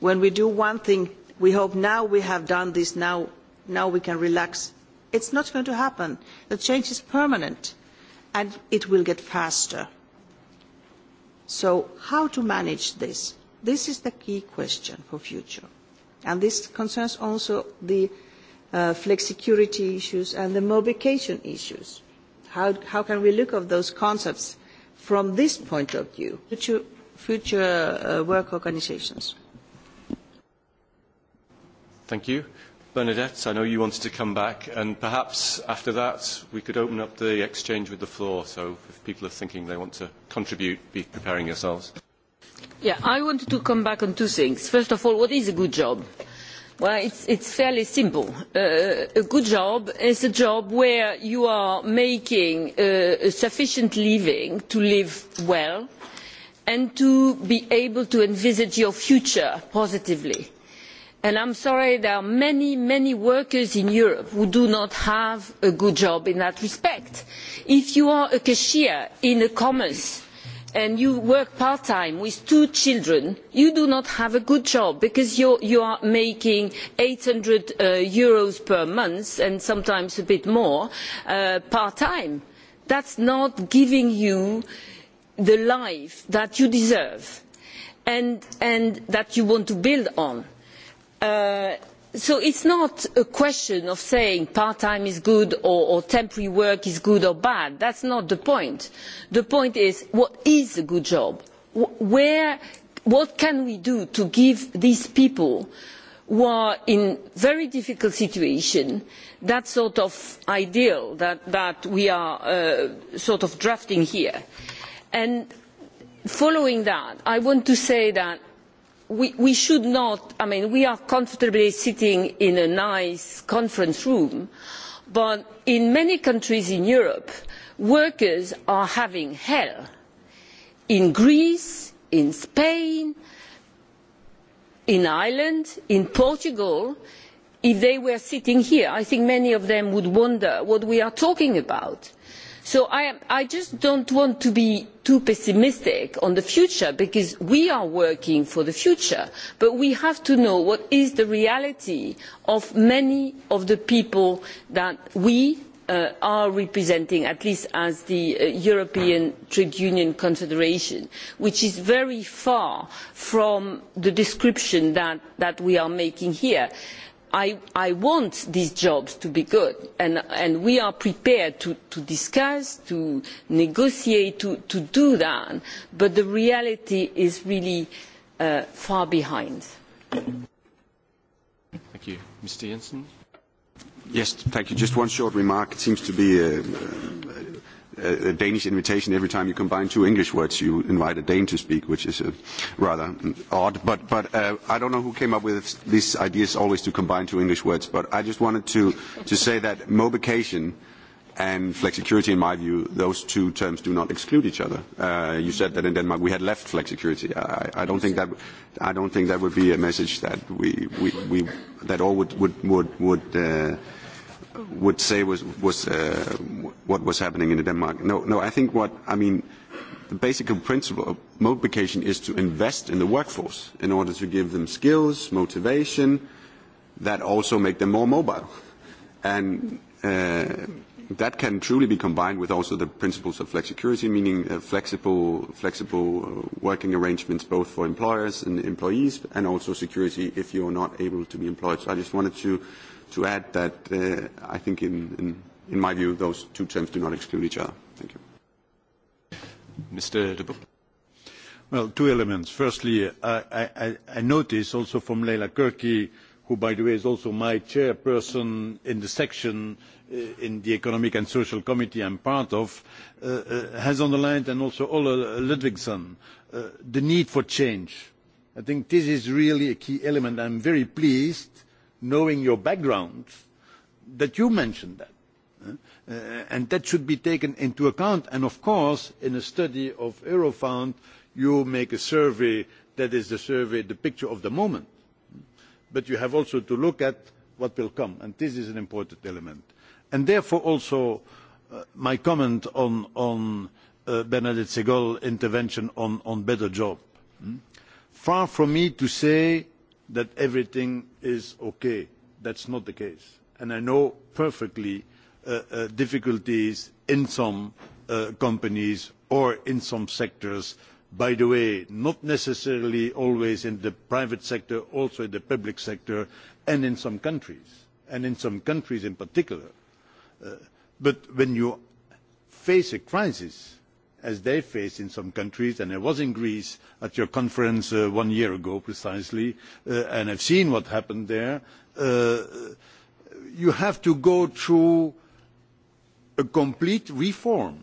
when we do one thing. We hope now we have done this, now we can relax. It's not going to happen. The change is permanent and it will get faster. So how to manage this? This is the key question for future. And this concerns also the flexicurity issues and the mobilization issues. How can we look at those concepts from this point of view, future work organisations? Thank you. Bernadette, I know you wanted to come back, and perhaps after that we could open up the exchange with the floor, so if people are thinking they want to contribute, be preparing yourselves. I wanted to come back on two things. First of all, what is a good job? Well, it's fairly simple. A good job is a job where you are making a sufficient living to live well and to be able to envisage your future positively. And am sorry, there are many, many workers in Europe who do not have a good job in that respect. If you are a cashier in a commerce and you work part time with two children you do not have a good job because you are making eur eight hundred per month and sometimes a bit more part time. that is not giving you the life that you deserve and that you want to build on so it is not a question of saying part time is good or temporary work is good or bad that is not the point. the point is what is a good job? what can we do to give these people who are in a very difficult situation that sort of ideal that we are sort of drafting here? And following that i want to say that we should not i mean we are comfortably sitting in a nice conference room but in many countries in europe workers are having hell in greece in spain in ireland in portugal if they were sitting here i think many of them would wonder what we are talking about so i just do not want to be too pessimistic on the future because we are working for the future but we have to know what is the reality of many of the people that we are representing at least as the european trade union confederation which is very far from the description that we are making here. I want these jobs to be good and we are prepared to discuss, to negotiate, to do that, but the reality is really far behind. Thank you. Mr. Jensen? Yes, thank you. Just one short remark. It seems to be a Danish invitation every time you combine two English words. You invite a Dane to speak, which is rather odd. But I don't know who came up with these ideas always to combine two English words. But I just wanted to to say that mobication and flexicurity, in my view, those two terms do not exclude each other. You said that in Denmark we had left flexicurity. I don't think that I don't think that would be a message that we that all would would would would say was was what was happening in Denmark. No, no. I think what I mean, the basic principle of mobilization is to invest in the workforce in order to give them skills, motivation, that also make them more mobile, and that can truly be combined with also the principles of flexicurity, meaning flexible flexible working arrangements both for employers and employees, and also security if you are not able to be employed. So I just wanted to to add that I think, in my view, those two terms do not exclude each other. Thank you. Mr. De Well, two elements. Firstly, I notice also from Leila Kirki, who, by the way, is also my chairperson in the section in the Economic and Social Committee I'm part of, has underlined, and also Ola Ludvigsson, the need for change. I think this is really a key element. I'm very pleased knowing your background, that you mentioned that. And that should be taken into account. And of course, in a study of Eurofound, you make a survey that is the survey, the picture of the moment. But you have also to look at what will come. And this is an important element. And therefore also my comment on Bernadette Segal's intervention on better job. Far from me to say that everything is okay. That's not the case. And I know perfectly difficulties in some companies or in some sectors, by the way, not necessarily always in the private sector, also in the public sector, and in some countries, and in some countries in particular. But when you face a crisis, as they face in some countries and i was in greece at your conference one year ago precisely and i've seen what happened there you have to go through a complete reform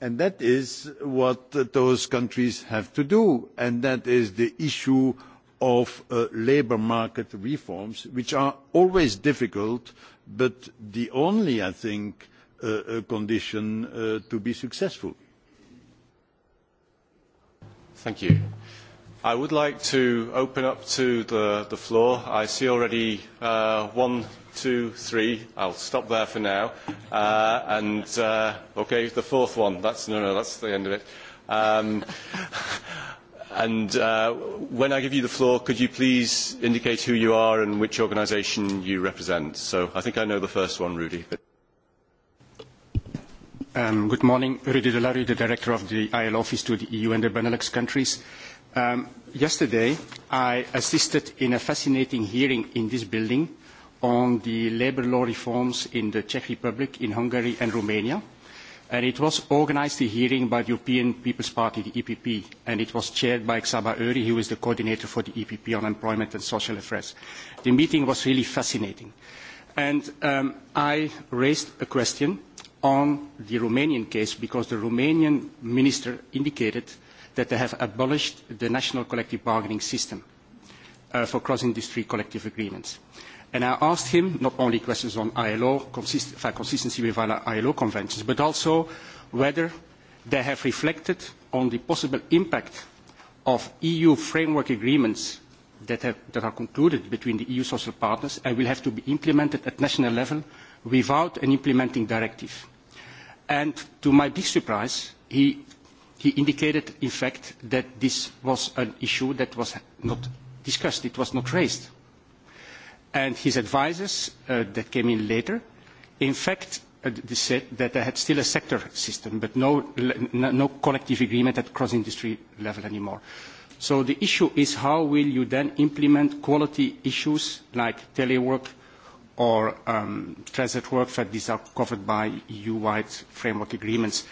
and that is what those countries have to do and that is the issue of labour market reforms which are always difficult but the only i think condition to be successful. Thank you. I would like to open up to the floor. I see already one, two, three. I'll stop there for now. And, okay, the fourth one. That's, no, no, that's the end of it. And when I give you the floor, could you please indicate who you are and which organisation you represent? So I think I know the first one, Rudy. Good morning. Rudy Delary, the Director of the IL Office to the EU and the Benelux countries. Yesterday, I assisted in a fascinating hearing in this building on the labour law reforms in the Czech Republic, in Hungary and Romania. And it was organised a hearing by the European People's Party, the EPP, and it was chaired by Xaba Uri, who is the coordinator for the EPP on employment and social affairs. The meeting was really fascinating. And I raised a question on the Romanian case because the Romanian minister indicated that they have abolished the national collective bargaining system for cross-industry collective agreements. And I asked him not only questions on ILO, consistency with ILO conventions, but also whether they have reflected on the possible impact of EU framework agreements that are concluded between the EU social partners and will have to be implemented at national level without an implementing directive and to my big surprise he indicated in fact that this was an issue that was not discussed it was not raised and his advisers that came in later in fact said that they had still a sector system but no collective agreement at cross industry level anymore so the issue is how will you then implement quality issues like telework or transit work that these are covered by EU-wide framework agreements.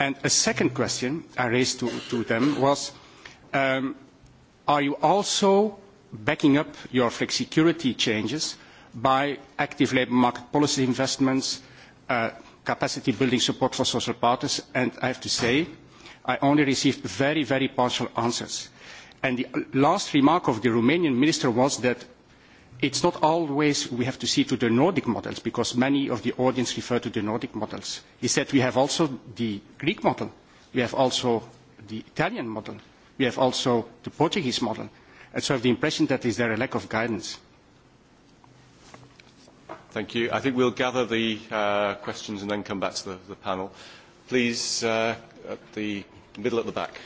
And a second question I raised to them was, are you also backing up your flexicurity changes by active labour market policy investments, capacity building support for social partners? And I have to say, I only received very, very partial answers. And the last remark of the Romanian minister was that It's not always we have to see to the Nordic models, because many of the audience refer to the Nordic models. Is that we have also the Greek model, we have also the Italian model, we have also the Portuguese model, and so I have the impression that is there a lack of guidance. Thank you. I think we'll gather the questions and then come back to the panel. Please, at the middle at the back.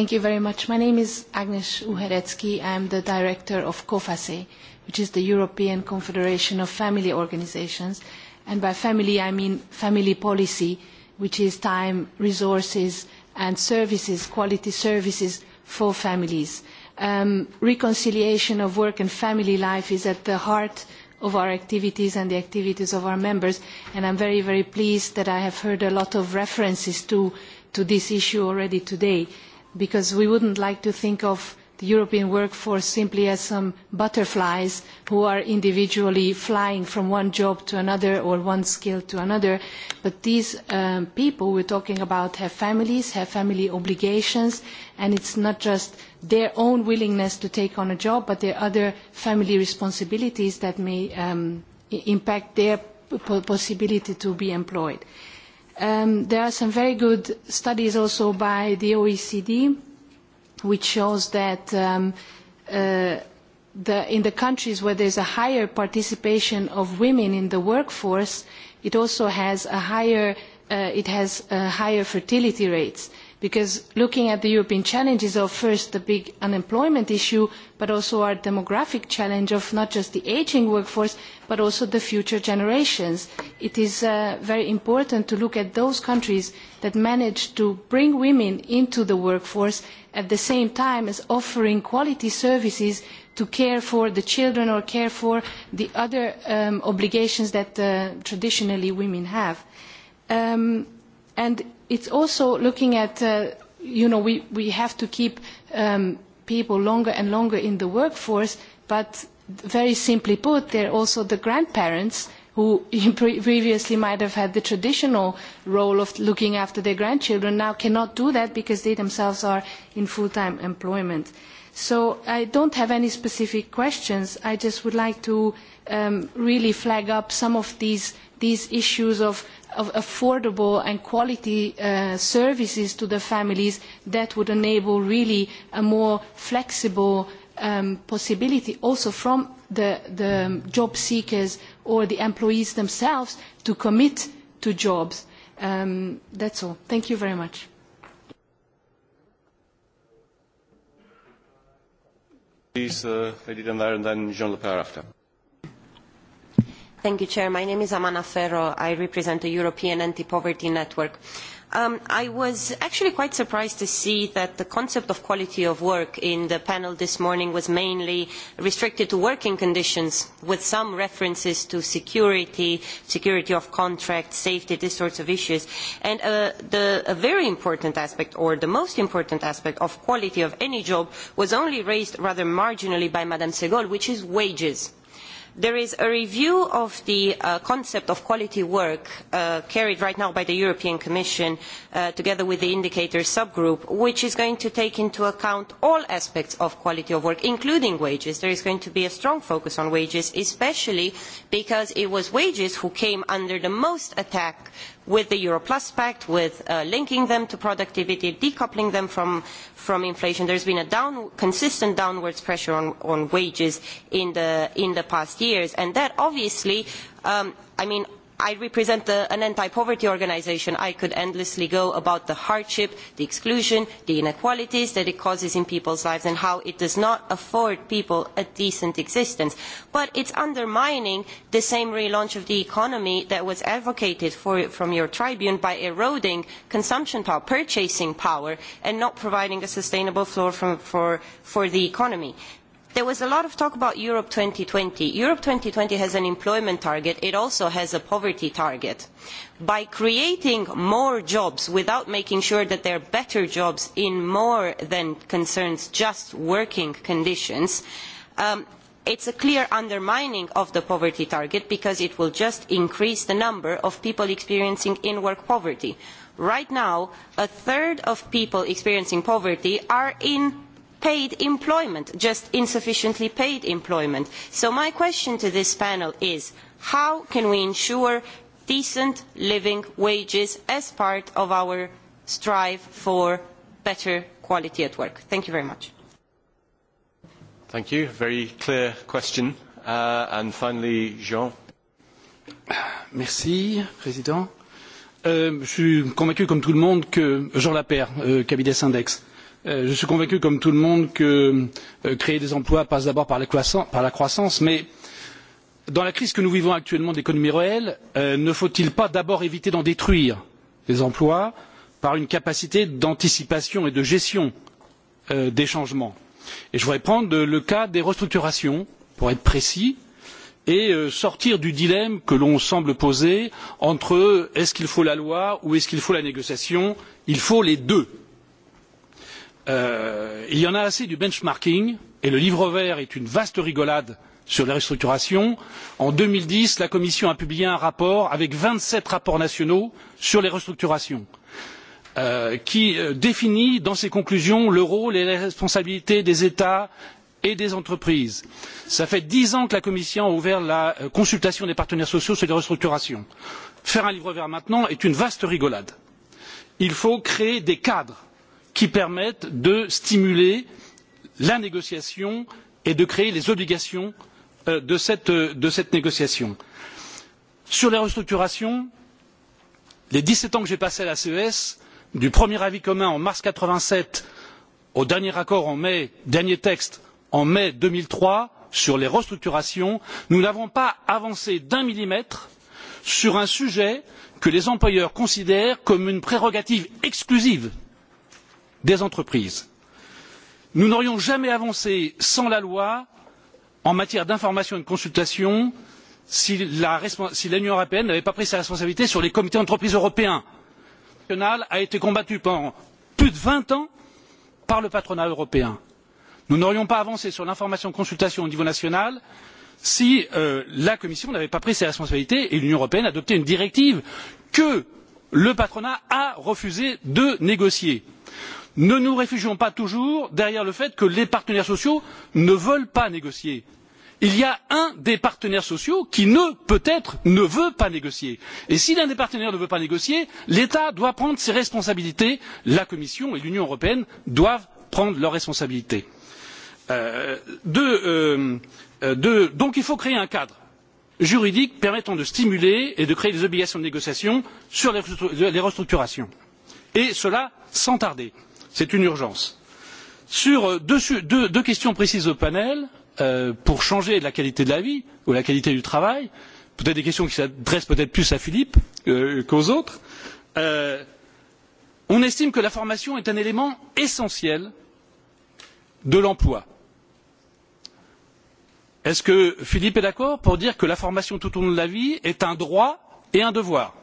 Thank you very much. My name is Agnes Uherecki. I am the director of COFASE, which is the European Confederation of Family Organizations. And by family, I mean family policy, which is time, resources, and services, quality services for families. Reconciliation of work and family life is at the heart of our activities and the activities of our members, and I'm very, very pleased that I have heard a lot of references to this issue already today because we wouldn't like to think of the European workforce simply as some butterflies who are individually flying from one job to another or one skill to another. But these people we're talking about have families, have family obligations, and it's not just their own willingness to take on a job, but their other family responsibilities that may impact their possibility to be employed. There are some very good studies also by the OECD, which shows that in the countries where there is a higher participation of women in the workforce, it also has a higher fertility rates because looking at the European challenges of first the big unemployment issue, but also our demographic challenge of not just the ageing workforce, but also the future generations. It is very important to look at those countries that manage to bring women into the workforce at the same time as offering quality services to care for the children or care for the other obligations that traditionally women have. And It's also looking at, you know, we have to keep people longer and longer in the workforce, but very simply put, there are also the grandparents who previously might have had the traditional role of looking after their grandchildren, now cannot do that because they themselves are in full-time employment. So I don't have any specific questions. I just would like to really flag up some of these issues of Of affordable and quality services to the families that would enable really a more flexible possibility also from the job seekers or the employees themselves to commit to jobs. That's all. Thank you very much. Please, Lady and then Jean after. Thank you, Chair. My name is Amana Ferro. I represent the European Anti-Poverty Network. I was actually quite surprised to see that the concept of quality of work in the panel this morning was mainly restricted to working conditions, with some references to security, security of contract, safety, these sorts of issues. And a very important aspect, or the most important aspect of quality of any job, was only raised rather marginally by Madame Segol, which is wages There is a review of the concept of quality work carried right now by the European Commission together with the indicator subgroup, which is going to take into account all aspects of quality of work, including wages. There is going to be a strong focus on wages, especially because it was wages who came under the most attack with the euro plus pact with linking them to productivity decoupling them from inflation there has been a consistent downwards pressure on wages in the past years and that obviously i mean I represent an anti-poverty organisation. I could endlessly go about the hardship, the exclusion, the inequalities that it causes in people's lives and how it does not afford people a decent existence. But it's undermining the same relaunch of the economy that was advocated from your tribune by eroding consumption power, purchasing power, and not providing a sustainable floor for the economy. There was a lot of talk about Europe 2020. Europe 2020 has an employment target. It also has a poverty target. By creating more jobs without making sure that they are better jobs in more than concerns just working conditions, it is a clear undermining of the poverty target because it will just increase the number of people experiencing in work poverty. Right now, a third of people experiencing poverty are in paid employment just insufficiently paid employment. so my question to this panel is how can we ensure decent living wages as part of our strive for better quality at work? thank you very much. thank you. very clear question. and finally jean. merci président. je suis convaincu comme tout le monde que jean laperre cabinet index je suis convaincu comme tout le monde que créer des emplois passe d'abord par la croissance mais dans la crise que nous vivons actuellement de l'économie réelle ne faut il pas d'abord éviter d'en détruire des emplois par une capacité d'anticipation et de gestion des changements? je voudrais prendre le cas des restructurations pour être précis et sortir du dilemme que l'on semble poser entre est ce qu'il faut la loi ou est ce qu'il faut la négociation? il faut les deux il y en a assez du benchmarking et le livre vert est une vaste rigolade sur les restructurations. en deux mille dix la commission a publié un rapport avec vingt sept rapports nationaux sur les restructurations qui définit dans ses conclusions le rôle et les responsabilités des états et des entreprises. cela fait dix ans que la commission a ouvert la consultation des partenaires sociaux sur les restructurations. faire un livre vert maintenant est une vaste rigolade. il faut créer des cadres qui permettent de stimuler la négociation et de créer les obligations de cette négociation. Sur les restructurations, les dix sept ans que j'ai passés à la CES, du premier avis commun en mars quatre vingt sept au dernier accord en mai dernier texte en mai deux mille trois sur les restructurations, nous n'avons pas avancé d'un millimètre sur un sujet que les employeurs considèrent comme une prérogative exclusive des entreprises. Nous n'aurions jamais avancé sans la loi en matière d'information et de consultation si l'Union européenne n'avait pas pris ses responsabilités sur les comités d'entreprise européens. Le national a été combattu pendant plus de vingt ans par le patronat européen. Nous n'aurions pas avancé sur l'information et consultation au niveau national si la Commission n'avait pas pris ses responsabilités et l'Union européenne adopté une directive que le patronat a refusé de négocier ne nous réfugions pas toujours derrière le fait que les partenaires sociaux ne veulent pas négocier. il y a un des partenaires sociaux qui ne peut être ne veut pas négocier et si l'un des partenaires ne veut pas négocier l'état doit prendre ses responsabilités la commission et l'union européenne doivent prendre leurs responsabilités. donc il faut créer un cadre juridique permettant de stimuler et de créer des obligations de négociation sur les restructurations et cela sans tarder c'est une urgence. sur deux questions précises au panel pour changer la qualité de la vie ou la qualité du travail peut être des questions qui s'adressent peut être plus à philippe qu'aux autres on estime que la formation est un élément essentiel de l'emploi. est ce que philippe est d'accord pour dire que la formation tout au long de la vie est un droit et un devoir?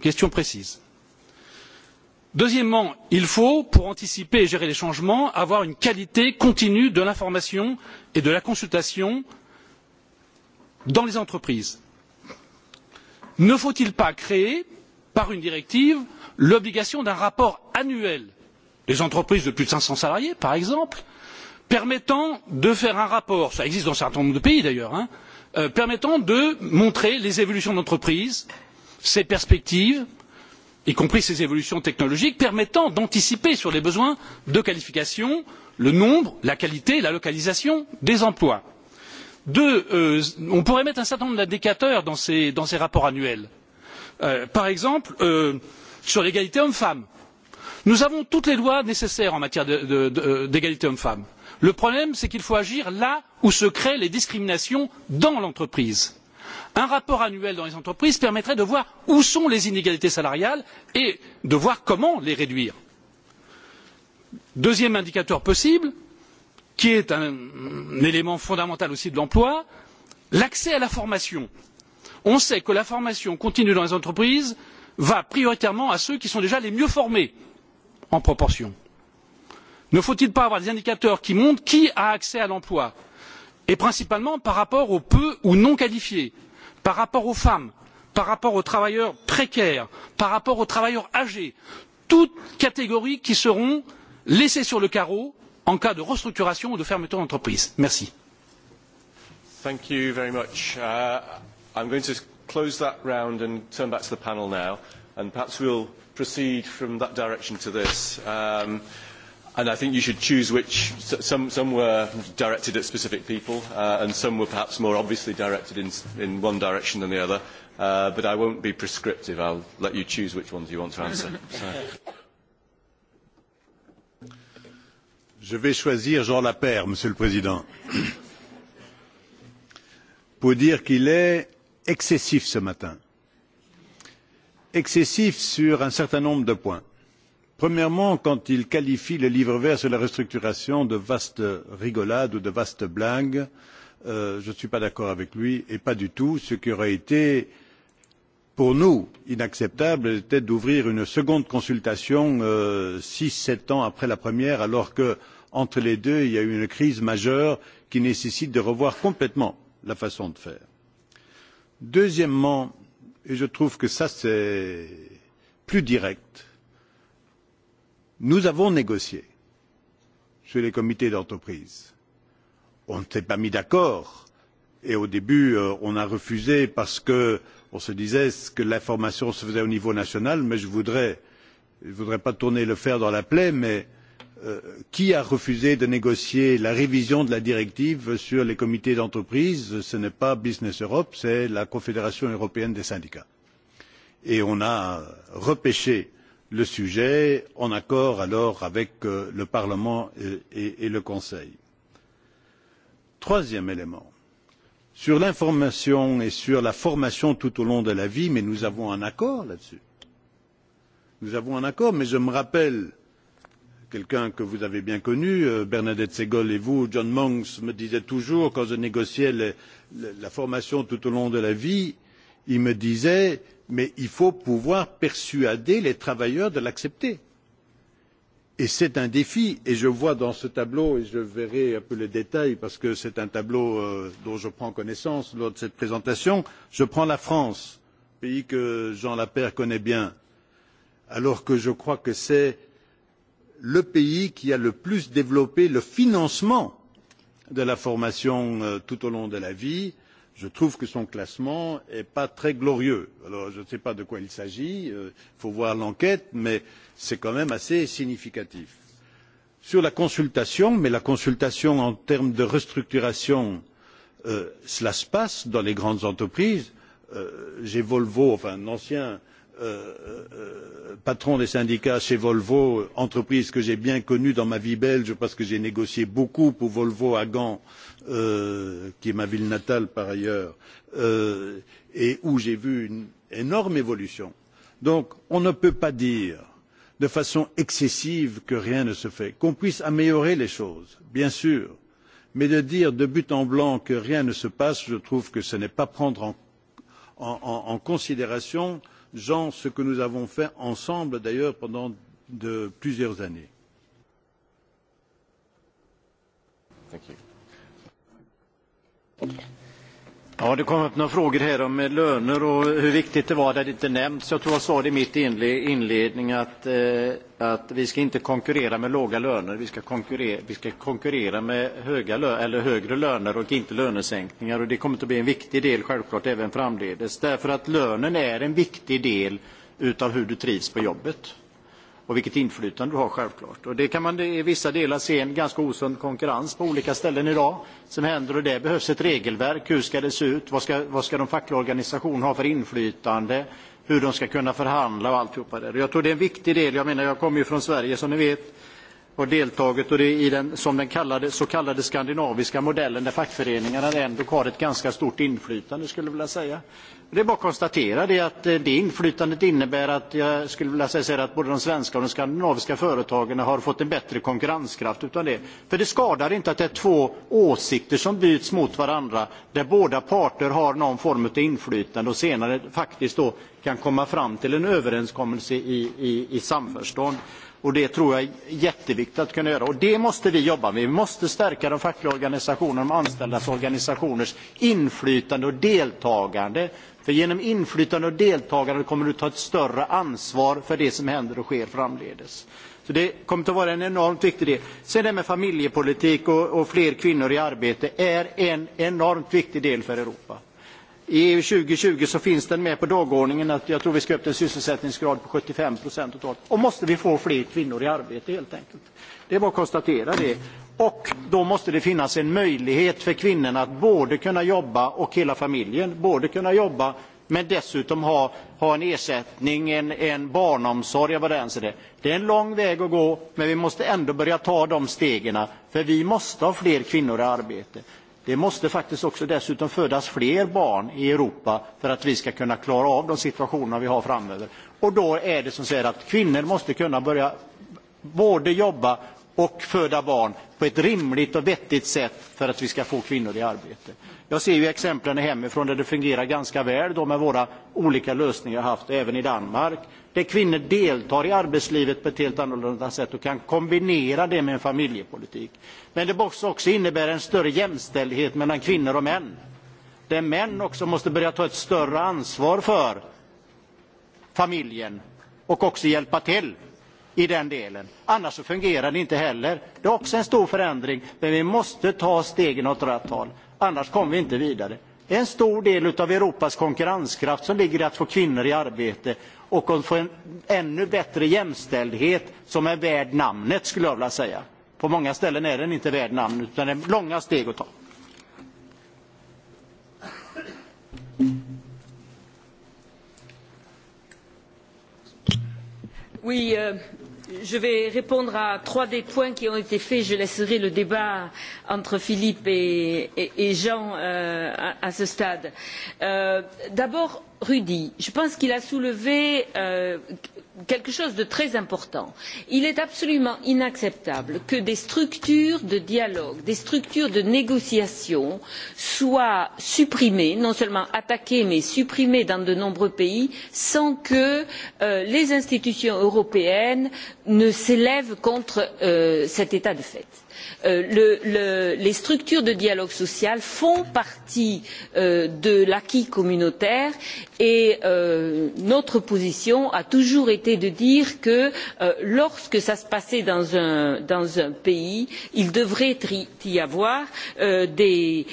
question précise deuxièmement il faut pour anticiper et gérer les changements avoir une qualité continue de l'information et de la consultation dans les entreprises. ne faut il pas créer par une directive l'obligation d'un rapport annuel des entreprises de plus de cinq cents salariés par exemple permettant de faire un rapport cela existe dans un certain nombre de pays d'ailleurs permettant de montrer les évolutions de l'entreprise ses perspectives y compris ces évolutions technologiques permettant d'anticiper sur les besoins de qualification le nombre la qualité et la localisation des emplois. deux on pourrait mettre un certain nombre d'indicateurs dans ces rapports annuels par exemple sur l'égalité hommes femmes. nous avons toutes les lois nécessaires en matière d'égalité hommes femmes. le problème c'est qu'il faut agir là où se créent les discriminations dans l'entreprise un rapport annuel dans les entreprises permettrait de voir où sont les inégalités salariales et de voir comment les réduire. deuxième indicateur possible qui est un élément fondamental aussi de l'emploi l'accès à la formation. on sait que la formation continue dans les entreprises va prioritairement à ceux qui sont déjà les mieux formés en proportion. ne faut il pas avoir des indicateurs qui montrent qui a accès à l'emploi et principalement par rapport aux peu ou non qualifiés? par rapport aux femmes par rapport aux travailleurs précaires par rapport aux travailleurs âgés toutes catégories qui seront laissées sur le carreau en cas de restructuration ou de fermeture d'entreprise. merci. Thank you very much. I'm going to close that round and turn back to the panel now, and perhaps we'll proceed from that direction to And I think you should choose which. Some some were directed at specific people, and some were perhaps more obviously directed in in one direction than the other. But I won't be prescriptive. I'll let you choose which ones you want to answer. Je vais choisir Jean Lapère, Monsieur le Président, pour dire qu'il est excessif ce matin. Excessif sur un certain nombre de points premièrement quand il qualifie le livre vert sur la restructuration de vaste rigolade ou de vaste blague je ne suis pas d'accord avec lui et pas du tout ce qui aurait été pour nous inacceptable était d'ouvrir une seconde consultation six sept ans après la première alors que entre les deux il y a eu une crise majeure qui nécessite de revoir complètement la façon de faire. deuxièmement et je trouve que c'est plus direct Nous avons négocié sur les comités d'entreprise. On ne s'est pas mis d'accord et au début on a refusé parce que qu'on se disait que l'information se faisait au niveau national, mais je voudrais je ne voudrais pas tourner le fer dans la plaie, mais qui a refusé de négocier la révision de la directive sur les comités d'entreprise? Ce n'est pas Business Europe, c'est la Confédération européenne des syndicats. Et on a repêché le sujet en accord alors avec le Parlement et le Conseil. Troisième élément sur l'information et sur la formation tout au long de la vie, mais nous avons un accord là dessus. Nous avons un accord, mais je me rappelle quelqu'un que vous avez bien connu, Bernadette Segol et vous, John Monks, me disait toujours, quand je négociais la formation tout au long de la vie, il me disait mais il faut pouvoir persuader les travailleurs de l'accepter. Et c'est un défi, et je vois dans ce tableau, et je verrai un peu les détails parce que c'est un tableau dont je prends connaissance lors de cette présentation, je prends la France, pays que Jean Laperre connaît bien, alors que je crois que c'est le pays qui a le plus développé le financement de la formation tout au long de la vie je trouve que son classement n'est pas très glorieux. alors je ne sais pas de quoi il s'agit il faut voir l'enquête mais c'est quand même assez significatif. sur la consultation mais la consultation en termes de restructuration cela se passe dans les grandes entreprises. j'ai volvo enfin un ancien patron des syndicats chez volvo entreprise que j'ai bien connue dans ma vie belge parce que j'ai négocié beaucoup pour volvo à gand qui est ma ville natale par ailleurs, et où j'ai vu une énorme évolution. Donc, on ne peut pas dire de façon excessive que rien ne se fait. Qu'on puisse améliorer les choses, bien sûr, mais de dire de but en blanc que rien ne se passe, je trouve que ce n'est pas prendre en considération, ce que nous avons fait ensemble, d'ailleurs, pendant plusieurs années. Ja, det kom upp några frågor här om löner och hur viktigt det var det det inte nämnts. Jag tror jag sa det i mitt inledning att, att vi ska inte konkurrera med låga löner. Vi ska konkurrera, vi ska konkurrera med höga eller högre löner och inte lönesänkningar. Och det kommer att bli en viktig del självklart även framledes. Därför att lönen är en viktig del utav hur du trivs på jobbet och vilket inflytande du har självklart. Och det kan man i vissa delar se en ganska osund konkurrens på olika ställen idag som händer och det behövs ett regelverk. Hur ska det se ut? Vad ska, vad ska de fackliga organisationerna ha för inflytande? Hur de ska kunna förhandla och alltihopa det. Jag tror det är en viktig del. Jag menar, jag kommer ju från Sverige som ni vet har deltagit och det i den, som den kallade, så kallade skandinaviska modellen där fackföreningarna ändå har ett ganska stort inflytande skulle jag vilja säga. Det är bara att konstatera att det inflytandet innebär att jag skulle vilja säga att både de svenska och de skandinaviska företagen har fått en bättre konkurrenskraft utan det. För det skadar inte att det är två åsikter som byts mot varandra där båda parter har någon form av inflytande och senare faktiskt kan komma fram till en överenskommelse i samförstånd. Det tror jag är jätteviktigt att kunna göra. Och det måste vi jobba med. Vi måste stärka de fackliga organisationerna och de anställdas organisationers inflytande och deltagande. För genom inflytande och deltagande kommer du ta ett större ansvar för det som händer och sker framledes. Så det kommer att vara en enormt viktig del. Sen det med familjepolitik och fler kvinnor i arbete är en enormt viktig del för Europa. I EU 2020 så finns den med på dagordningen att jag tror vi ska upp till en sysselsättningsgrad på 75 totalt. Och måste vi få fler kvinnor i arbete helt enkelt. Det är bara att konstatera det. Och då måste det finnas en möjlighet för kvinnorna att både kunna jobba och hela familjen, både kunna jobba men dessutom ha en ersättning, en barnomsorg vad det. Det är en lång väg att gå, men vi måste ändå börja ta de stegen, för vi måste ha fler kvinnor i arbete. Det måste faktiskt också dessutom födas fler barn i Europa för att vi ska kunna klara av de situationer vi har framöver. Och då är det som säger att kvinnor måste kunna börja både jobba och föda barn på ett rimligt och vettigt sätt för att vi ska få kvinnor i arbete. Jag ser ju exemplen hemifrån där det fungerar ganska väl med våra olika lösningar haft även i Danmark där kvinnor deltar i arbetslivet på ett helt annorlunda sätt och kan kombinera det med en familjepolitik. Men det måste också innebära en större jämställdhet mellan kvinnor och män. Där män också måste börja ta ett större ansvar för familjen och också hjälpa till i den delen. Annars fungerar det inte heller. Det är också en stor förändring, men vi måste ta stegen åt rätt håll. Annars kommer vi inte vidare. En stor del av Europas konkurrenskraft som ligger i att få kvinnor i arbete och att få en ännu bättre jämställdhet som är värd namnet, skulle jag vilja säga. På många ställen är den inte värd namnet, utan det är långa steg att ta je vais répondre à trois des points qui ont été faits je laisserai le débat entre philippe et jean à ce stade. d'abord rudy je pense qu'il a soulevé quelque chose de très important il est absolument inacceptable que des structures de dialogue des structures de négociation soient supprimées non seulement attaquées mais supprimées dans de nombreux pays sans que les institutions européennes ne s'élèvent contre cet état de fait les structures de dialogue social font partie de l'acquis communautaire et notre position a toujours été de dire que lorsque cela se passait dans un pays il devrait y avoir des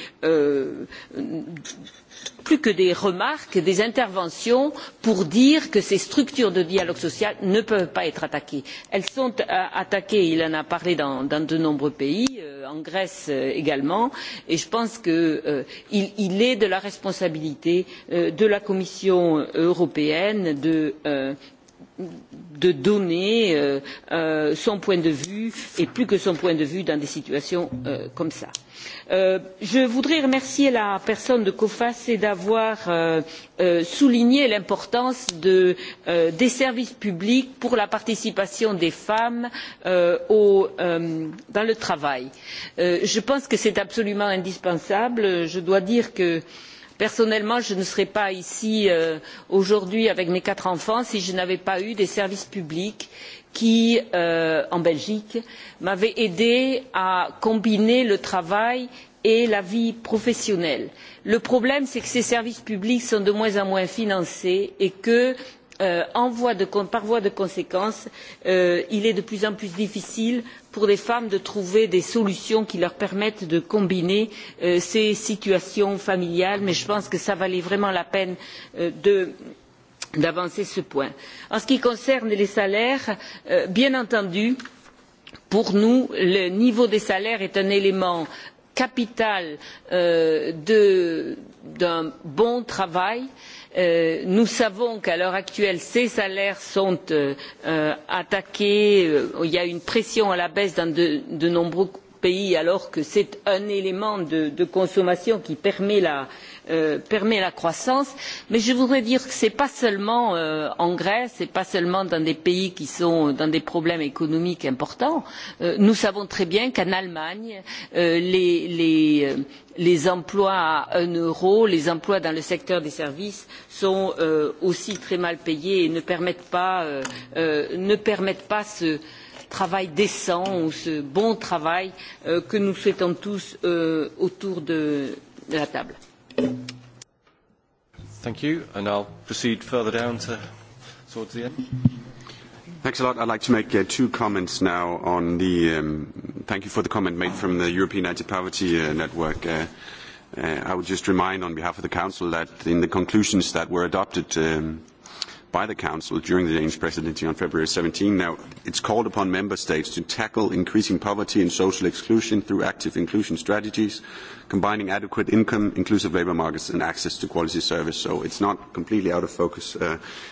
plus que des remarques des interventions pour dire que ces structures de dialogue social ne peuvent pas être attaquées. elles sont attaquées il en a parlé dans de nombreux pays en grèce également et je pense qu'il est de la responsabilité de la commission européenne de de donner son point de vue et plus que son point de vue dans des situations comme ça. Je voudrais remercier la personne de Coface d'avoir souligné l'importance des services publics pour la participation des femmes dans le travail. Je pense que c'est absolument indispensable. Je dois dire que personnellement je ne serais pas ici aujourd'hui avec mes quatre enfants si je n'avais pas eu des services publics qui en belgique m'avaient aidé à combiner le travail et la vie professionnelle. le problème c'est que ces services publics sont de moins en moins financés et que par voie de conséquence il est de plus en plus difficile pour les femmes de trouver des solutions qui leur permettent de combiner ces situations familiales mais je pense que cela valait vraiment la peine d'avancer ce point. en ce qui concerne les salaires bien entendu pour nous le niveau des salaires est un élément capital d'un bon travail nous savons qu'à l'heure actuelle ces salaires sont attaqués il y a une pression à la baisse dans de nombreux pays alors que c'est un élément de consommation qui permet la croissance mais je voudrais dire que ce n'est pas seulement en grèce ce pas seulement dans des pays qui sont dans des problèmes économiques importants nous savons très bien qu'en allemagne les emplois à un euro les emplois dans le secteur des services sont aussi très mal payés et ne permettent pas ce travail décent ou ce bon travail que nous souhaitons tous autour de la table. Thank you, and I'll proceed further down to, towards the end. Thanks a lot. I'd like to make two comments now on the. Thank you for the comment made from the European Anti-Poverty Network. I would just remind on behalf of the Council that in the conclusions that were adopted by the Council during the Danish Presidency on February 17. Now, it's called upon Member States to tackle increasing poverty and social exclusion through active inclusion strategies, combining adequate income, inclusive labour markets and access to quality service. So it's not completely out of focus.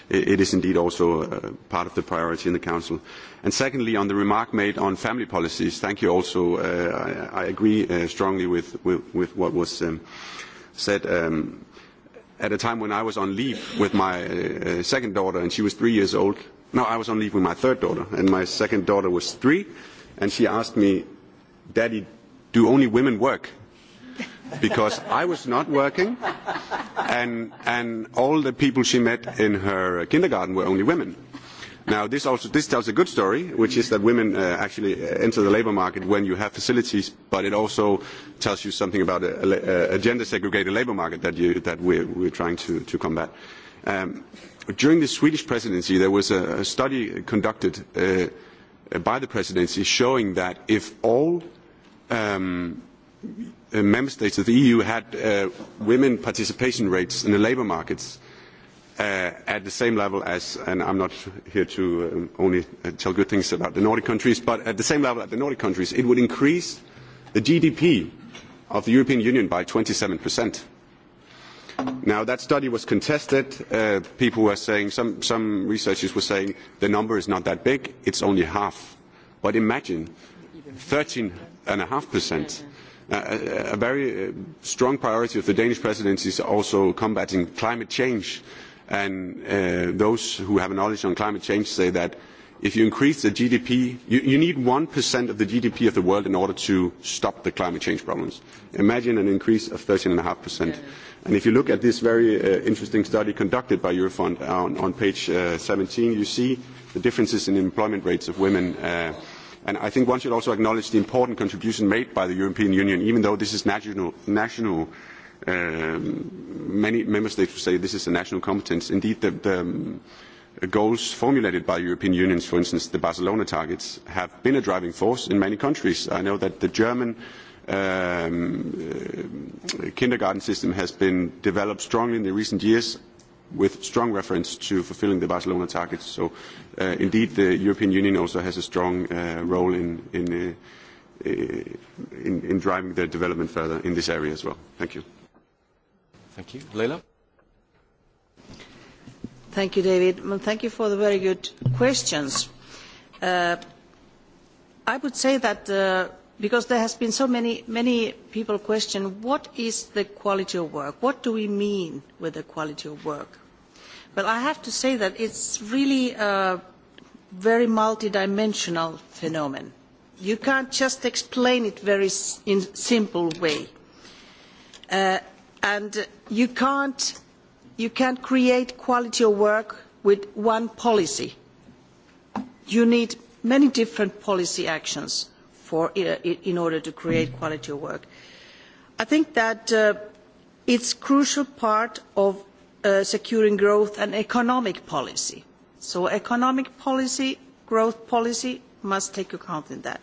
It is indeed also part of the priority in the Council. And secondly, on the remark made on family policies, thank you also. I agree strongly with what was said at a time when I was on leave with my second daughter and she was three years old. No, I was on leave with my third daughter and my second daughter was three and she asked me, Daddy, do only women work? Because I was not working and and all the people she met in her kindergarten were only women Now, this also this tells a good story, which is that women actually enter the labour market when you have facilities, but it also tells you something about a gender segregated labour market that we are trying to combat. During the Swedish presidency, there was a study conducted by the presidency showing that if all member states of the EU had women participation rates in the labour markets, at the same level as, and I'm not here to only tell good things about the Nordic countries, but at the same level as the Nordic countries, it would increase the GDP of the European Union by 27%. Now, that study was contested. People were saying, some researchers were saying, the number is not that big, it's only half. But imagine 13.5%. A very strong priority of the Danish presidency is also combating climate change and those who have knowledge on climate change say that if you increase the GDP, you need 1% of the GDP of the world in order to stop the climate change problems. Imagine an increase of 13.5%. And if you look at this very interesting study conducted by Eurofund on page 17, you see the differences in employment rates of women. And I think one should also acknowledge the important contribution made by the European Union, even though this is national Many member states will say this is a national competence. Indeed, the goals formulated by European unions, for instance, the Barcelona targets, have been a driving force in many countries. I know that the German kindergarten system has been developed strongly in the recent years with strong reference to fulfilling the Barcelona targets. So, indeed, the European Union also has a strong role in driving their development further in this area as well. Thank you. Thank you. Leila? Thank you, David. Thank you for the very good questions. I would say that because there has been so many many people question what is the quality of work, what do we mean with the quality of work? Well, I have to say that it's really a very multidimensional phenomenon. You can't just explain it very in simple way and you can't create quality of work with one policy. You need many different policy actions in order to create quality of work. I think that it's a crucial part of securing growth and economic policy. So economic policy, growth policy must take account in that.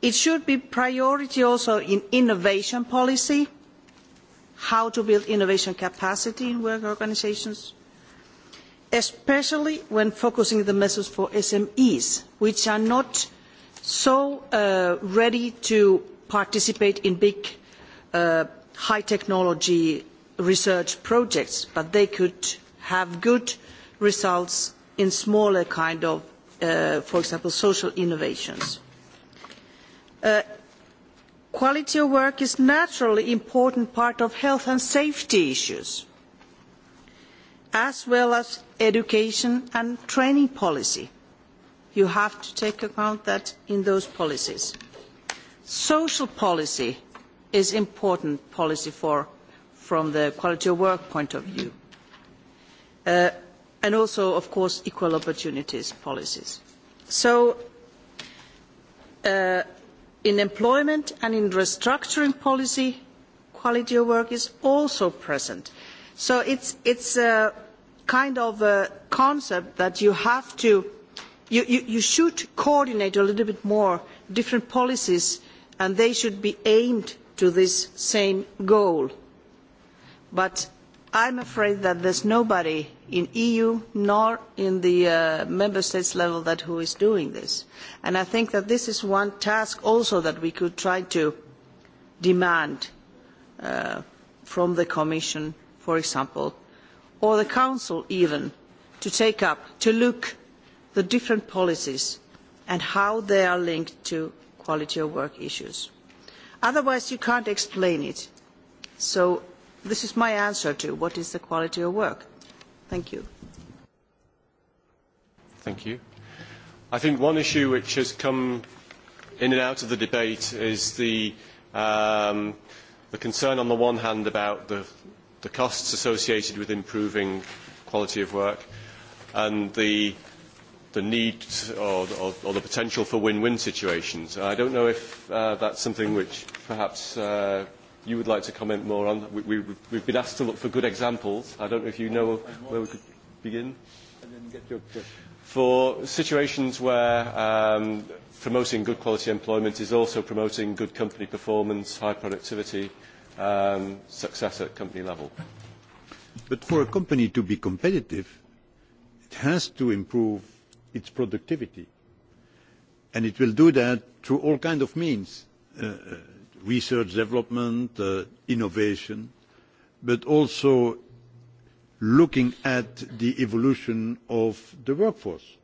It should be priority also in innovation policy how to build innovation capacity in work organisations, especially when focusing the measures for SMEs, which are not so ready to participate in big high technology research projects, but they could have good results in smaller kind of, for example, social innovations quality of work is naturally an important part of health and safety issues as well as education and training policy. you have to take account that in those policies. social policy is an important policy from the quality of work point of view and also of course equal opportunities policies. so in employment and in restructuring policy quality of work is also present. so it is a kind of a concept that you have to you should coordinate a little bit more different policies and they should be aimed to this same goal but i am afraid that there is nobody in eu nor in the member states level that who is doing this and i think that this is one task also that we could try to demand from the commission for example or the council even to take up to look the different policies and how they are linked to quality of work issues. otherwise you can't explain it so this is my answer to what is the quality of work. Thank you. Thank you. I think one issue which has come in and out of the debate is the concern on the one hand about the costs associated with improving quality of work and the need or the potential for win-win situations. I don't know if that's something which perhaps you would like to comment more on. We, we've been asked to look for good examples. I don't know if you know where we could begin. For situations where um, promoting good quality employment is also promoting good company performance, high productivity, um, success at company level. But for a company to be competitive, it has to improve its productivity. And it will do that through all kinds of means research development, innovation, but also looking at the evolution of the workforce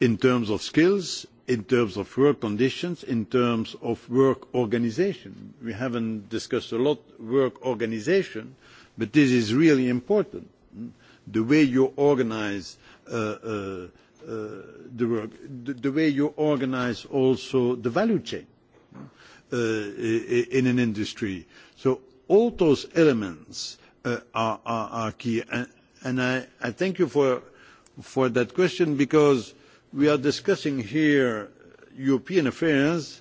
in terms of skills, in terms of work conditions, in terms of work organisation. We haven't discussed a lot work organisation, but this is really important. The way you organise the work, the way you organise also the value chain in an industry. So all those elements are key. And I thank you for that question because we are discussing here European affairs,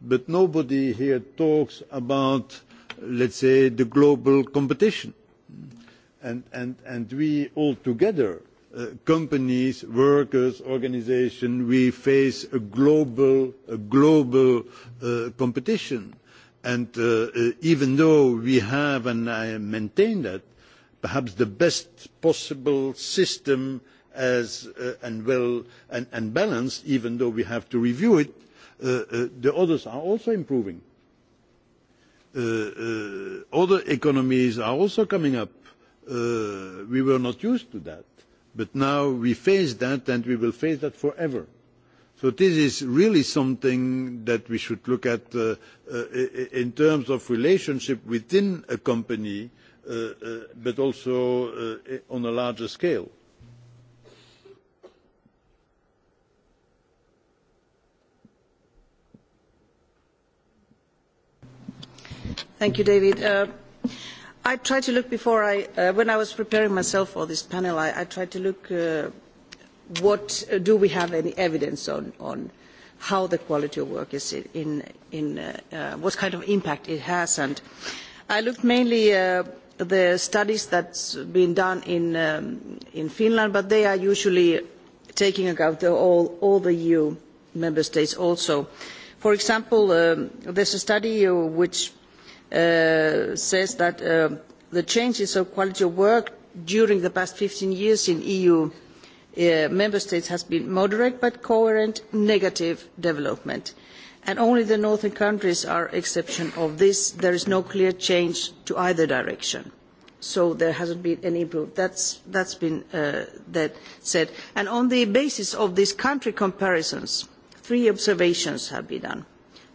but nobody here talks about, let's say, the global competition. And we all together companies, workers, organisations, we face a global competition. And even though we have, and I maintain that, perhaps the best possible system as and well and balanced, even though we have to review it, the others are also improving. Other economies are also coming up. We were not used to that But now we face that, and we will face that forever. So this is really something that we should look at in terms of relationship within a company, but also on a larger scale. Thank you, David. I tried to look before I, when I was preparing myself for this panel, I tried to look what do we have any evidence on how the quality of work is in, what kind of impact it has. And I looked mainly at the studies that's been done in Finland, but they are usually taking account all the EU member states also. For example, there's a study which says that the changes of quality of work during the past 15 years in EU member states has been moderate but coherent negative development and only the northern countries are exception of this. There is no clear change to either direction. So there hasn't been any improvement. That's been said. And on the basis of these country comparisons, three observations have been done.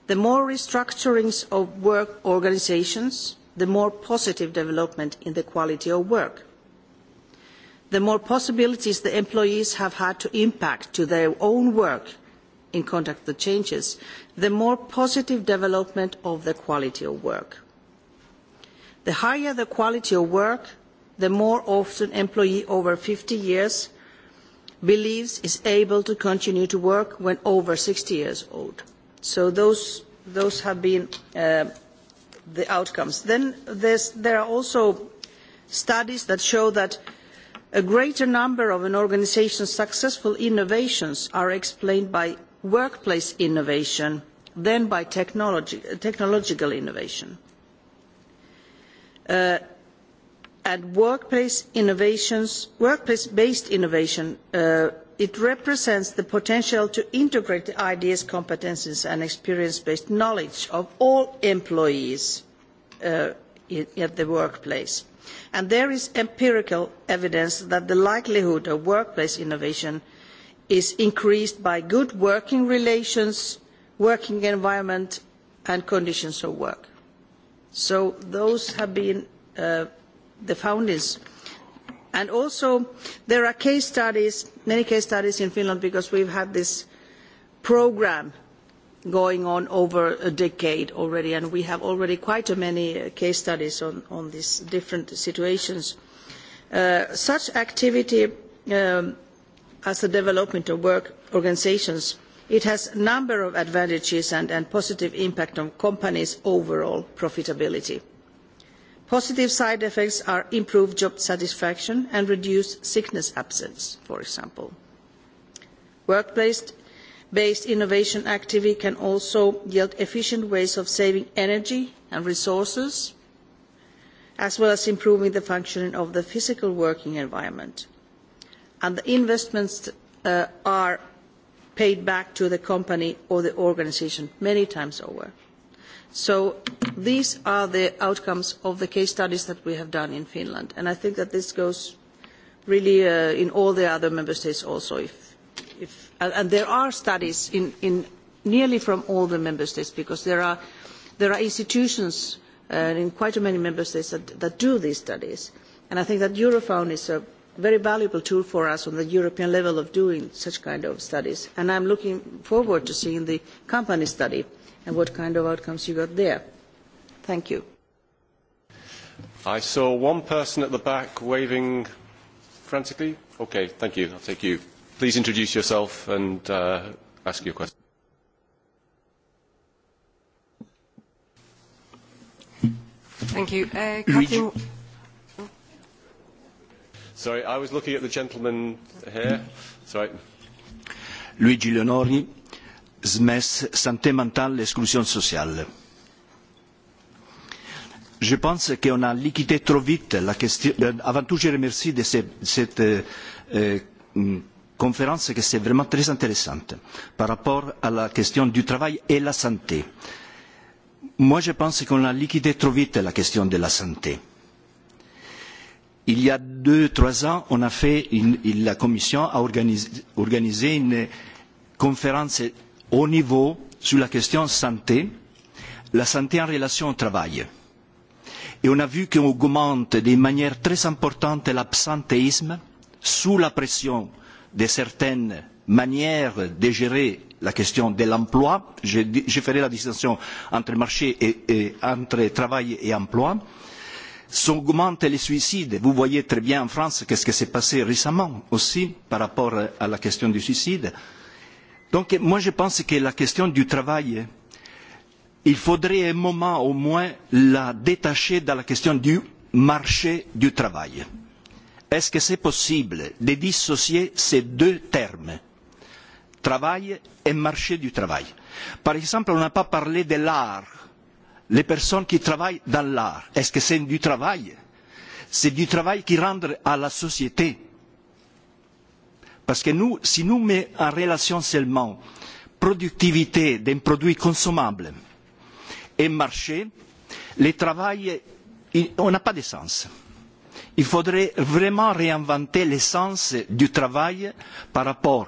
The more restructurings of work organisations, the more positive development in the quality of work. The more possibilities the employees have had to impact to their own work in contact with changes, the more positive development of the quality of work. The higher the quality of work, the more often employee over 50 years believes is able to continue to work when over 60 years old. So those have been the outcomes. Then there are also studies that show that a greater number of an organisation's successful innovations are explained by workplace innovation than by technological innovation. And workplace workplace-based innovation it represents the potential to integrate ideas competences and experience based knowledge of all employees at the workplace and there is empirical evidence that the likelihood of workplace innovation is increased by good working relations working environment and conditions of work. so those have been the founders and also there are case studies many case studies in finland because we've had this programme going on over a decade already and we have already quite many case studies on these different situations. such activity as the development of work organisations it has a number of advantages and a positive impact on companies' overall profitability. Positive side effects are improved job satisfaction and reduced sickness absence, for example. Workplace-based innovation activity can also yield efficient ways of saving energy and resources, as well as improving the functioning of the physical working environment. And the investments are paid back to the company or the organisation many times over. So these are the outcomes of the case studies that we have done in Finland, and I think that this goes really in all the other member states also. And there are studies in nearly from all the member states, because there are there are institutions in quite many member states that do these studies, and I think that Eurofound is a very valuable tool for us on the European level of doing such kind of studies. And I'm looking forward to seeing the company study and what kind of outcomes you got there. Thank you. I saw one person at the back waving frantically. Okay, thank you. I'll take you. Please introduce yourself and ask your question. Thank you. Sorry, I was looking at the gentleman here. Sorry. Luigi Leonori SMES, santé mentale et exclusion sociale. Je pense qu'on a liquidé trop vite la question. Avant tout, je remercie de cette conférence qui est vraiment très intéressante par rapport à la question du travail et la santé. Moi, je pense qu'on a liquidé trop vite la question de la santé. Il y a deux, trois ans, on a fait la Commission a organisé une conférence Au niveau sur la question santé, la santé en relation au travail. Et on a vu qu'on augmente de manière très importante l'absentéisme sous la pression de certaines manières de gérer la question de l'emploi. Je ferai la distinction entre marché et entre travail et emploi. S'augmentent les suicides. Vous voyez très bien en France ce qui s'est passé récemment aussi par rapport à la question du suicide Donc moi je pense que la question du travail, il faudrait un moment au moins la détacher de la question du marché du travail. Est-ce que c'est possible de dissocier ces deux termes, travail et marché du travail Par exemple, on n'a pas parlé de l'art, les personnes qui travaillent dans l'art. Est-ce que c'est du travail C'est du travail qui rend à la société Parce que nous, si nous mettons en relation seulement productivité d'un produit consommable et marché, le travail n'a pas de sens. Il faudrait vraiment réinventer l'essence du travail par rapport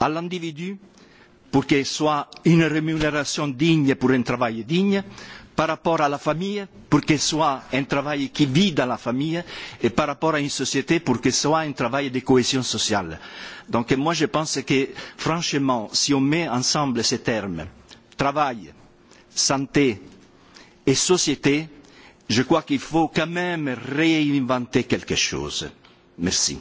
à l'individu pour qu'il soit une rémunération digne pour un travail digne, par rapport à la famille pour qu'elle soit un travail qui vit dans la famille et par rapport à une société pour qu'elle soit un travail de cohésion sociale. Donc moi je pense que franchement si on met ensemble ces termes travail, santé et société, je crois qu'il faut quand même réinventer quelque chose. Merci.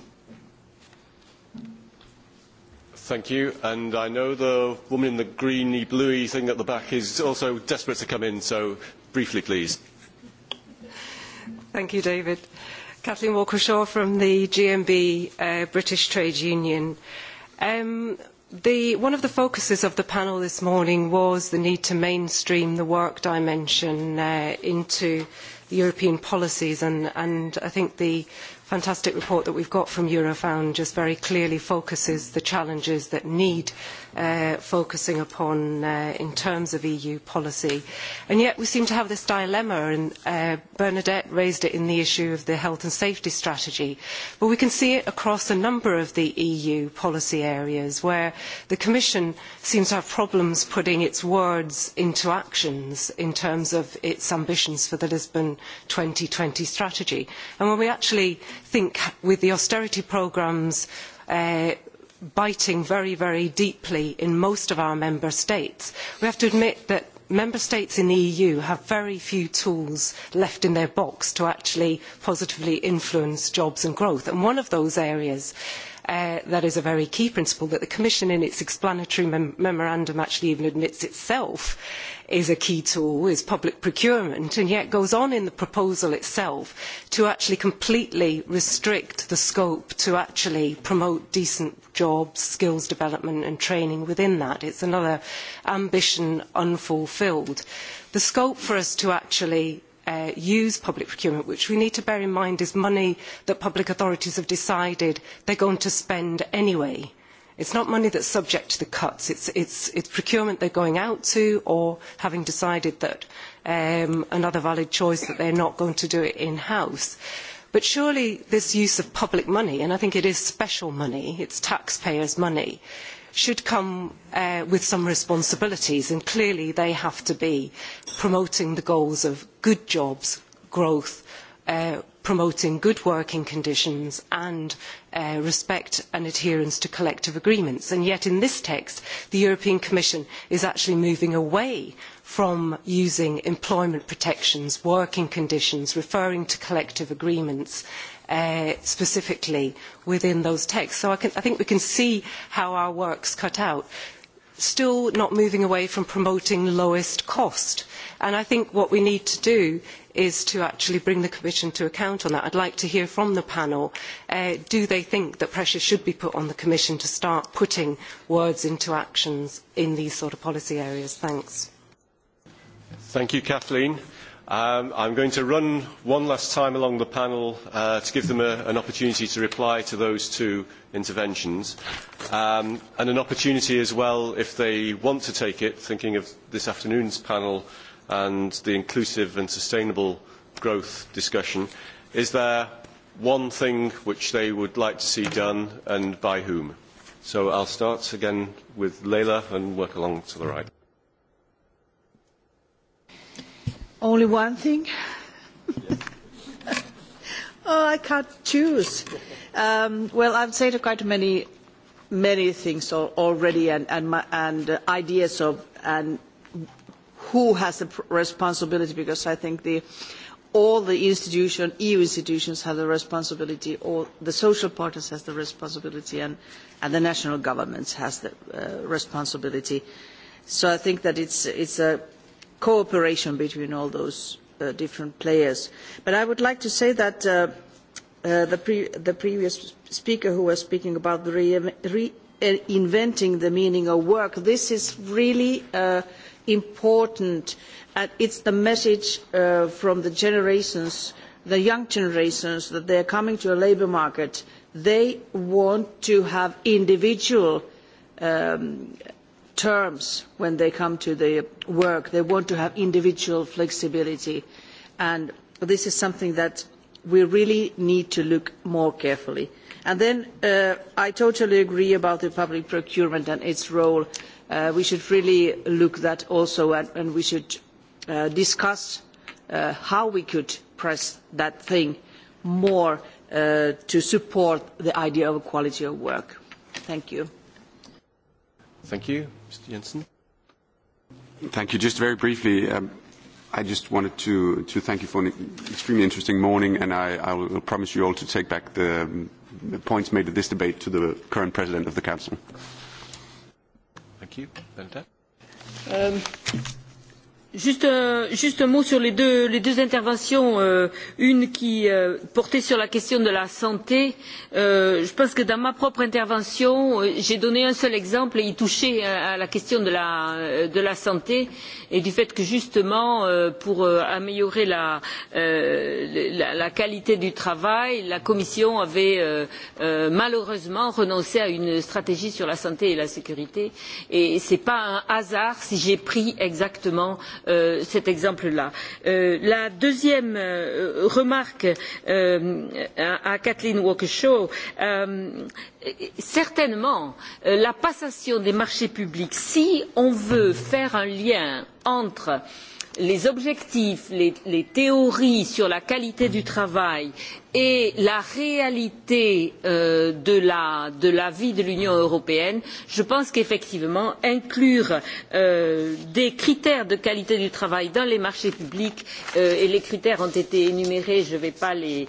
Thank you. And I know the woman in the greeny, bluey thing at the back is also desperate to come in, so briefly, please. Thank you, David. Kathleen Walker-Shaw from the GMB British Trade Union. One of the focuses of the panel this morning was the need to mainstream the work dimension into European policies, and I think the fantastic report that we have got from Eurofound just very clearly focuses the challenges that need focusing upon in terms of EU policy. And yet we seem to have this dilemma, and Bernadette raised it in the issue of the health and safety strategy, but we can see it across a number of the EU policy areas where the Commission seems to have problems putting its words into actions in terms of its ambitions for the Lisbon 2020 strategy. And when we actually think with the austerity programmes, biting very, very deeply in most of our member states. We have to admit that member states in the EU have very few tools left in their box to actually positively influence jobs and growth. And one of those areas that is a very key principle that the Commission in its explanatory memorandum actually even admits itself is a key tool, is public procurement, and yet goes on in the proposal itself to actually completely restrict the scope to actually promote decent jobs, skills development and training within that. It's another ambition unfulfilled. The scope for us to actually use public procurement, which we need to bear in mind is money that public authorities have decided they're going to spend anyway. It's not money that's subject to the cuts. It's procurement they're going out to or having decided that another valid choice that they're not going to do it in-house. But surely this use of public money, and I think it is special money, it's taxpayers' money, should come with some responsibilities and clearly they have to be promoting the goals of good jobs growth promoting good working conditions and respect and adherence to collective agreements and yet in this text the european commission is actually moving away from using employment protections working conditions referring to collective agreements specifically within those texts. So I think we can see how our work's cut out. Still not moving away from promoting lowest cost. And I think what we need to do is to actually bring the Commission to account on that. I'd like to hear from the panel. Do they think that pressure should be put on the Commission to start putting words into actions in these sort of policy areas? Thanks. Thank you, Kathleen. I'm going to run one last time along the panel to give them an opportunity to reply to those two interventions and an opportunity as well, if they want to take it, thinking of this afternoon's panel and the inclusive and sustainable growth discussion, is there one thing which they would like to see done and by whom? So I'll start again with Leila and work along to the right. Only one thing? Oh, I can't choose. Well, I've said quite many, many things already and ideas of and who has the responsibility because I think the all the institution, EU institutions have the responsibility, all the social partners has the responsibility and and the national governments has the responsibility. So I think that it's it's a cooperation between all those different players. But I would like to say that the previous speaker who was speaking about reinventing the meaning of work, this is really important and it's the message from the generations, the young generations, that they are coming to a labour market. They want to have individual terms when they come to the work. They want to have individual flexibility. And this is something that we really need to look more carefully. And then I totally agree about the public procurement and its role. We should really look at that also and we should discuss how we could press that thing more to support the idea of quality of work. Thank you. Thank you. Mr. Jensen. Thank you. Just very briefly, I just wanted to to thank you for an extremely interesting morning, and I I will promise you all to take back the points made at this debate to the current President of the Council. Thank you. Um, Juste un mot sur les deux interventions, une qui portait sur la question de la santé. Je pense que dans ma propre intervention, j'ai donné un seul exemple et il touchait à la question de la santé et du fait que justement pour améliorer la qualité du travail la commission avait malheureusement renoncé à une stratégie sur la santé et la sécurité et ce n'est pas un hasard si j'ai pris exactement cet exemple là. la deuxième remarque à kathleen walkershaw certainement la passation des marchés publics si on veut faire un lien entre les objectifs les théories sur la qualité du travail et la réalité de la vie de l'union européenne je pense qu'effectivement inclure des critères de qualité du travail dans les marchés publics et les critères ont été énumérés je ne vais pas les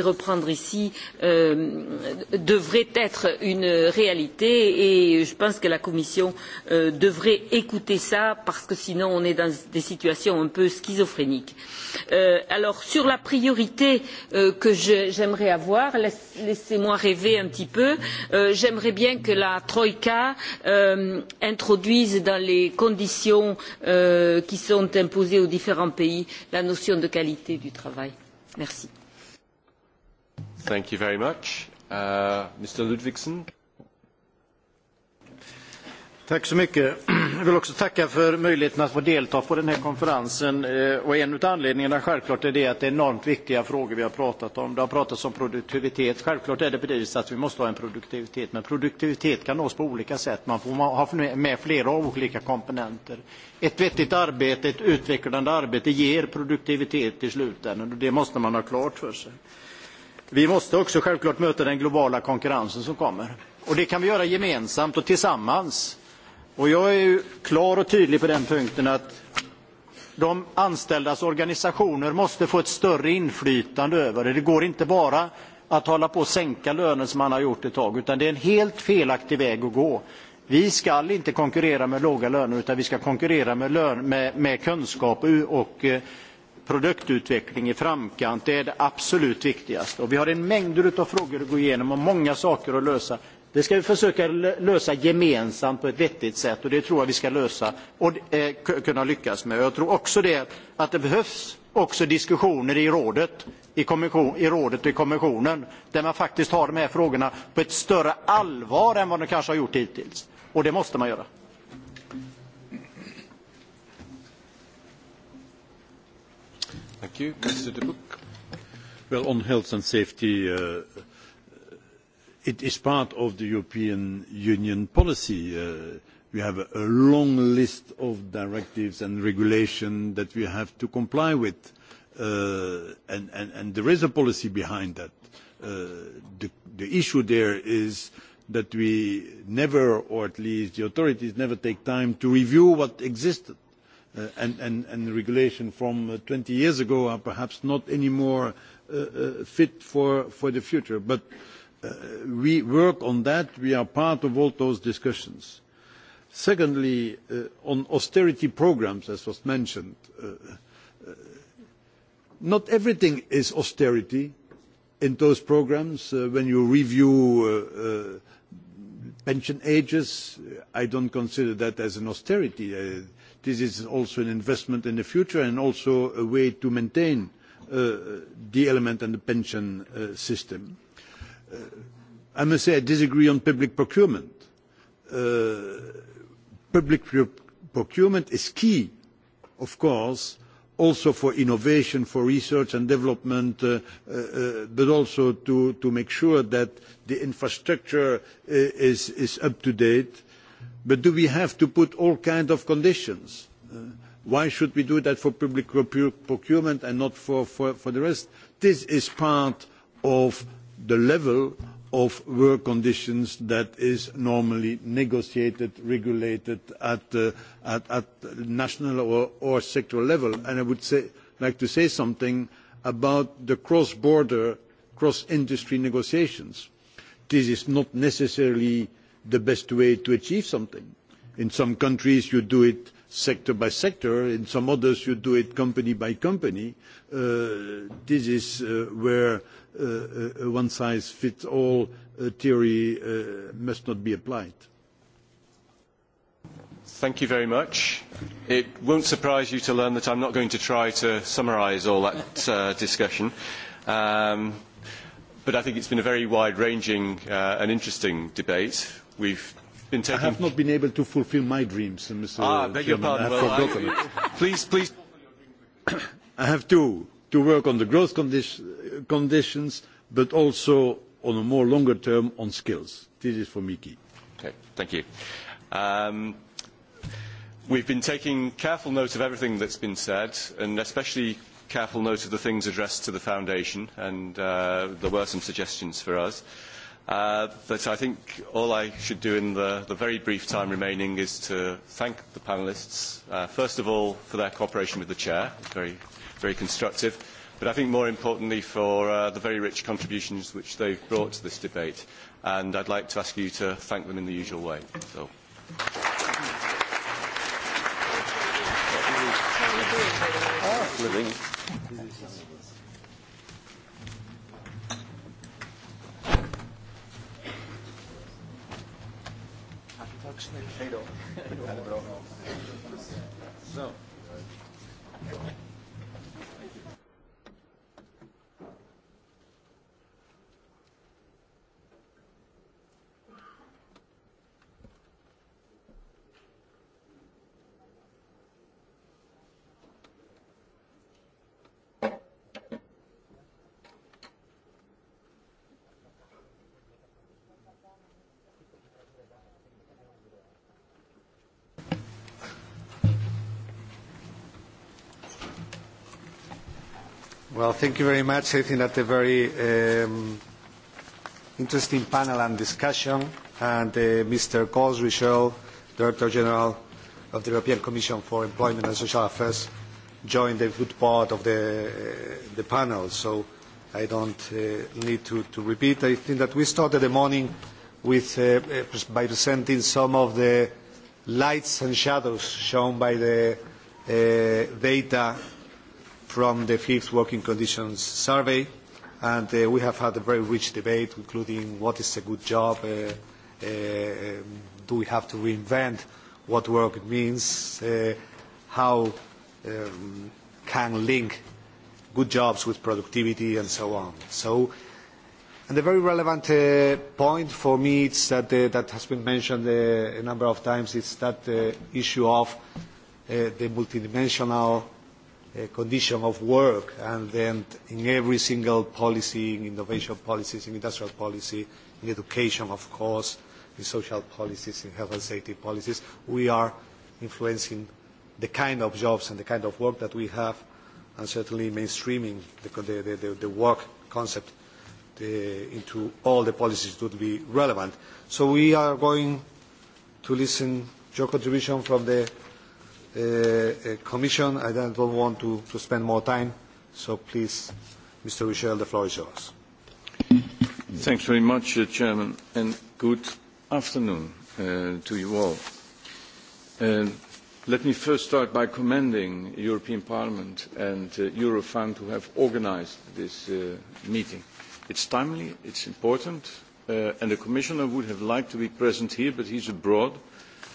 reprendre ici devrait être une réalité et je pense que la commission devrait écouter cela parce que sinon on est dans des situations un peu schizophréniques. alors sur la priorité que que j'aimerais avoir. Laissez-moi rêver un petit peu. J'aimerais bien que la Troïka introduise dans les conditions qui sont imposées aux différents pays la notion de qualité du travail. Merci. Thank you very much. Mr. Ludvigsen. Tack så mycket. Jag vill också tacka för möjligheten att få delta på den här konferensen. Och en av anledningarna självklart är det att det är enormt viktiga frågor vi har pratat om. Det har pratats om produktivitet. Självklart är det precis att vi måste ha en produktivitet. Men produktivitet kan nås på olika sätt. Man får ha med flera olika komponenter. Ett vettigt arbete, ett utvecklande arbete ger produktivitet i slutändan. Och det måste man ha klart för sig. Vi måste också självklart möta den globala konkurrensen som kommer. Och det kan vi göra gemensamt och tillsammans jag är klar och tydlig på den punkten att de anställdas organisationer måste få ett större inflytande över det. Det går inte bara att hålla på och sänka löner som man har gjort ett tag, utan det är en helt felaktig väg att gå. Vi skall inte konkurrera med låga löner, utan vi ska konkurrera med kunskap och produktutveckling i framkant. Det är det absolut viktigaste. Vi har en mängd av frågor att gå igenom och många saker att lösa. Det ska vi försöka lösa gemensamt på ett vettigt sätt och det tror jag vi ska lösa och kunna lyckas med. Jag tror också att det behövs också diskussioner i rådet och i kommissionen där man faktiskt tar de här frågorna på ett större allvar än vad de kanske har gjort hittills. Och det måste man göra. Well, on health and safety, It is part of the European Union policy. We have a long list of directives and regulations that we have to comply with, and there is a policy behind that. The issue there is that we never, or at least the authorities never take time to review what existed, and regulations from 20 years ago are perhaps not any more fit for the future. But we work on that. We are part of all those discussions. Secondly, on austerity programmes, as was mentioned, not everything is austerity in those programmes. When you review pension ages, I don't consider that as an austerity. This is also an investment in the future and also a way to maintain the element and the pension system. I must say I disagree on public procurement. Public procurement is key, of course, also for innovation, for research and development, but also to make sure that the infrastructure is up to date. But do we have to put all kinds of conditions? Why should we do that for public procurement and not for the rest? This is part of the level of work conditions that is normally negotiated, regulated at national or sectoral level. And I would like to say something about the cross-border, cross-industry negotiations. This is not necessarily the best way to achieve something. In some countries you do it sector by sector, in some others you do it company by company. This is where a one-size-fits-all theory must not be applied. Thank you very much. It won't surprise you to learn that I'm not going to try to summarize all that discussion, but I think it's been a very wide-ranging and interesting debate. We've been taking. I have not been able to fulfill my dreams, Mr. beg your pardon. Please, please. I have to to work on the growth conditions conditions, but also on a more longer term on skills. This is for me key. thank you. We've been taking careful note of everything that's been said, and especially careful note of the things addressed to the foundation, and there were some suggestions for us. But I think all I should do in the very brief time remaining is to thank the panellists, first of all for their cooperation with the chair, very constructive, but I think more importantly for the very rich contributions which they've brought to this debate. And I'd like to ask you to thank them in the usual way. So. Well, thank you very much. I think that a very um, interesting panel and discussion. And Mr. Coles Director General of the European Commission for Employment and Social Affairs, joined a good part of the, the panel. So I don't need to, to repeat. I think that we started the morning with, by presenting some of the lights and shadows shown by the data from the fifth working conditions survey, and we have had a very rich debate, including what is a good job, do we have to reinvent what work means, how can link good jobs with productivity, and so on. So, and a very relevant point for me that that has been mentioned a number of times. is that issue of the multidimensional condition of work and then in every single policy, in innovation policies, in industrial policy, in education, of course, in social policies, in health and safety policies, we are influencing the kind of jobs and the kind of work that we have and certainly mainstreaming the work concept into all the policies would be relevant. So we are going to listen to your contribution from the Commission. I don't want to spend more time, so please, Mr. Michel, the floor is yours. Thanks very much, Chairman, and good afternoon to you all. Let me first start by commending the European Parliament and Eurofund who have organised this meeting. It's timely, it's important, and the Commissioner would have liked to be present here, but he's abroad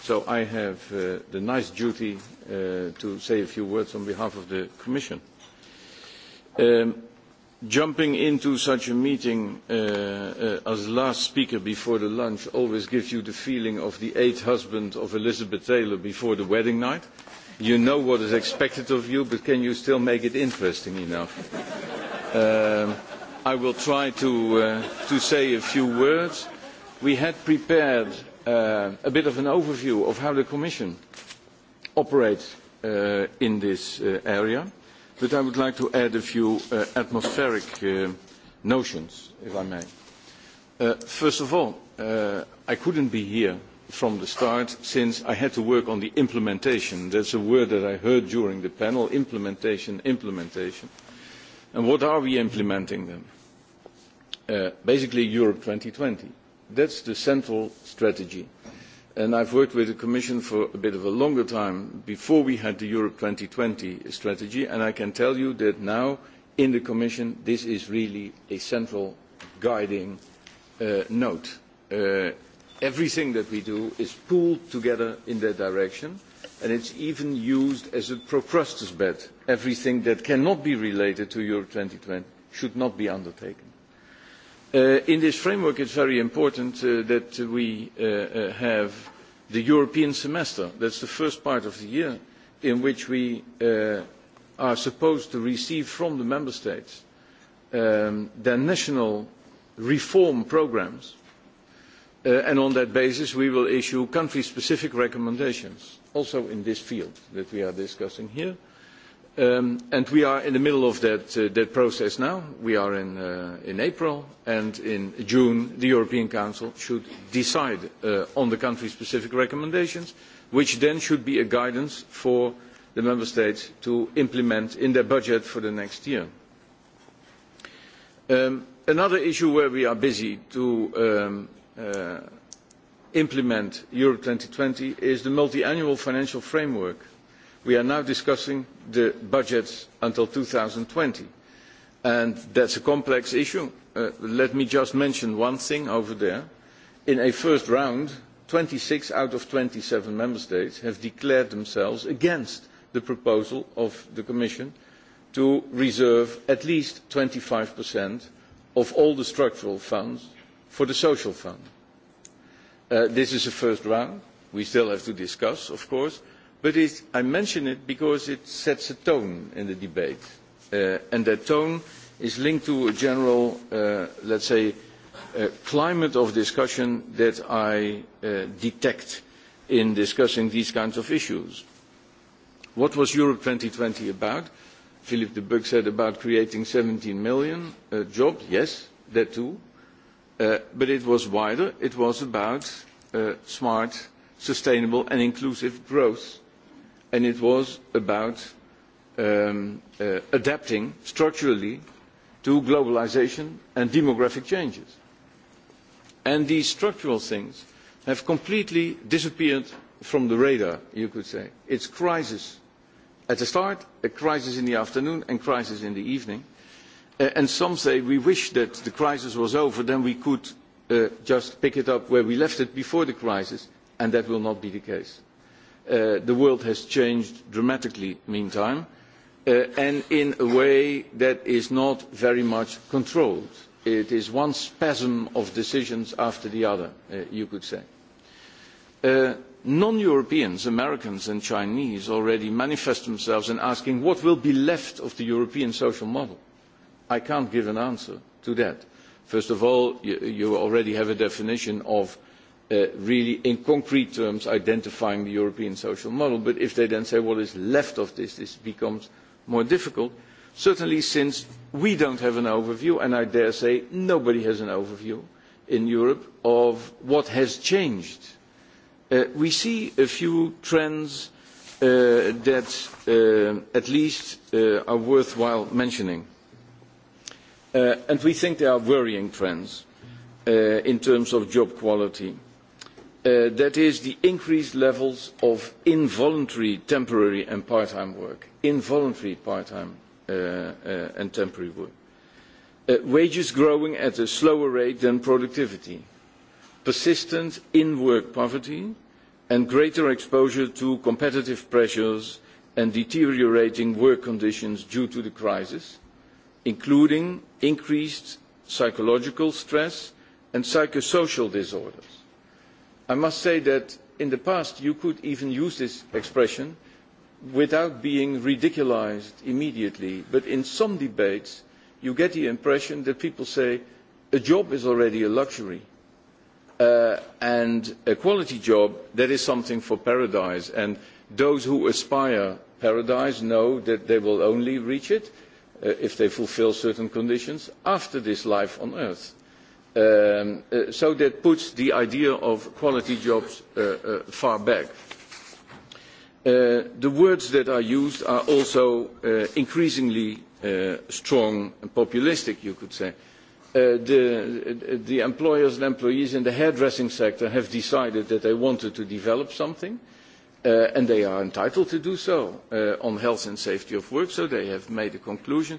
So I have the nice duty to say a few words on behalf of the Commission. Jumping into such a meeting as last speaker before the lunch always gives you the feeling of the eighth husband of Elizabeth Taylor before the wedding night. You know what is expected of you, but can you still make it interesting enough? I will try to say a few words. We had prepared a bit of an overview of how the Commission operates in this area, but I would like to add a few atmospheric notions, if I may. First of all, I couldn't be here from the start since I had to work on the implementation. is a word that I heard during the panel, implementation, implementation. And what are we implementing then? Basically, Europe 2020 That is the central strategy. And have worked with the Commission for a bit of a longer time before we had the Europe 2020 strategy, and I can tell you that now in the Commission this is really a central guiding note. Everything that we do is pulled together in that direction, and it's even used as a procrustes bed. Everything that cannot be related to Europe 2020 should not be undertaken. In this framework, it is very important that we have the European semester. That is the first part of the year in which we are supposed to receive from the member states their national reform programmes, and on that basis we will issue country-specific recommendations, also in this field that we are discussing here and we are in the middle of that process now. We are in April, and in June the European Council should decide on the country-specific recommendations, which then should be a guidance for the Member States to implement in their budget for the next year. Another issue where we are busy to implement Europe 2020 is the Multiannual financial framework we are now discussing the budget until thousand and that is a complex issue let me just mention one thing over there in a first round twenty six out of twenty seven member states have declared themselves against the proposal of the commission to reserve at least twenty five of all the structural funds for the social fund this is a first round we still have to discuss of course But I mention it because it sets a tone in the debate, and that tone is linked to a general, let's say, climate of discussion that I detect in discussing these kinds of issues. What was Europe 2020 about? Philippe de Buc said about creating 17 million jobs. Yes, that too. But it was wider. It was about smart, sustainable and inclusive growth and it was about adapting structurally to globalisation and demographic changes. And these structural things have completely disappeared from the radar, you could say. It's crisis at the start, a crisis in the afternoon, and crisis in the evening. And some say we wish that the crisis was over, then we could just pick it up where we left it before the crisis, and that will not be the case the world has changed dramatically meantime and in a way that is not very much controlled. It is one spasm of decisions after the other, you could say. Non-Europeans, Americans and Chinese already manifest themselves in asking what will be left of the European social model. I cannot give an answer to that. First of all, you already have a definition of really in concrete terms identifying the European social model. But if they then say what is left of this, this becomes more difficult, certainly since we don't have an overview, and I dare say nobody has an overview in Europe of what has changed. We see a few trends that at least are worthwhile mentioning. And we think they are worrying trends in terms of job quality that is the increased levels of involuntary temporary and part-time work, involuntary part-time and temporary work, wages growing at a slower rate than productivity, persistent in-work poverty, and greater exposure to competitive pressures and deteriorating work conditions due to the crisis, including increased psychological stress and psychosocial disorders I must say that in the past you could even use this expression without being ridiculised immediately, but in some debates you get the impression that people say a job is already a luxury and a quality job that is something for paradise and those who aspire paradise know that they will only reach it if they fulfil certain conditions after this life on earth. So that puts the idea of quality jobs far back. The words that are used are also increasingly strong and populistic, you could say. The employers and employees in the hairdressing sector have decided that they wanted to develop something, and they are entitled to do so on health and safety of work, so they have made a conclusion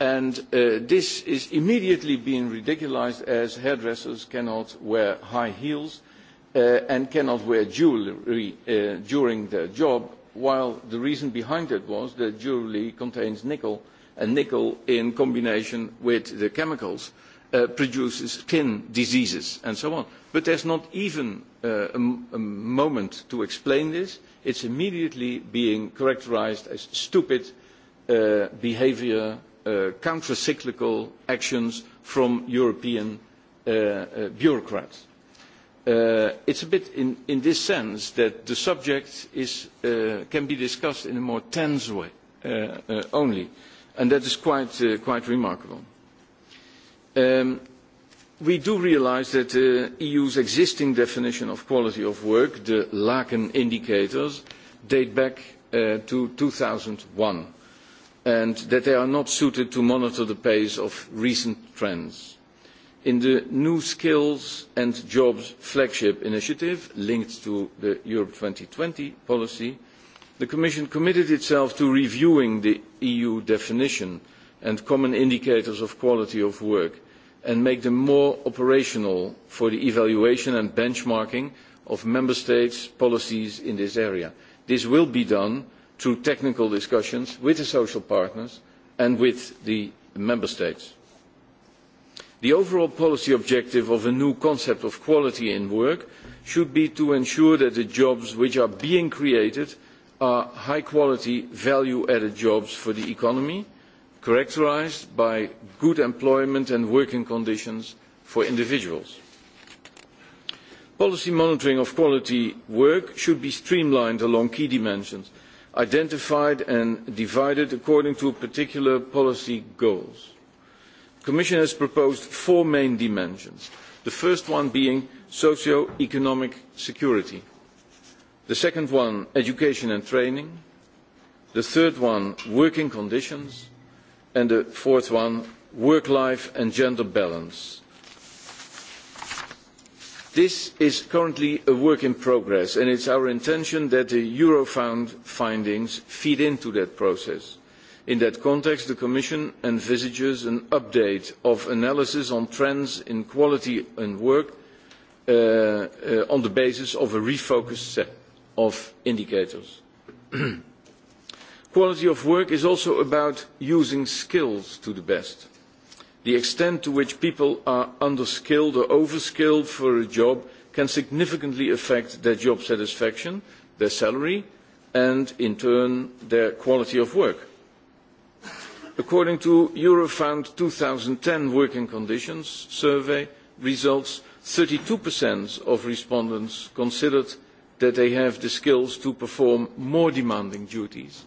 and this is immediately being ridiculised as hairdressers cannot wear high heels and cannot wear jewellery during their job while the reason behind it was that jewellery contains nickel and nickel in combination with the chemicals produces skin diseases and so on. But there's not even a moment to explain this. It's immediately being characterised as stupid behaviour counter-cyclical actions from European bureaucrats. It's a bit in this sense that the subject can be discussed in a more tense way only, and that is quite remarkable. We do realise that the EU's existing definition of quality of work, the Laeken indicators, date back to 2001 and that they are not suited to monitor the pace of recent trends. In the New Skills and Jobs flagship initiative, linked to the Europe 2020 policy, the Commission committed itself to reviewing the EU definition and common indicators of quality of work and make them more operational for the evaluation and benchmarking of Member States' policies in this area. This will be done through technical discussions with the social partners and with the member states. The overall policy objective of a new concept of quality in work should be to ensure that the jobs which are being created are high quality, value added jobs for the economy, characterised by good employment and working conditions for individuals. Policy monitoring of quality work should be streamlined along key dimensions identified and divided according to particular policy goals. The Commission has proposed four main dimensions, the first one being socio-economic security, the second one education and training, the third one working conditions, and the fourth one work life and gender balance This is currently a work in progress, and it is our intention that the Eurofound findings feed into that process. In that context, the Commission envisages an update of analysis on trends in quality and work on the basis of a refocused set of indicators. Quality of work is also about using skills to the best The extent to which people are under skilled or overskilled for a job can significantly affect their job satisfaction, their salary and, in turn, their quality of work. According to Eurofound 2010 Working Conditions Survey results, 32% of respondents considered that they have the skills to perform more demanding duties,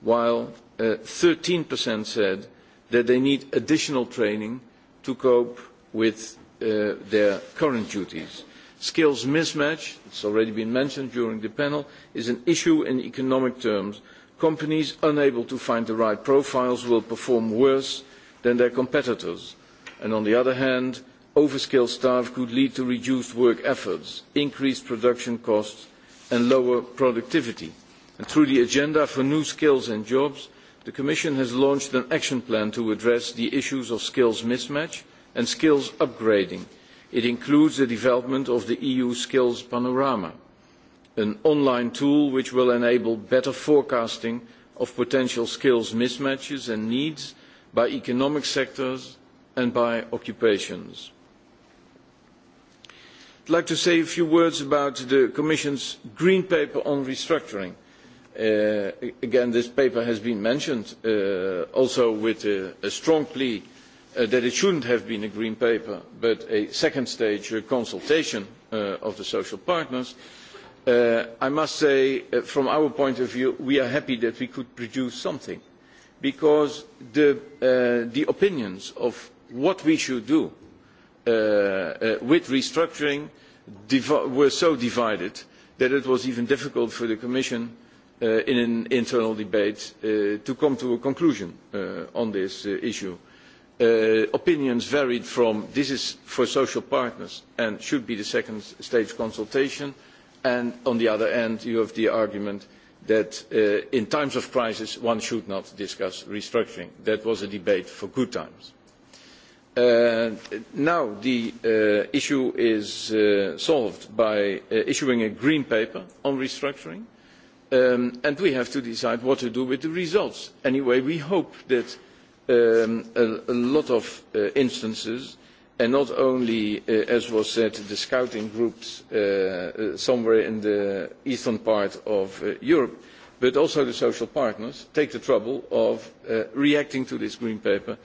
while 13% said that they need additional training to cope with their current duties. Skills mismatch, it's already been mentioned during the panel, is an issue in economic terms. Companies unable to find the right profiles will perform worse than their competitors. And on the other hand, overskilled staff could lead to reduced work efforts, increased production costs and lower productivity. And through the agenda for new skills and jobs, the Commission has launched an action plan to address the issues of skills mismatch and skills upgrading. It includes the development of the EU Skills Panorama, an online tool which will enable better forecasting of potential skills mismatches and needs by economic sectors and by occupations. I'd like to say a few words about the Commission's Green Paper on restructuring Again, this paper has been mentioned also with a strong plea that it shouldn't have been a green paper, but a second stage consultation of the social partners. I must say, from our point of view, we are happy that we could produce something, because the opinions of what we should do with restructuring were so divided that it was even difficult for the Commission in an internal debate to come to a conclusion on this issue. Opinions varied from this is for social partners and should be the second stage consultation and on the other end you have the argument that in times of crisis one should not discuss restructuring. That was a debate for good times. Now the issue is solved by issuing a green paper on restructuring and we have to decide what to do with the results. Anyway, we hope that a lot of instances, and not only, as was said, the scouting groups somewhere in the eastern part of Europe, but also the social partners, take the trouble of reacting to this green paper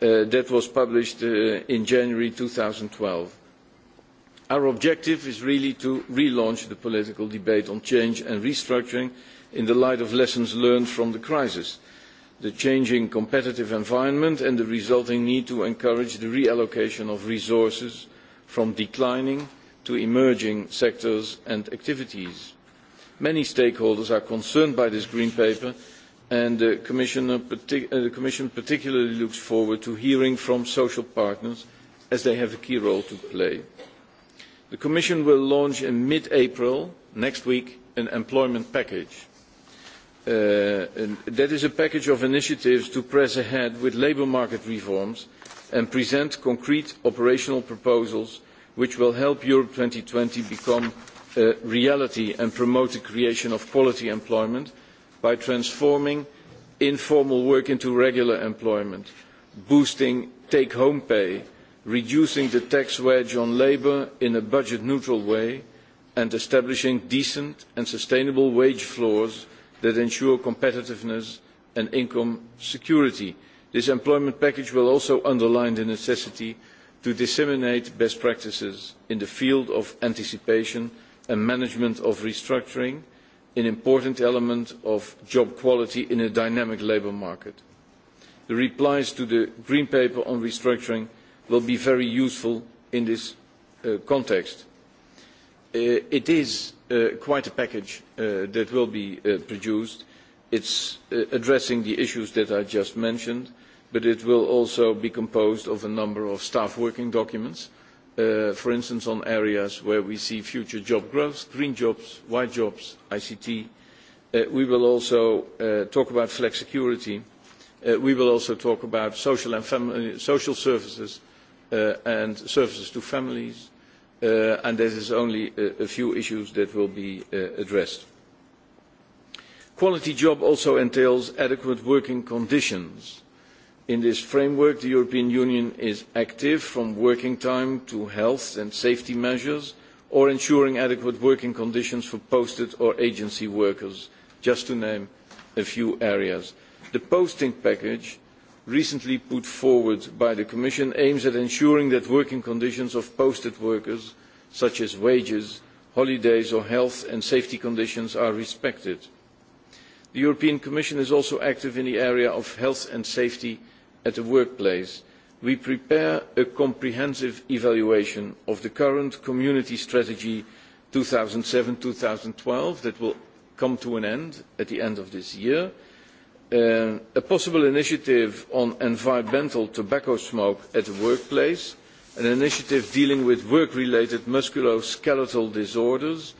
that was published in January 2012 Our objective is really to relaunch the political debate on change and restructuring in the light of lessons learned from the crisis, the changing competitive environment and the resulting need to encourage the reallocation of resources from declining to emerging sectors and activities. Many stakeholders are concerned by this Green Paper and the Commission particularly looks forward to hearing from social partners as they have a key role to play. The Commission will launch in mid-April, next week, an employment package. That is a package of initiatives to press ahead with labour market reforms and present concrete operational proposals which will help Europe 2020 become a reality and promote the creation of quality employment by transforming informal work into regular employment, boosting take-home pay, reducing the tax wedge on labour in a budget neutral way and establishing decent and sustainable wage floors that ensure competitiveness and income security. this employment package will also underline the necessity to disseminate best practices in the field of anticipation and management of restructuring an important element of job quality in a dynamic labour market. the replies to the green paper on restructuring will be very useful in this context. It is quite a package that will be produced. It's addressing the issues that I just mentioned, but it will also be composed of a number of staff working documents, for instance on areas where we see future job growth, green jobs, white jobs, ICT. We will also talk about flexicurity. We will also talk about social services and services to families, and there is only a few issues that will be addressed. Quality job also entails adequate working conditions. In this framework, the European Union is active from working time to health and safety measures or ensuring adequate working conditions for posted or agency workers, just to name a few areas. The posting package recently put forward by the Commission aims at ensuring that working conditions of posted workers, such as wages, holidays or health and safety conditions, are respected. The European Commission is also active in the area of health and safety at the workplace. We prepare a comprehensive evaluation of the current Community Strategy 2007-2012 that will come to an end at the end of this year a possible initiative on environmental tobacco smoke at the workplace, an initiative dealing with work-related musculoskeletal disorders,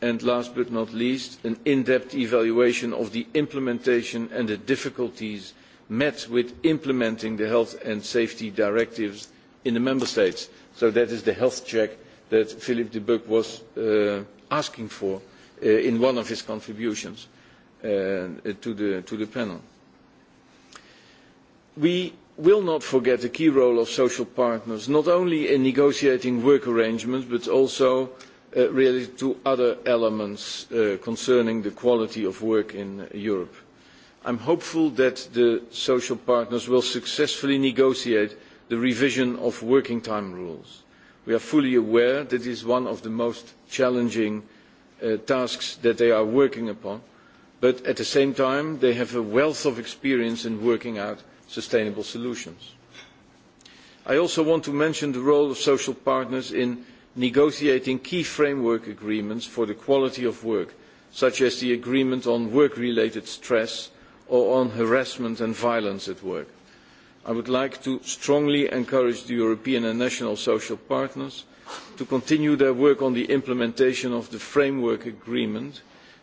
and last but not least, an in-depth evaluation of the implementation and the difficulties met with implementing the health and safety directives in the member states. So that is the health check that Philippe de Buc was asking for in one of his contributions to the panel. We will not forget the key role of social partners, not only in negotiating work arrangements, but also related to other elements concerning the quality of work in Europe. I am hopeful that the social partners will successfully negotiate the revision of working time rules. We are fully aware that this is one of the most challenging tasks that they are working upon but at the same time they have a wealth of experience in working out sustainable solutions. I also want to mention the role of social partners in negotiating key framework agreements for the quality of work, such as the agreement on work-related stress or on harassment and violence at work. I would like to strongly encourage the European and national social partners to continue their work on the implementation of the framework agreement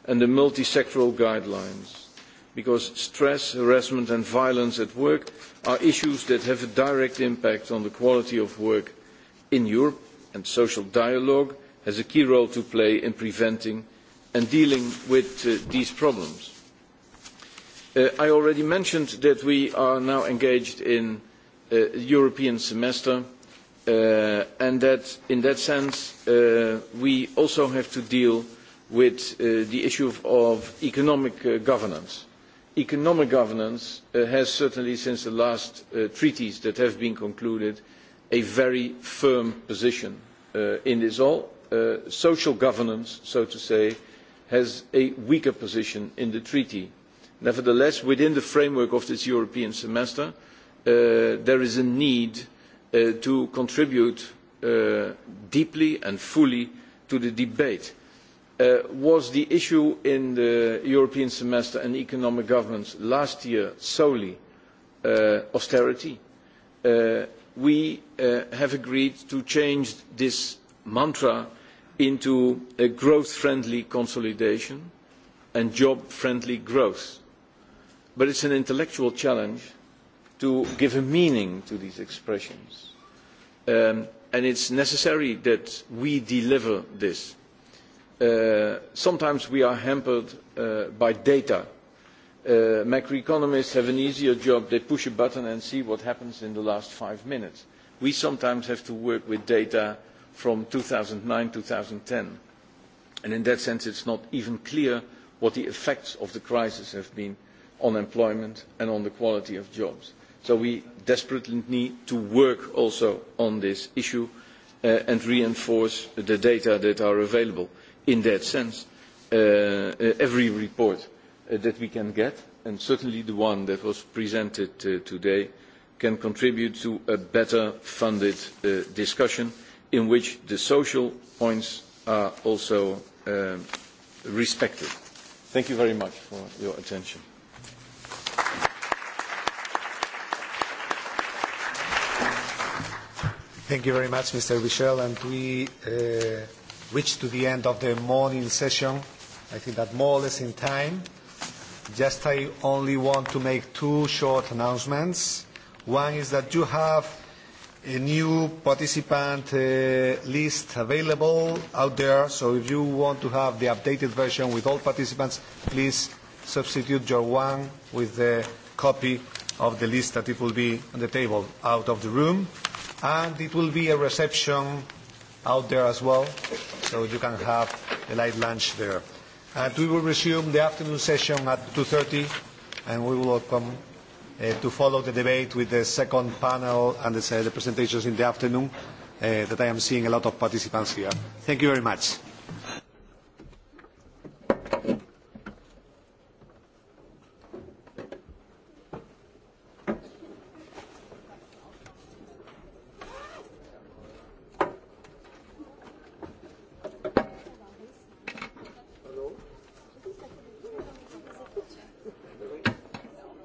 and the multi sectoral guidelines because stress harassment and violence at work are issues that have a direct impact on the quality of work in europe and social dialogue has a key role to play in preventing and dealing with these problems. i already mentioned that we are now engaged in the european semester and that in that sense we also have to deal with the issue of economic governance. Economic governance has certainly, since the last treaties that have been concluded, a very firm position in this all. Social governance, so to say, has a weaker position in the treaty. Nevertheless, within the framework of this European semester, there is a need to contribute deeply and fully to the debate was the issue in the European semester and economic governance last year solely austerity. We have agreed to change this mantra into a growth-friendly consolidation and job-friendly growth. But it is an intellectual challenge to give a meaning to these expressions. And it is necessary that we deliver this sometimes we are hampered by data. Macroeconomists have an easier job. They push a button and see what happens in the last five minutes. We sometimes have to work with data from 2009, 2010. And in that sense, it's not even clear what the effects of the crisis have been on employment and on the quality of jobs. So we desperately need to work also on this issue and reinforce the data that are available in that sense every report that we can get and certainly the one that was presented today can contribute to a better funded discussion in which the social points are also respected. Thank you very much for your attention. Thank you very much, Mr. Michel. And we reached to the end of the morning session. I think that more or less in time. Just I only want to make two short announcements. One is that you have a new participant list available out there, so if you want to have the updated version with all participants, please substitute your one with the copy of the list that it will be on the table out of the room. And it will be a reception out there as well, so you can have a light lunch there. And we will resume the afternoon session at 2.30, and we will come to follow the debate with the second panel and the presentations in the afternoon that I am seeing a lot of participants here. Thank you very much.